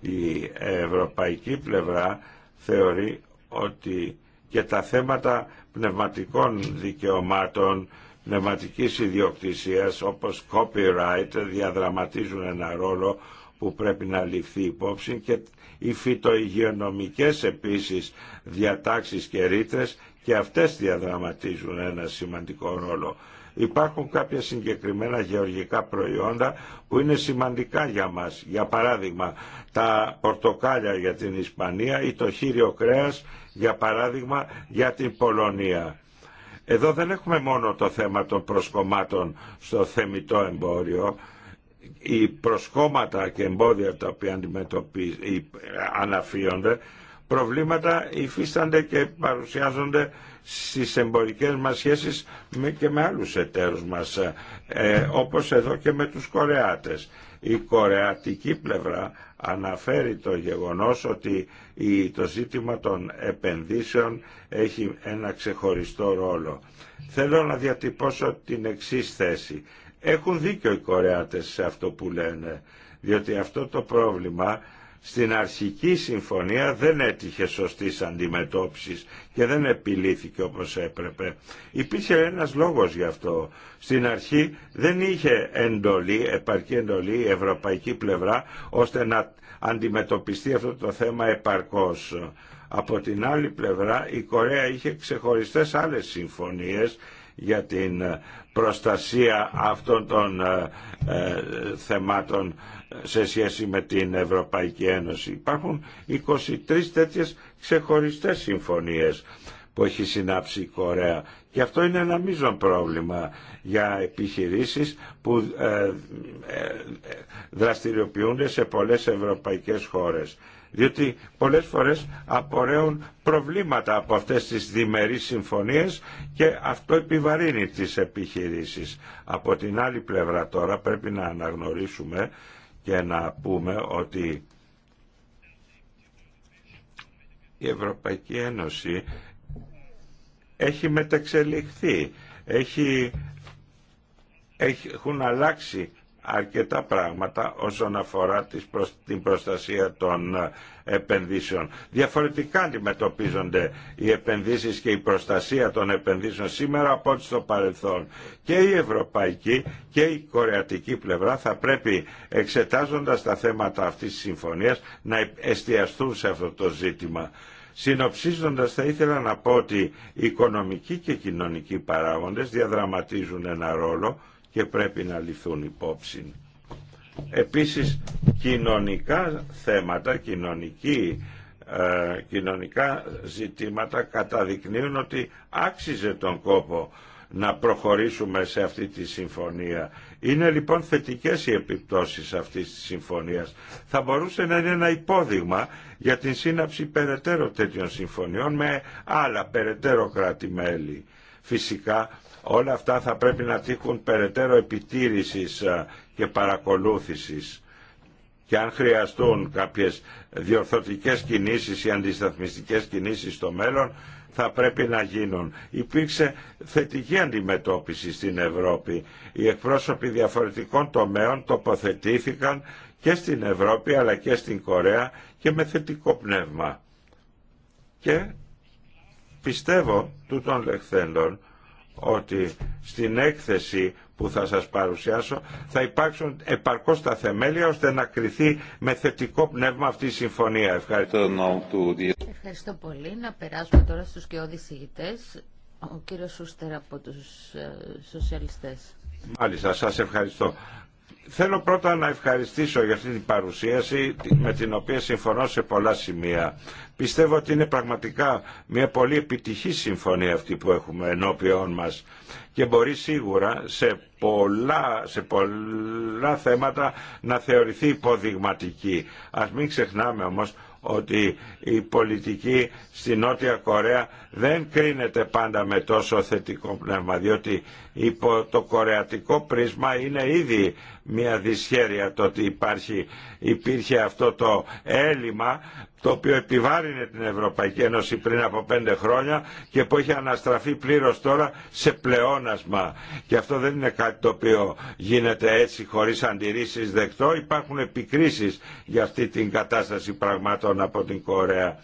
η ευρωπαϊκή πλευρά θεωρεί ότι και τα θέματα πνευματικών δικαιωμάτων, πνευματικής ιδιοκτησίας όπως copyright διαδραματίζουν ένα ρόλο που πρέπει να ληφθεί υπόψη και οι φυτοϊγειονομικές επίσης διατάξεις και ρήτρες και αυτές διαδραματίζουν ένα σημαντικό ρόλο. Υπάρχουν κάποια συγκεκριμένα γεωργικά προϊόντα που είναι σημαντικά για μας. Για παράδειγμα, τα πορτοκάλια για την Ισπανία ή το χείριο κρέας, για παράδειγμα, για την Πολωνία. Εδώ δεν έχουμε μόνο το θέμα των προσκομμάτων στο θεμητό εμπόριο, οι προσκόμματα και εμπόδια τα οποία αναφύονται, προβλήματα υφίστανται και παρουσιάζονται στις εμπορικές μας σχέσεις και με άλλους εταίρους μας, ε, ε, όπως εδώ και με τους Κορεάτες. Η κορεατική πλευρά αναφέρει το γεγονός ότι το ζήτημα των επενδύσεων έχει ένα ξεχωριστό ρόλο. Θέλω να διατυπώσω την εξής θέση. Έχουν δίκιο οι Κορεάτες σε αυτό που λένε, διότι αυτό το πρόβλημα στην αρχική συμφωνία δεν έτυχε σωστή αντιμετώπιση και δεν επιλήθηκε όπως έπρεπε. Υπήρχε ένας λόγος γι' αυτό. Στην αρχή δεν είχε εντολή, επαρκή εντολή η ευρωπαϊκή πλευρά ώστε να αντιμετωπιστεί αυτό το θέμα επαρκώς. Από την άλλη πλευρά η Κορέα είχε ξεχωριστές άλλες συμφωνίες για την προστασία αυτών των ε, ε, θεμάτων σε σχέση με την Ευρωπαϊκή Ένωση. Υπάρχουν 23 τέτοιες ξεχωριστές συμφωνίες που έχει συνάψει η Κορέα. Και αυτό είναι ένα μείζον πρόβλημα για επιχειρήσεις που ε, ε, δραστηριοποιούνται σε πολλές ευρωπαϊκές χώρες. Διότι πολλές φορές απορρέουν προβλήματα από αυτές τις διμερείς συμφωνίες και αυτό επιβαρύνει τις επιχειρήσεις. Από την άλλη πλευρά τώρα πρέπει να αναγνωρίσουμε και να πούμε ότι η Ευρωπαϊκή Ένωση έχει μεταξελιχθεί, έχει, έχουν αλλάξει αρκετά πράγματα όσον αφορά την προστασία των ε, επενδύσεων. Διαφορετικά αντιμετωπίζονται οι επενδύσεις και η προστασία των επενδύσεων σήμερα από ό,τι στο παρελθόν. Και η ευρωπαϊκή και η κορεατική πλευρά θα πρέπει εξετάζοντας τα θέματα αυτής της συμφωνίας να εστιαστούν σε αυτό το ζήτημα. Συνοψίζοντας θα ήθελα να πω ότι οι οικονομικοί και κοινωνικοί παράγοντες διαδραματίζουν ένα ρόλο και πρέπει να λυθούν υπόψη. Επίσης κοινωνικά θέματα, κοινωνική, ε, κοινωνικά ζητήματα καταδεικνύουν ότι άξιζε τον κόπο να προχωρήσουμε σε αυτή τη συμφωνία. Είναι λοιπόν θετικές οι επιπτώσεις αυτής της συμφωνίας. Θα μπορούσε να είναι ένα υπόδειγμα για την σύναψη περαιτέρω τέτοιων συμφωνιών με άλλα περαιτέρω κράτη-μέλη. Φυσικά Όλα αυτά θα πρέπει να τύχουν περαιτέρω επιτήρησης ε, και παρακολούθησης και αν χρειαστούν κάποιες διορθωτικές κινήσεις ή αντισταθμιστικές κινήσεις στο μέλλον θα πρέπει να γίνουν. Υπήρξε θετική αντιμετώπιση στην Ευρώπη. Οι εκπρόσωποι διαφορετικών τομέων τοποθετήθηκαν και στην Ευρώπη αλλά και στην Κορέα και με θετικό πνεύμα. Και πιστεύω τούτων λεχθέντων ότι στην έκθεση που θα σας παρουσιάσω θα υπάρξουν επαρκώς τα θεμέλια ώστε να κριθεί με θετικό πνεύμα αυτή η συμφωνία. Ευχαριστώ. Ευχαριστώ πολύ. Να περάσουμε τώρα στους και ηγητές. Ο κύριος Σούστερ από τους ε, σοσιαλιστές. Μάλιστα, σας ευχαριστώ. Θέλω πρώτα να ευχαριστήσω για αυτή την παρουσίαση με την οποία συμφωνώ σε πολλά σημεία. Πιστεύω ότι είναι πραγματικά μια πολύ επιτυχή συμφωνία αυτή που έχουμε ενώπιόν μας και μπορεί σίγουρα σε πολλά, σε πολλά θέματα να θεωρηθεί υποδειγματική. Ας μην ξεχνάμε όμως ότι η πολιτική στη Νότια Κορέα δεν κρίνεται πάντα με τόσο θετικό πνεύμα, διότι υπό το κορεατικό πρίσμα είναι ήδη μια δυσχέρεια το ότι υπάρχει, υπήρχε αυτό το έλλειμμα το οποίο επιβάρυνε την Ευρωπαϊκή Ένωση πριν από πέντε χρόνια και που έχει αναστραφεί πλήρως τώρα σε πλεόνασμα. Και αυτό δεν είναι κάτι το οποίο γίνεται έτσι χωρίς αντιρρήσεις δεκτό. Υπάρχουν επικρίσεις για αυτή την κατάσταση πραγμάτων από την Κορέα.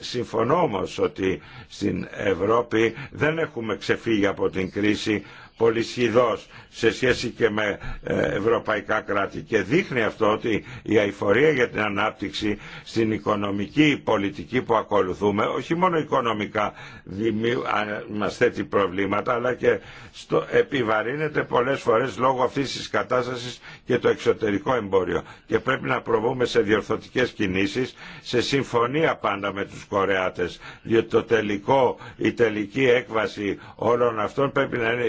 Συμφωνώ όμω ότι στην Ευρώπη δεν έχουμε ξεφύγει από την κρίση πολυσχηδός σε σχέση και με ε, ευρωπαϊκά κράτη και δείχνει αυτό ότι η αηφορία για την ανάπτυξη στην οικονομική πολιτική που ακολουθούμε όχι μόνο οικονομικά δημιου... μας θέτει προβλήματα αλλά και στο... επιβαρύνεται πολλές φορές λόγω αυτής της κατάστασης και το εξωτερικό εμπόριο και πρέπει να προβούμε σε διορθωτικές κινήσεις σε συμφωνία πάντα με τους Κορεάτες διότι το τελικό, η τελική έκβαση όλων αυτών πρέπει να είναι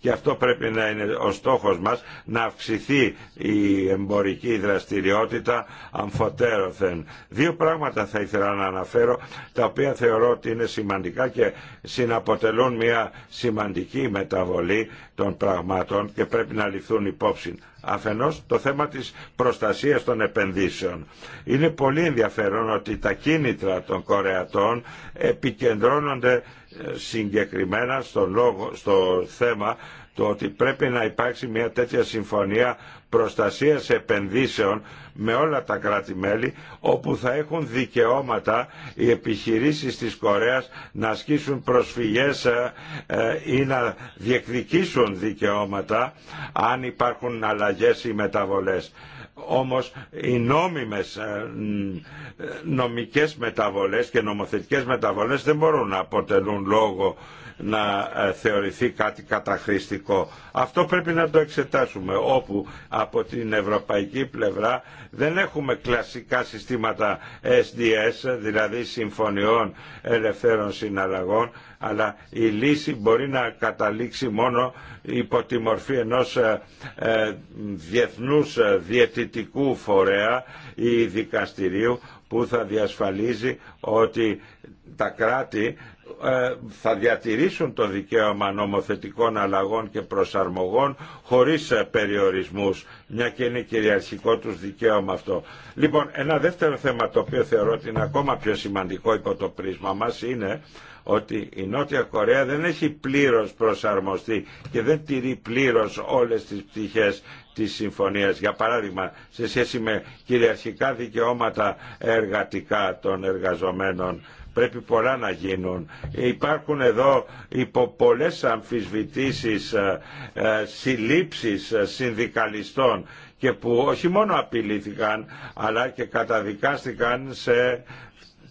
και αυτό πρέπει να είναι ο στόχος μας να αυξηθεί η εμπορική δραστηριότητα αμφωτέρωθεν. Δύο πράγματα θα ήθελα να αναφέρω τα οποία θεωρώ ότι είναι σημαντικά και συναποτελούν μια σημαντική μεταβολή των πραγμάτων και πρέπει να ληφθούν υπόψη. Αφενός το θέμα της προστασίας των επενδύσεων. Είναι πολύ ενδιαφέρον ότι τα κίνητρα των Κορεατών επικεντρώνονται ε, συγκεκριμένα στο, λόγο, στο θέμα το ότι πρέπει να υπάρξει μια τέτοια συμφωνία προστασίας επενδύσεων με όλα τα κράτη-μέλη όπου θα έχουν δικαιώματα οι επιχειρήσεις της Κορέας να ασκήσουν προσφυγές ε, ε, ή να διεκδικήσουν δικαιώματα αν υπάρχουν αλλαγές ή μεταβολές όμως οι νόμιμες ε, νομικές μεταβολές και νομοθετικές μεταβολές δεν μπορούν να αποτελούν λόγο να ε, θεωρηθεί κάτι καταχρηστικό. Αυτό πρέπει να το εξετάσουμε όπου από την ευρωπαϊκή πλευρά δεν έχουμε κλασικά συστήματα SDS, δηλαδή συμφωνιών ελευθέρων συναλλαγών, αλλά η λύση μπορεί να καταλήξει μόνο υπό τη μορφή ενός ε, ε, διεθνούς ε, διαιτητικού φορέα ή δικαστηρίου που θα διασφαλίζει ότι τα κράτη θα διατηρήσουν το δικαίωμα νομοθετικών αλλαγών και προσαρμογών χωρίς περιορισμούς, μια και είναι κυριαρχικό τους δικαίωμα αυτό. Λοιπόν, ένα δεύτερο θέμα το οποίο θεωρώ ότι είναι ακόμα πιο σημαντικό υπό το πρίσμα μας είναι ότι η Νότια Κορέα δεν έχει πλήρως προσαρμοστεί και δεν τηρεί πλήρως όλες τις πτυχές της συμφωνίας. Για παράδειγμα, σε σχέση με κυριαρχικά δικαιώματα εργατικά των εργαζομένων, πρέπει πολλά να γίνουν. Υπάρχουν εδώ υπό πολλές αμφισβητήσεις, ε, ε, συλλήψεις ε, συνδικαλιστών και που όχι μόνο απειλήθηκαν αλλά και καταδικάστηκαν σε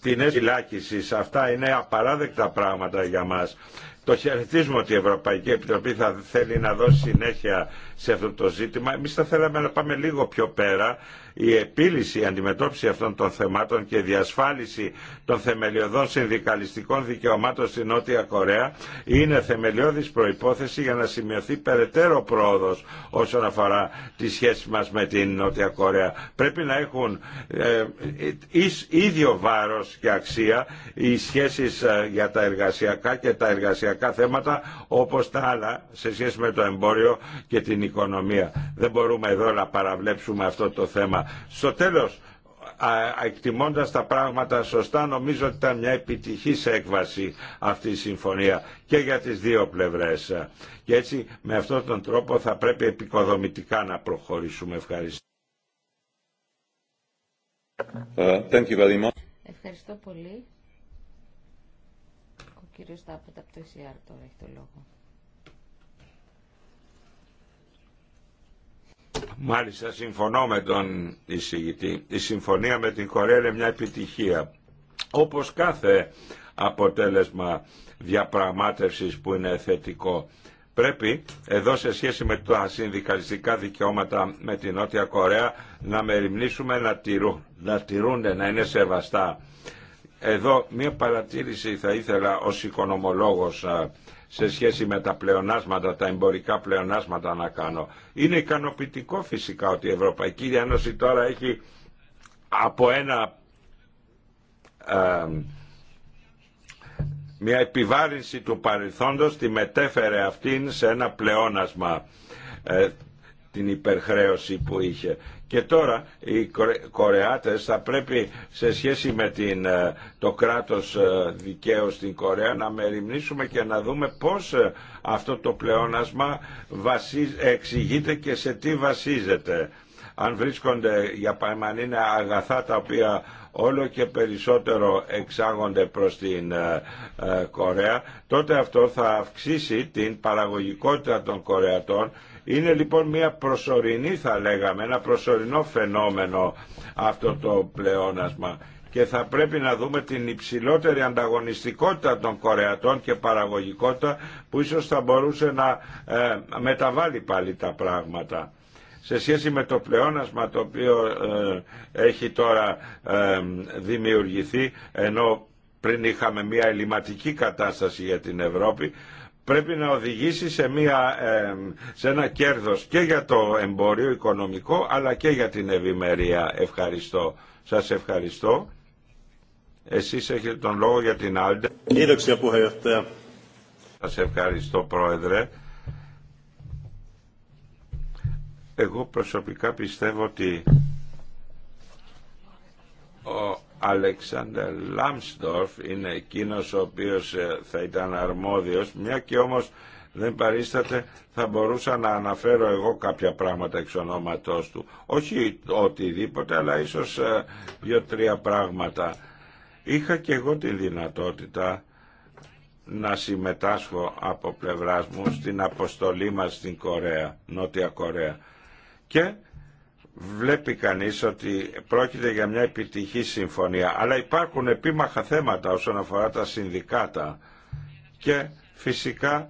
ποινές φυλάκισης. Αυτά είναι απαράδεκτα πράγματα για μας. Το χαιρετίζουμε ότι η Ευρωπαϊκή Επιτροπή θα θέλει να δώσει συνέχεια σε αυτό το ζήτημα. Εμείς θα θέλαμε να πάμε λίγο πιο πέρα η επίλυση, η αντιμετώπιση αυτών των θεμάτων και η διασφάλιση των θεμελιωδών συνδικαλιστικών δικαιωμάτων στην Νότια Κορέα είναι θεμελιώδης προϋπόθεση για να σημειωθεί περαιτέρω πρόοδος όσον αφορά τη σχέση μας με την Νότια Κορέα. Πρέπει να έχουν ε, ίδιο βάρος και αξία οι σχέσεις ε, για τα εργασιακά και τα εργασιακά θέματα όπως τα άλλα σε σχέση με το εμπόριο και την οικονομία. Δεν μπορούμε εδώ να παραβλέψουμε αυτό το θέμα στο τέλος εκτιμώντας τα πράγματα σωστά νομίζω ότι ήταν μια επιτυχής έκβαση αυτή η συμφωνία και για τις δύο πλευρές και έτσι με αυτόν τον τρόπο θα πρέπει επικοδομητικά να προχωρήσουμε ευχαριστώ ε, Ευχαριστώ πολύ. Ο κύριος Τάποτα από το ΕΣΥΑΡ e τώρα έχει το λόγο. Μάλιστα, συμφωνώ με τον εισηγητή. Η συμφωνία με την Κορέα είναι μια επιτυχία. Όπως κάθε αποτέλεσμα διαπραγμάτευσης που είναι θετικό. Πρέπει εδώ σε σχέση με τα συνδικαλιστικά δικαιώματα με την Νότια Κορέα να μεριμνήσουμε να, να τηρούνται, να είναι σεβαστά. Εδώ μία παρατήρηση θα ήθελα ως οικονομολόγος σε σχέση με τα πλεονάσματα, τα εμπορικά πλεονάσματα να κάνω. Είναι ικανοποιητικό φυσικά ότι η Ευρωπαϊκή Ένωση τώρα έχει από ένα μια επιβάρυνση του παρελθόντος τη μετέφερε αυτήν σε ένα πλεόνασμα ε, την υπερχρέωση που είχε. Και τώρα οι Κορεάτες θα πρέπει σε σχέση με την, ε, το κράτος ε, δικαίου στην Κορέα να μεριμνήσουμε και να δούμε πώς ε, αυτό το πλεόνασμα εξηγείται και σε τι βασίζεται. Αν βρίσκονται, για παράδειγμα, αγαθά τα οποία όλο και περισσότερο εξάγονται προς την Κορέα, τότε αυτό θα αυξήσει την παραγωγικότητα των Κορεατών είναι λοιπόν μια προσωρινή θα λέγαμε, ένα προσωρινό φαινόμενο αυτό το πλεόνασμα και θα πρέπει να δούμε την υψηλότερη ανταγωνιστικότητα των Κορεατών και παραγωγικότητα που ίσως θα μπορούσε να ε, μεταβάλει πάλι τα πράγματα. Σε σχέση με το πλεόνασμα το οποίο ε, έχει τώρα ε, δημιουργηθεί ενώ πριν είχαμε μια ελληματική κατάσταση για την Ευρώπη πρέπει να οδηγήσει σε, μια, ένα κέρδος και για το εμπόριο οικονομικό αλλά και για την ευημερία. Ευχαριστώ. Σας ευχαριστώ. Εσείς έχετε τον λόγο για την Άλντε. Σας ευχαριστώ Πρόεδρε. Εγώ προσωπικά πιστεύω ότι ο Αλεξάνδερ Λάμστορφ είναι εκείνος ο οποίος ε, θα ήταν αρμόδιος, μια και όμως δεν παρίσταται, θα μπορούσα να αναφέρω εγώ κάποια πράγματα εξ ονόματός του. Όχι οτιδήποτε, αλλά ίσως ε, δύο-τρία πράγματα. Είχα και εγώ τη δυνατότητα να συμμετάσχω από πλευράς μου στην αποστολή μας στην Κορέα, Νότια Κορέα. Και βλέπει κανείς ότι πρόκειται για μια επιτυχή συμφωνία αλλά υπάρχουν επίμαχα θέματα όσον αφορά τα συνδικάτα και φυσικά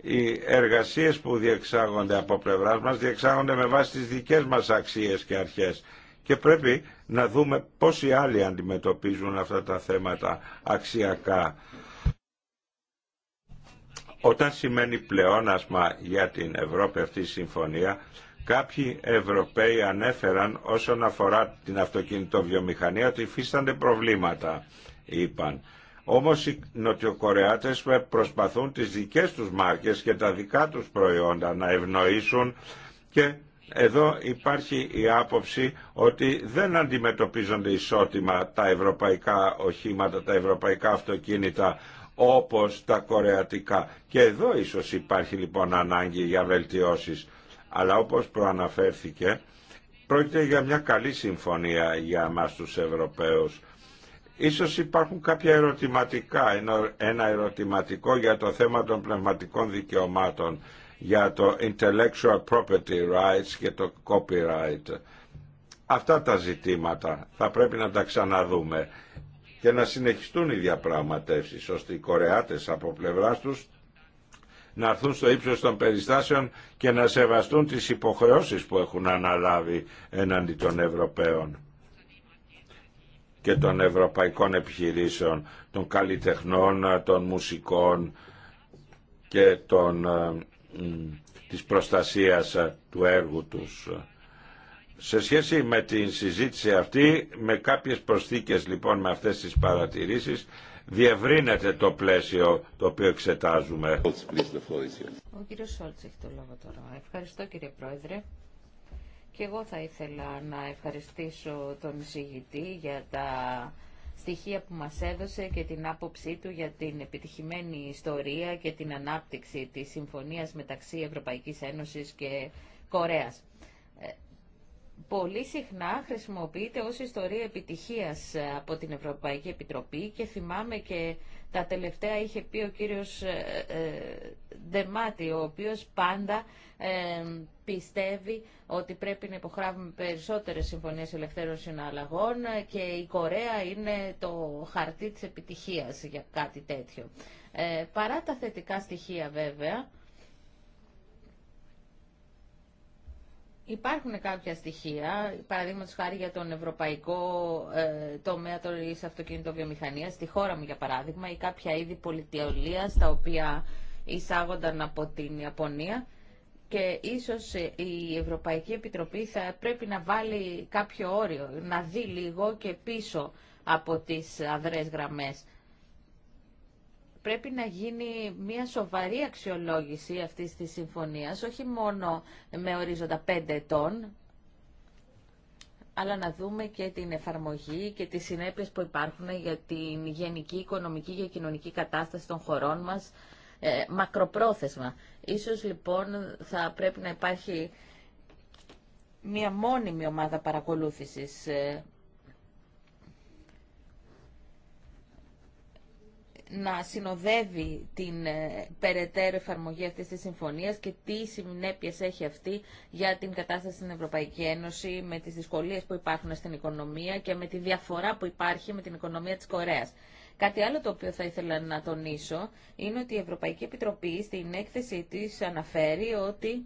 οι εργασίες που διεξάγονται από πλευράς μας διεξάγονται με βάση τις δικές μας αξίες και αρχές και πρέπει να δούμε πώς οι άλλοι αντιμετωπίζουν αυτά τα θέματα αξιακά. Όταν σημαίνει πλεόνασμα για την Ευρώπη αυτή η συμφωνία Κάποιοι Ευρωπαίοι ανέφεραν όσον αφορά την αυτοκινητοβιομηχανία ότι υφίστανται προβλήματα, είπαν. Όμως οι Νοτιοκορεάτες προσπαθούν τις δικές τους μάρκες και τα δικά τους προϊόντα να ευνοήσουν και εδώ υπάρχει η άποψη ότι δεν αντιμετωπίζονται ισότιμα τα ευρωπαϊκά οχήματα, τα ευρωπαϊκά αυτοκίνητα όπως τα κορεατικά. Και εδώ ίσως υπάρχει λοιπόν ανάγκη για βελτιώσεις αλλά όπως προαναφέρθηκε πρόκειται για μια καλή συμφωνία για μας τους Ευρωπαίους. Ίσως υπάρχουν κάποια ερωτηματικά, ένα ερωτηματικό για το θέμα των πνευματικών δικαιωμάτων, για το intellectual property rights και το copyright. Αυτά τα ζητήματα θα πρέπει να τα ξαναδούμε και να συνεχιστούν οι διαπραγματεύσεις ώστε οι Κορεάτες από πλευράς τους να έρθουν στο ύψος των περιστάσεων και να σεβαστούν τις υποχρεώσεις που έχουν αναλάβει εναντί των Ευρωπαίων και των ευρωπαϊκών επιχειρήσεων, των καλλιτεχνών, των μουσικών και των, ε, της προστασίας του έργου τους. Σε σχέση με την συζήτηση αυτή, με κάποιες προσθήκες λοιπόν με αυτές τις παρατηρήσεις, διευρύνεται το πλαίσιο το οποίο εξετάζουμε. Ο κύριος Σόλτς έχει το λόγο τώρα. Ευχαριστώ κύριε Πρόεδρε. Και εγώ θα ήθελα να ευχαριστήσω τον συγητή για τα στοιχεία που μας έδωσε και την άποψή του για την επιτυχημένη ιστορία και την ανάπτυξη της συμφωνίας μεταξύ Ευρωπαϊκής Ένωσης και Κορέας. Ε, πολύ συχνά χρησιμοποιείται ως ιστορία επιτυχίας ε, από την Ευρωπαϊκή Επιτροπή και θυμάμαι και τα τελευταία είχε πει ο κύριος δεμάτη ε, ε, ο οποίος πάντα πιστεύει ότι πρέπει να υποχράβουμε περισσότερες συμφωνίες ελευθέρων συναλλαγών και η Κορέα είναι το χαρτί της επιτυχίας για κάτι τέτοιο. Παρά τα θετικά στοιχεία βέβαια, Υπάρχουν κάποια στοιχεία, παραδείγματο χάρη για τον ευρωπαϊκό ε, τομέα τη αυτοκινητοβιομηχανία, στη χώρα μου για παράδειγμα, ή κάποια είδη πολιτεολία τα οποία εισάγονταν από την Ιαπωνία και ίσως ε, η Ευρωπαϊκή Επιτροπή θα πρέπει να βάλει κάποιο όριο, να δει λίγο και πίσω από τις αδρές γραμμές πρέπει να γίνει μια σοβαρή αξιολόγηση αυτής της συμφωνίας, όχι μόνο με ορίζοντα πέντε ετών, αλλά να δούμε και την εφαρμογή και τις συνέπειες που υπάρχουν για την γενική οικονομική και κοινωνική κατάσταση των χωρών μας ε, μακροπρόθεσμα. Ίσως λοιπόν θα πρέπει να υπάρχει μια μόνιμη ομάδα παρακολούθησης ε, να συνοδεύει την ε, περαιτέρω εφαρμογή αυτή της συμφωνίας και τι συνέπειε έχει αυτή για την κατάσταση στην Ευρωπαϊκή Ένωση με τις δυσκολίες που υπάρχουν στην οικονομία και με τη διαφορά που υπάρχει με την οικονομία της Κορέας. Κάτι άλλο το οποίο θα ήθελα να τονίσω είναι ότι η Ευρωπαϊκή Επιτροπή στην έκθεσή της αναφέρει ότι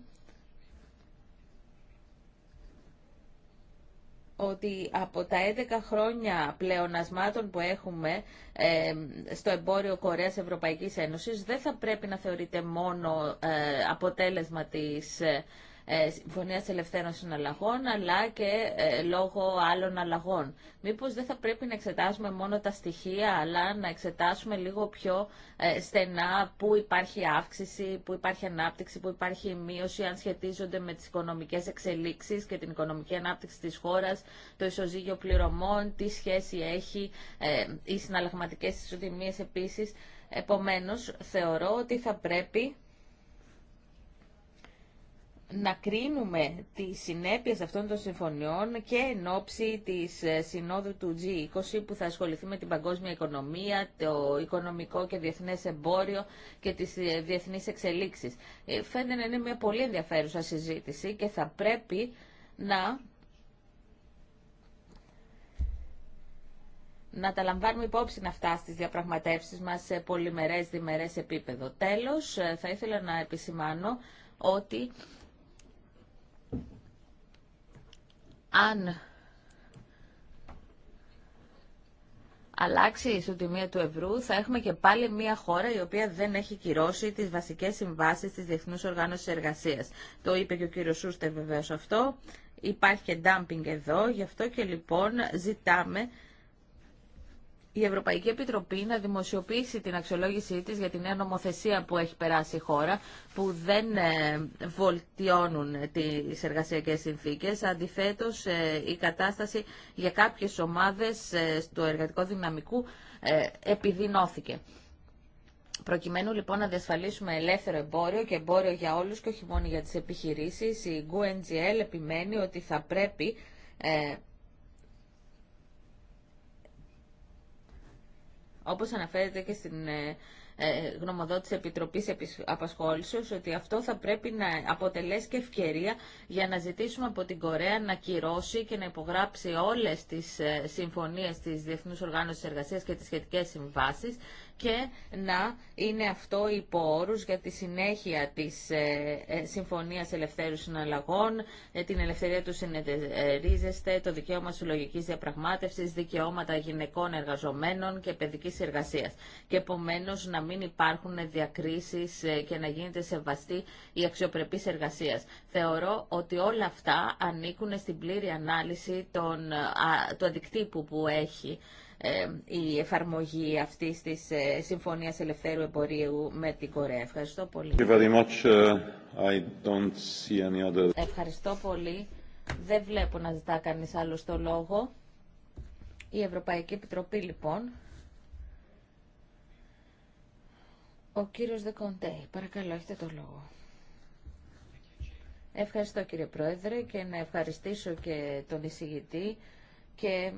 ότι από τα 11 χρόνια πλεονασμάτων που έχουμε ε, στο εμπόριο Κορέας Ευρωπαϊκής Ένωσης δεν θα πρέπει να θεωρείται μόνο ε, αποτέλεσμα της ε, ε, Συμφωνία Ελευθέρων Συναλλαγών αλλά και ε, λόγω άλλων αλλαγών. Μήπως δεν θα πρέπει να εξετάσουμε μόνο τα στοιχεία αλλά να εξετάσουμε λίγο πιο ε, στενά που υπάρχει αύξηση, που υπάρχει ανάπτυξη, που υπάρχει μείωση αν σχετίζονται με τις οικονομικές εξελίξεις και την οικονομική ανάπτυξη της χώρας, το ισοζύγιο πληρωμών, τι σχέση έχει οι συναλλαγματικέ ισοτιμίες επίση. Επομένως, θεωρώ ότι θα πρέπει να κρίνουμε τις συνέπειες αυτών των συμφωνιών και εν ώψη της ε, συνόδου του G20 που θα ασχοληθεί με την παγκόσμια οικονομία, το οικονομικό και διεθνές εμπόριο και τις ε, διεθνείς εξελίξεις. Ε, φαίνεται να είναι μια πολύ ενδιαφέρουσα συζήτηση και θα πρέπει να να τα λαμβάνουμε υπόψη αυτά στις διαπραγματεύσεις μας σε πολυμερές, διμερές επίπεδο. Τέλος, θα ήθελα να επισημάνω ότι αν αλλάξει η ισοτιμία του ευρώ, θα έχουμε και πάλι μια χώρα η οποία δεν έχει κυρώσει τις βασικές συμβάσεις της Διεθνούς Οργάνωσης Εργασίας. Το είπε και ο κύριος Σούστερ βεβαίως αυτό. Υπάρχει και ντάμπινγκ εδώ, γι' αυτό και λοιπόν ζητάμε η Ευρωπαϊκή Επιτροπή να δημοσιοποιήσει την αξιολόγησή της για την νέα νομοθεσία που έχει περάσει η χώρα, που δεν ε, βολτιώνουν τις εργασιακές συνθήκες. Αντιθέτως, ε, η κατάσταση για κάποιες ομάδες ε, του εργατικό δυναμικού επιδεινώθηκε. Προκειμένου λοιπόν να διασφαλίσουμε ελεύθερο εμπόριο και εμπόριο για όλους και όχι μόνο για τις επιχειρήσεις, η GUNGL επιμένει ότι θα πρέπει Όπως αναφέρεται και στην ε, ε, γνωμοδότηση Επιτροπής Απασχόλησης ότι αυτό θα πρέπει να αποτελέσει και ευκαιρία για να ζητήσουμε από την Κορέα να κυρώσει και να υπογράψει όλες τις ε, συμφωνίες της Διεθνούς Οργάνωσης Εργασίας και τις σχετικές συμβάσεις και να είναι αυτό υπό όρους για τη συνέχεια της ε, ε, Συμφωνίας Ελευθέρου Συναλλαγών, ε, την ελευθερία του συνεταιρίζεστε, το δικαίωμα συλλογικής διαπραγμάτευσης, δικαιώματα γυναικών εργαζομένων και παιδικής εργασίας. Και επομένω να μην υπάρχουν διακρίσεις και να γίνεται σεβαστή η αξιοπρεπής εργασίας. Θεωρώ ότι όλα αυτά ανήκουν στην πλήρη ανάλυση του αντικτύπου που έχει η εφαρμογή αυτή της ε, συμφωνία Ελευθέρου Εμπορίου με την Κορέα. Ευχαριστώ πολύ. Ευχαριστώ πολύ. Δεν βλέπω να ζητά κανείς άλλο το λόγο. Η Ευρωπαϊκή Επιτροπή λοιπόν. Ο κύριος Δεκοντέη, παρακαλώ, έχετε το λόγο. Ευχαριστώ κύριε Πρόεδρε και να ευχαριστήσω και τον εισηγητή και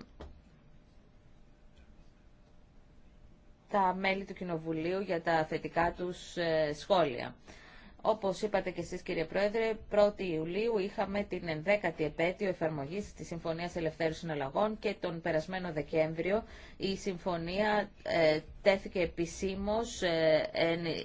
τα μέλη του Κοινοβουλίου για τα θετικά τους ε, σχόλια. Όπως είπατε και εσείς κύριε Πρόεδρε, 1η Ιουλίου είχαμε την 10 η επέτειο εφαρμογής της Συμφωνίας Ελευθέρου Συναλλαγών και τον περασμένο Δεκέμβριο η Συμφωνία ε, τέθηκε επισήμως ε,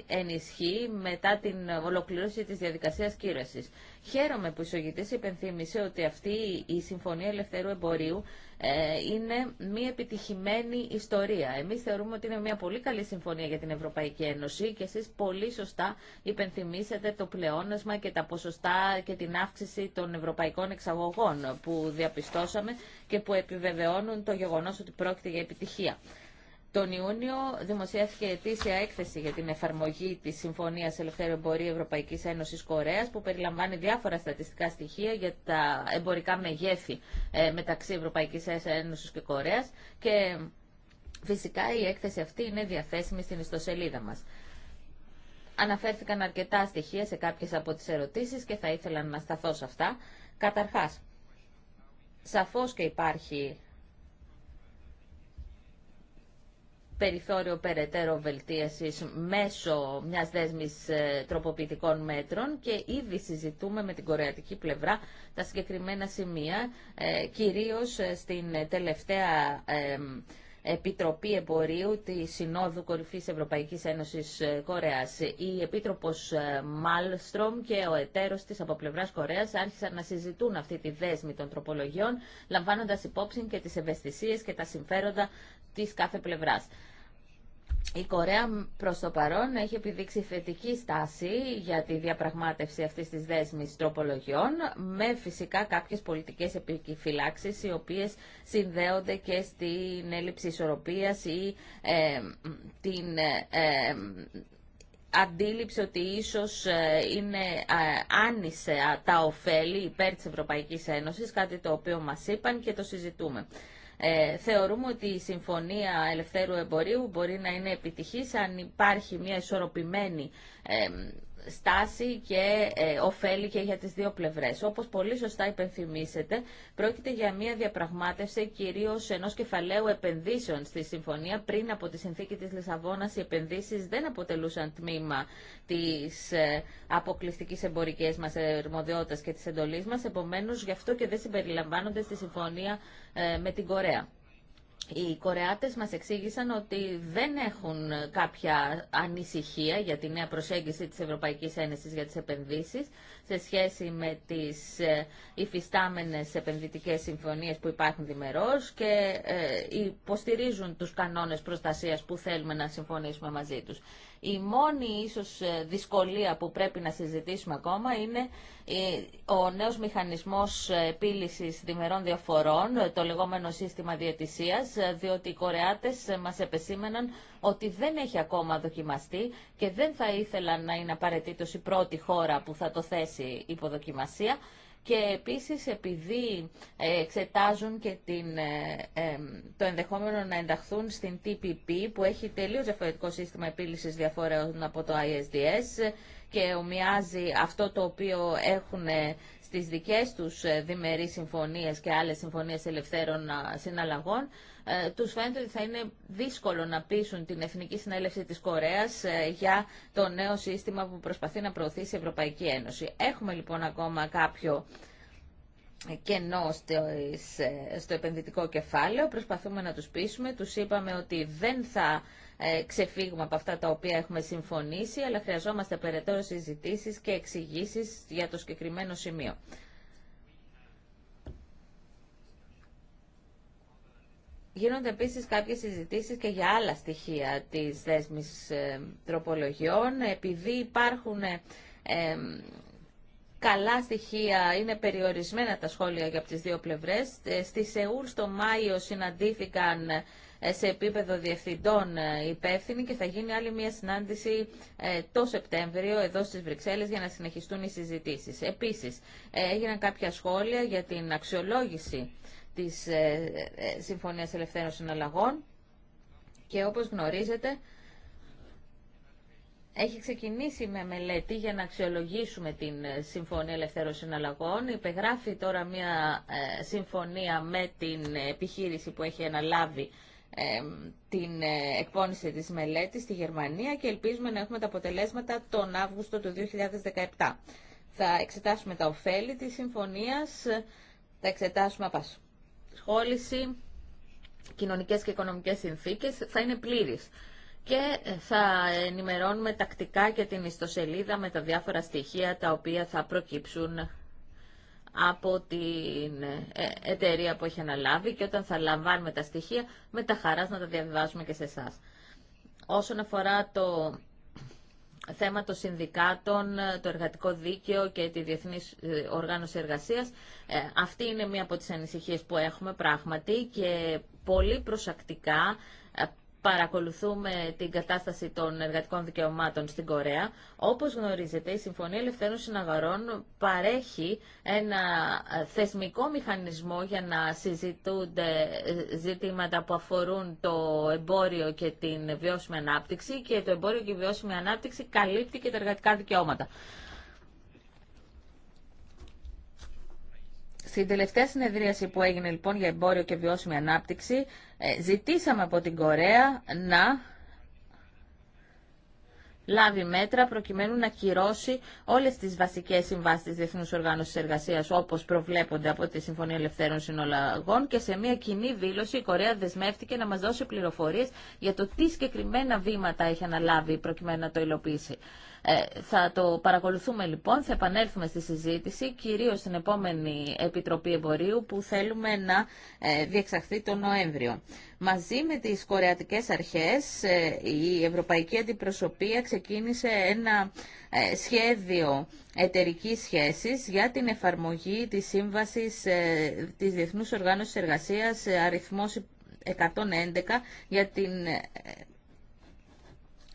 εν, ισχύ μετά την ολοκλήρωση της διαδικασίας κύρωσης. Χαίρομαι που η Σογητή υπενθύμησε ότι αυτή η Συμφωνία Ελευθερού Εμπορίου ε, είναι μια επιτυχημένη ιστορία. Εμείς θεωρούμε ότι είναι μια πολύ καλή συμφωνία για την Ευρωπαϊκή Ένωση και εσεί πολύ σωστά υπενθυμίσατε το πλεόνασμα και τα ποσοστά και την αύξηση των ευρωπαϊκών εξαγωγών που διαπιστώσαμε και που επιβεβαιώνουν το γεγονό ότι πρόκειται για επιτυχία. Τον Ιούνιο δημοσιεύθηκε ετήσια έκθεση για την εφαρμογή της Συμφωνίας Ελευθέρω Εμπορίου Ευρωπαϊκής Ένωσης Κορέας που περιλαμβάνει διάφορα στατιστικά στοιχεία για τα εμπορικά μεγέθη ε, μεταξύ Ευρωπαϊκής Ένωσης και Κορέα. και φυσικά η έκθεση αυτή είναι διαθέσιμη στην ιστοσελίδα μας. Αναφέρθηκαν αρκετά στοιχεία σε κάποιε από τι ερωτήσει και θα ήθελα να σταθώ σε αυτά. Καταρχά, σαφώ και υπάρχει περιθώριο περαιτέρω βελτίωσης μέσω μιας δέσμης ε, τροποποιητικών μέτρων και ήδη συζητούμε με την κορεατική πλευρά τα συγκεκριμένα σημεία, ε, κυρίως ε, στην τελευταία Επιτροπή Εμπορίου τη Συνόδου Κορυφής Ευρωπαϊκής Ένωσης ε, Κορέας. Η Επίτροπος ε, Μάλστρομ και ο εταίρος της από πλευράς Κορέας άρχισαν να συζητούν αυτή τη δέσμη των τροπολογιών, λαμβάνοντας υπόψη και τις ευαισθησίες και τα συμφέροντα της κάθε πλευράς. Η Κορέα προ το παρόν έχει επιδείξει θετική στάση για τη διαπραγμάτευση αυτή της δέσμη τροπολογιών με φυσικά κάποιες πολιτικές επιφυλάξει, οι οποίες συνδέονται και στην έλλειψη ισορροπία ή ε, την... Ε, ε, αντίληψη ότι ίσω είναι άνισε τα ωφέλη υπέρ τη Ευρωπαϊκή Ένωση, κάτι το οποίο μας είπαν και το συζητούμε. Ε, θεωρούμε ότι η Συμφωνία Ελευθέρου Εμπορίου μπορεί να είναι επιτυχής αν υπάρχει μια ισορροπημένη ε, στάση και ε, ωφέλη και για τις δύο πλευρές. Όπως πολύ σωστά υπενθυμίσετε, πρόκειται για μια διαπραγμάτευση κυρίως ενός κεφαλαίου επενδύσεων στη συμφωνία. Πριν από τη συνθήκη της Λισαβόνας, οι επενδύσεις δεν αποτελούσαν τμήμα της ε, αποκλειστικής εμπορικής μας ερμοδιότητας και της εντολής μας. Επομένως, γι' αυτό και δεν συμπεριλαμβάνονται στη συμφωνία ε, με την Κορέα. Οι Κορεάτες μας εξήγησαν ότι δεν έχουν κάποια ανησυχία για τη νέα προσέγγιση της Ευρωπαϊκής Ένωσης για τις επενδύσεις σε σχέση με τις ε, υφιστάμενες επενδυτικές συμφωνίες που υπάρχουν διμερώς και ε, υποστηρίζουν τους κανόνες προστασίας που θέλουμε να συμφωνήσουμε μαζί τους. Η μόνη ίσως ε, δυσκολία που πρέπει να συζητήσουμε ακόμα είναι ε, ο νέος μηχανισμός ε, επίλυσης διμερών διαφορών, το λεγόμενο σύστημα διαιτησίας, διότι οι Κορεάτες μας επεσήμεναν ότι δεν έχει ακόμα δοκιμαστεί και δεν θα ήθελαν να είναι απαραίτητο η πρώτη χώρα που θα το θέσει υποδοκιμασία και επίσης επειδή ε, εξετάζουν και την, ε, ε, το ενδεχόμενο να ενταχθούν στην TPP που έχει τελείως διαφορετικό σύστημα επίλυσης διαφορεών από το ISDS και ομοιάζει αυτό το οποίο έχουν στις δικές τους ε, διμερείς συμφωνίες και άλλες συμφωνίες ελευθέρων συναλλαγών, ε, τους φαίνεται ότι θα είναι δύσκολο να πείσουν την Εθνική Συνέλευση της Κορέας ε, για το νέο σύστημα που προσπαθεί να προωθήσει η Ευρωπαϊκή Ένωση. Έχουμε λοιπόν ακόμα κάποιο κενό στο επενδυτικό κεφάλαιο, προσπαθούμε να τους πείσουμε, τους είπαμε ότι δεν θα ε, ξεφύγουμε από αυτά τα οποία έχουμε συμφωνήσει, αλλά χρειαζόμαστε περαιτέρω συζητήσεις και εξηγήσει για το συγκεκριμένο σημείο. Γίνονται επίσης κάποιες συζητήσεις και για άλλα στοιχεία της δέσμης ε, τροπολογιών. Επειδή υπάρχουν ε, καλά στοιχεία, είναι περιορισμένα τα σχόλια για από τις δύο πλευρές. Στη Σεούλ στο Μάιο συναντήθηκαν ε, σε επίπεδο διευθυντών ε, υπεύθυνοι και θα γίνει άλλη μια συνάντηση ε, το Σεπτέμβριο εδώ στις Βρυξέλλες για να συνεχιστούν οι συζητήσεις. Επίσης, έγιναν κάποια σχόλια για την αξιολόγηση της Συμφωνίας Ελευθέρων Συναλλαγών και όπως γνωρίζετε έχει ξεκινήσει με μελέτη για να αξιολογήσουμε την Συμφωνία Ελευθέρων Συναλλαγών. Υπεγράφει τώρα μια συμφωνία με την επιχείρηση που έχει αναλάβει την ε, εκπόνηση της μελέτης στη Γερμανία και ελπίζουμε να έχουμε τα αποτελέσματα τον Αύγουστο του 2017. Θα εξετάσουμε τα ωφέλη της συμφωνίας, θα εξετάσουμε απασχόληση, κοινωνικές και οικονομικές συνθήκες, θα είναι πλήρης. Και ε, θα ενημερώνουμε τακτικά και την ιστοσελίδα με τα διάφορα στοιχεία τα οποία θα προκύψουν από την ε, εταιρεία που έχει αναλάβει και όταν θα λαμβάνουμε τα στοιχεία με τα χαράς να τα διαβιβάσουμε και σε εσά. Όσον αφορά το θέμα των συνδικάτων, το εργατικό δίκαιο και τη διεθνή ε, οργάνωση εργασίας, ε, αυτή είναι μία από τις ανησυχίες που έχουμε πράγματι και πολύ προσακτικά παρακολουθούμε την κατάσταση των εργατικών δικαιωμάτων στην Κορέα. Όπως γνωρίζετε, η Συμφωνία Ελευθέρων Συναγαρών παρέχει ένα θεσμικό μηχανισμό για να συζητούνται ζητήματα που αφορούν το εμπόριο και την βιώσιμη ανάπτυξη και το εμπόριο και η βιώσιμη ανάπτυξη καλύπτει και τα εργατικά δικαιώματα. Στην τελευταία συνεδρίαση που έγινε λοιπόν για εμπόριο και βιώσιμη ανάπτυξη, ε, ζητήσαμε από την Κορέα να λάβει μέτρα προκειμένου να κυρώσει όλες τις βασικές συμβάσεις της Διεθνούς Οργάνωσης Εργασίας όπως προβλέπονται από τη Συμφωνία Ελευθέρων Συνολαγών και σε μια κοινή δήλωση η Κορέα δεσμεύτηκε να μας δώσει πληροφορίες για το τι συγκεκριμένα βήματα έχει αναλάβει προκειμένου να το υλοποιήσει. Ε, θα το παρακολουθούμε λοιπόν, θα επανέλθουμε στη συζήτηση, κυρίως στην επόμενη Επιτροπή Εμπορίου που θέλουμε να ε, διεξαχθεί τον Νοέμβριο. Μαζί με τις κορεατικές αρχές ε, η Ευρωπαϊκή Αντιπροσωπεία ξεκίνησε ένα ε, σχέδιο εταιρικής σχέσης για την εφαρμογή της Σύμβασης ε, της Διεθνούς Οργάνωσης Εργασίας αριθμός 111 για, την,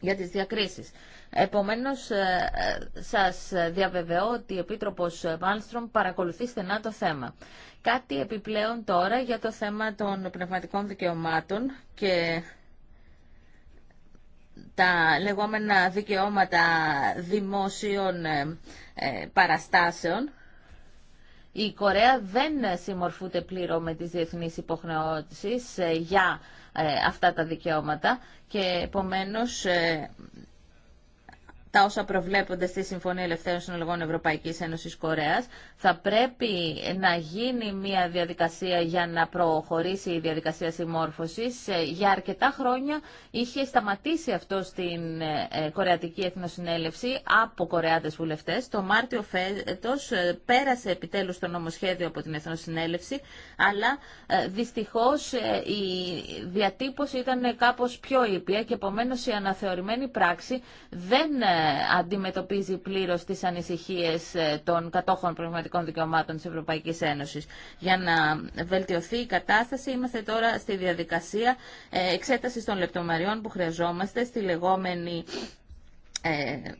για τις διακρίσεις. Επομένως, ε, ε, σας διαβεβαιώ ότι ο Επίτροπος Μάλστρομ παρακολουθεί στενά το θέμα. Κάτι επιπλέον τώρα για το θέμα των πνευματικών δικαιωμάτων και τα λεγόμενα δικαιώματα δημόσιων ε, παραστάσεων. Η Κορέα δεν συμμορφούνται πλήρω με τις διεθνείς υποχρεώσεις για αυτά τα δικαιώματα και επομένως τα όσα προβλέπονται στη Συμφωνία Ελευθέρων Συνολογών Ευρωπαϊκή Ένωση Κορέα, Θα πρέπει να γίνει μια διαδικασία για να προχωρήσει η διαδικασία συμμόρφωσης. Ε, για αρκετά χρόνια είχε σταματήσει αυτό στην ε, ε, Κορεατική Εθνοσυνέλευση από Κορεάτες βουλευτέ. Το Μάρτιο Φέτο πέρασε επιτέλους το νομοσχέδιο από την Εθνοσυνέλευση, αλλά δυστυχώ η διατύπωση ήταν κάπω πιο ήπια και επομένω η αναθεωρημένη πράξη δεν αντιμετωπίζει πλήρως τις ανησυχίες ε, των κατόχων πραγματικών δικαιωμάτων της Ευρωπαϊκής Ένωσης. Για να βελτιωθεί η κατάσταση είμαστε τώρα στη διαδικασία ε, εξέτασης των λεπτομαριών που χρειαζόμαστε στη λεγόμενη ε,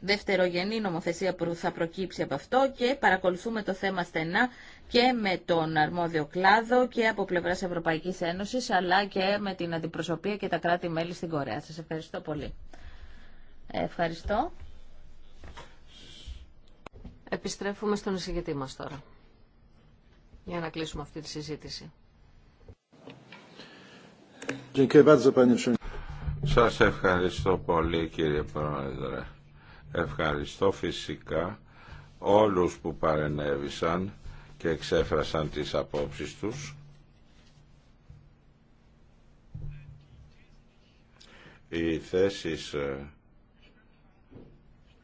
δευτερογενή νομοθεσία που θα προκύψει από αυτό και παρακολουθούμε το θέμα στενά και με τον αρμόδιο κλάδο και από πλευράς Ευρωπαϊκής Ένωσης αλλά και με την αντιπροσωπεία και τα κράτη-μέλη στην Κορέα. Σας ευχαριστώ πολύ. Ευχαριστώ. Επιστρέφουμε στον εισηγητή μας τώρα για να κλείσουμε αυτή τη συζήτηση. Σας ευχαριστώ πολύ κύριε Πρόεδρε. Ευχαριστώ φυσικά όλους που παρενέβησαν και εξέφρασαν τις απόψεις τους. Οι θέσεις ε,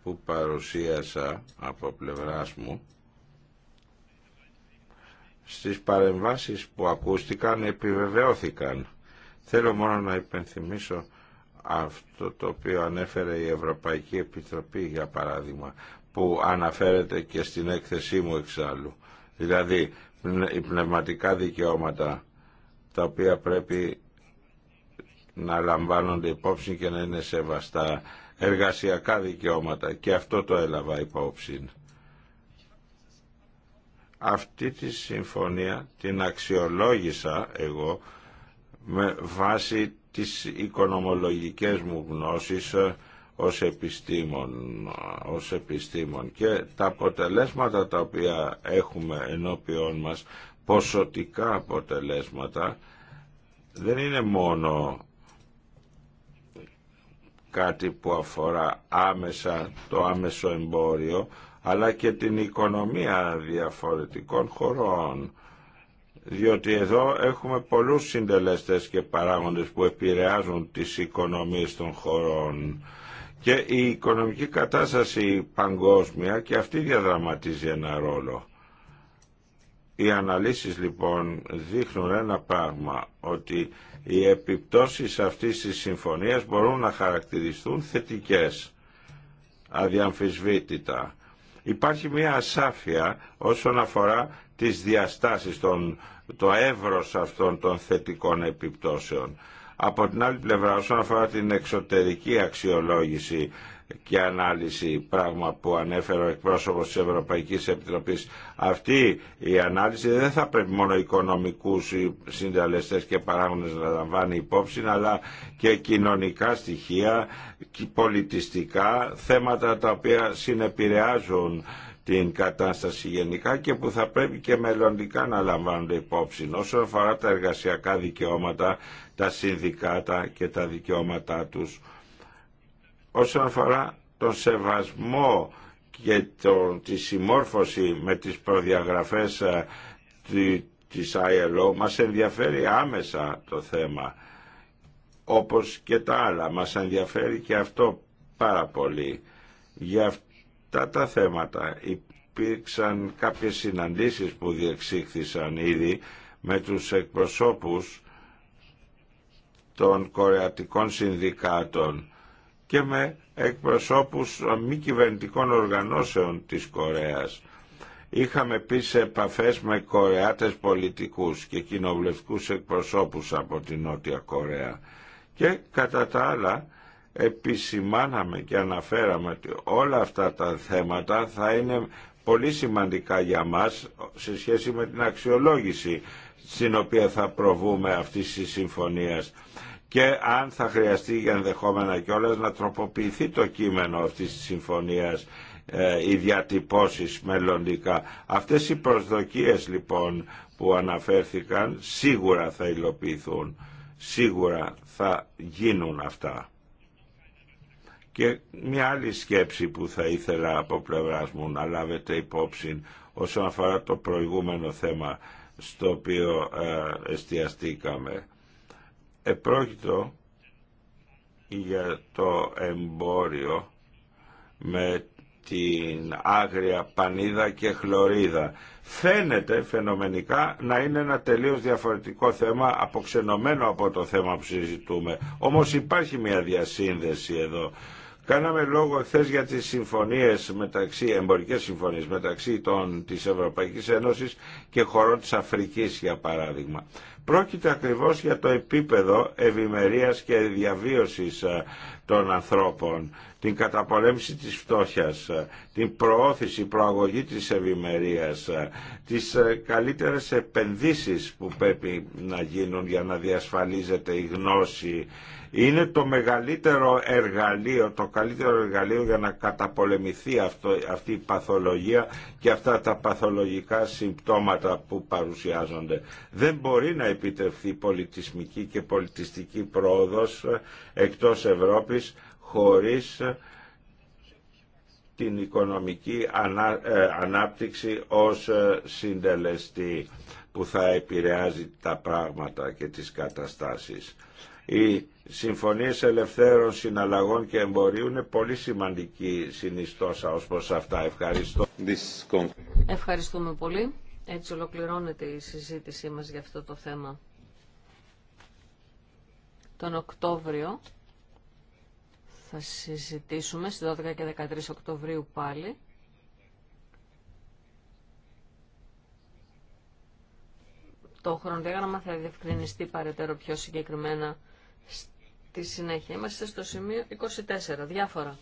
που παρουσίασα από πλευράς μου στις παρεμβάσεις που ακούστηκαν επιβεβαιώθηκαν. Θέλω μόνο να υπενθυμίσω αυτό το οποίο ανέφερε η Ευρωπαϊκή Επιτροπή για παράδειγμα που αναφέρεται και στην έκθεσή μου εξάλλου Δηλαδή, οι πνευματικά δικαιώματα τα οποία πρέπει να λαμβάνονται υπόψη και να είναι σεβαστά εργασιακά δικαιώματα και αυτό το έλαβα υπόψη. Αυτή τη συμφωνία την αξιολόγησα εγώ με βάση τις οικονομολογικές μου γνώσεις ως επιστήμον, ως επιστήμον και τα αποτελέσματα τα οποία έχουμε ενώπιόν μας, ποσοτικά αποτελέσματα, δεν είναι μόνο κάτι που αφορά άμεσα το άμεσο εμπόριο, αλλά και την οικονομία διαφορετικών χωρών. Διότι εδώ έχουμε πολλούς συντελέστες και παράγοντες που επηρεάζουν τις οικονομίες των χωρών και η οικονομική κατάσταση παγκόσμια και αυτή διαδραματίζει ένα ρόλο. Οι αναλύσεις λοιπόν δείχνουν ένα πράγμα, ότι οι επιπτώσεις αυτής της συμφωνίας μπορούν να χαρακτηριστούν θετικές, αδιαμφισβήτητα. Υπάρχει μια ασάφεια όσον αφορά τις διαστάσεις, των, το εύρος αυτών των θετικών επιπτώσεων. Από την άλλη πλευρά, όσον αφορά την εξωτερική αξιολόγηση και ανάλυση, πράγμα που ανέφερε ο εκπρόσωπος της Ευρωπαϊκής Επιτροπής, αυτή η ανάλυση δεν θα πρέπει μόνο οικονομικούς συνταλεστές και παράγοντες να λαμβάνει υπόψη, αλλά και κοινωνικά στοιχεία, πολιτιστικά, θέματα τα οποία συνεπηρεάζουν την κατάσταση γενικά και που θα πρέπει και μελλοντικά να λαμβάνονται υπόψη όσον αφορά τα εργασιακά δικαιώματα, τα συνδικάτα και τα δικαιώματά τους. Όσον αφορά τον σεβασμό και το, τη συμμόρφωση με τις προδιαγραφές ε, της ILO μας ενδιαφέρει άμεσα το θέμα όπως και τα άλλα μας ενδιαφέρει και αυτό πάρα πολύ γι' αυτό αυτά τα θέματα υπήρξαν κάποιες συναντήσεις που διεξήχθησαν ήδη με τους εκπροσώπους των κορεατικών συνδικάτων και με εκπροσώπους μη κυβερνητικών οργανώσεων της Κορέας. Είχαμε επίσης επαφές με κορεάτες πολιτικούς και κοινοβουλευτικούς εκπροσώπους από την Νότια Κορέα. Και κατά τα άλλα επισημάναμε και αναφέραμε ότι όλα αυτά τα θέματα θα είναι πολύ σημαντικά για μας σε σχέση με την αξιολόγηση στην οποία θα προβούμε αυτής της συμφωνίας και αν θα χρειαστεί για ενδεχόμενα κιόλας να τροποποιηθεί το κείμενο αυτής της συμφωνίας ε, οι διατυπώσεις μελλοντικά. Αυτές οι προσδοκίες λοιπόν που αναφέρθηκαν σίγουρα θα υλοποιηθούν, σίγουρα θα γίνουν αυτά. Και μια άλλη σκέψη που θα ήθελα από πλευράς μου να λάβετε υπόψη όσον αφορά το προηγούμενο θέμα στο οποίο ε, εστιαστήκαμε. Επρόκειτο για το εμπόριο με την άγρια πανίδα και χλωρίδα. Φαίνεται φαινομενικά να είναι ένα τελείως διαφορετικό θέμα αποξενωμένο από το θέμα που συζητούμε. Όμως υπάρχει μια διασύνδεση εδώ Κάναμε λόγο χθε για τις συμφωνίες μεταξύ, εμπορικές συμφωνίες μεταξύ των, της Ευρωπαϊκής Ένωσης και χωρών της Αφρικής για παράδειγμα. Πρόκειται ακριβώς για το επίπεδο ευημερίας και διαβίωσης ε, των ανθρώπων, την καταπολέμηση της φτώχειας, ε, την προώθηση, προαγωγή της ευημερίας, ε, τις καλύτερες επενδύσεις που πρέπει να γίνουν για να διασφαλίζεται η γνώση, είναι το μεγαλύτερο εργαλείο, το καλύτερο εργαλείο για να καταπολεμηθεί αυτή η παθολογία και αυτά τα παθολογικά συμπτώματα που παρουσιάζονται. Δεν μπορεί να επιτευχθεί πολιτισμική και πολιτιστική πρόοδος ε, εκτός Ευρώπης χωρίς ε, την οικονομική ε, ανάπτυξη ως συντελεστή που θα επηρεάζει τα πράγματα και τις καταστάσεις. Συμφωνίε ελευθέρων συναλλαγών και εμπορίου είναι πολύ σημαντική συνιστόσα ως προς αυτά. Ευχαριστώ. Ευχαριστούμε πολύ. Έτσι ολοκληρώνεται η συζήτησή μας για αυτό το θέμα. Τον Οκτώβριο θα συζητήσουμε στις 12 και 13 Οκτωβρίου πάλι. Το χρονοδιάγραμμα θα διευκρινιστεί παρετέρω πιο συγκεκριμένα τη συνέχεια. Είμαστε στο σημείο 24. Διάφορα.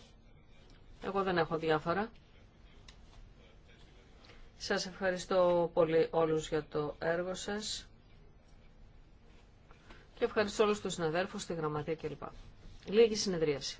Εγώ δεν έχω διάφορα. Σας ευχαριστώ πολύ όλους για το έργο σας και ευχαριστώ όλους τους συναδέρφους, τη γραμματεία κλπ. Λίγη συνεδρίαση.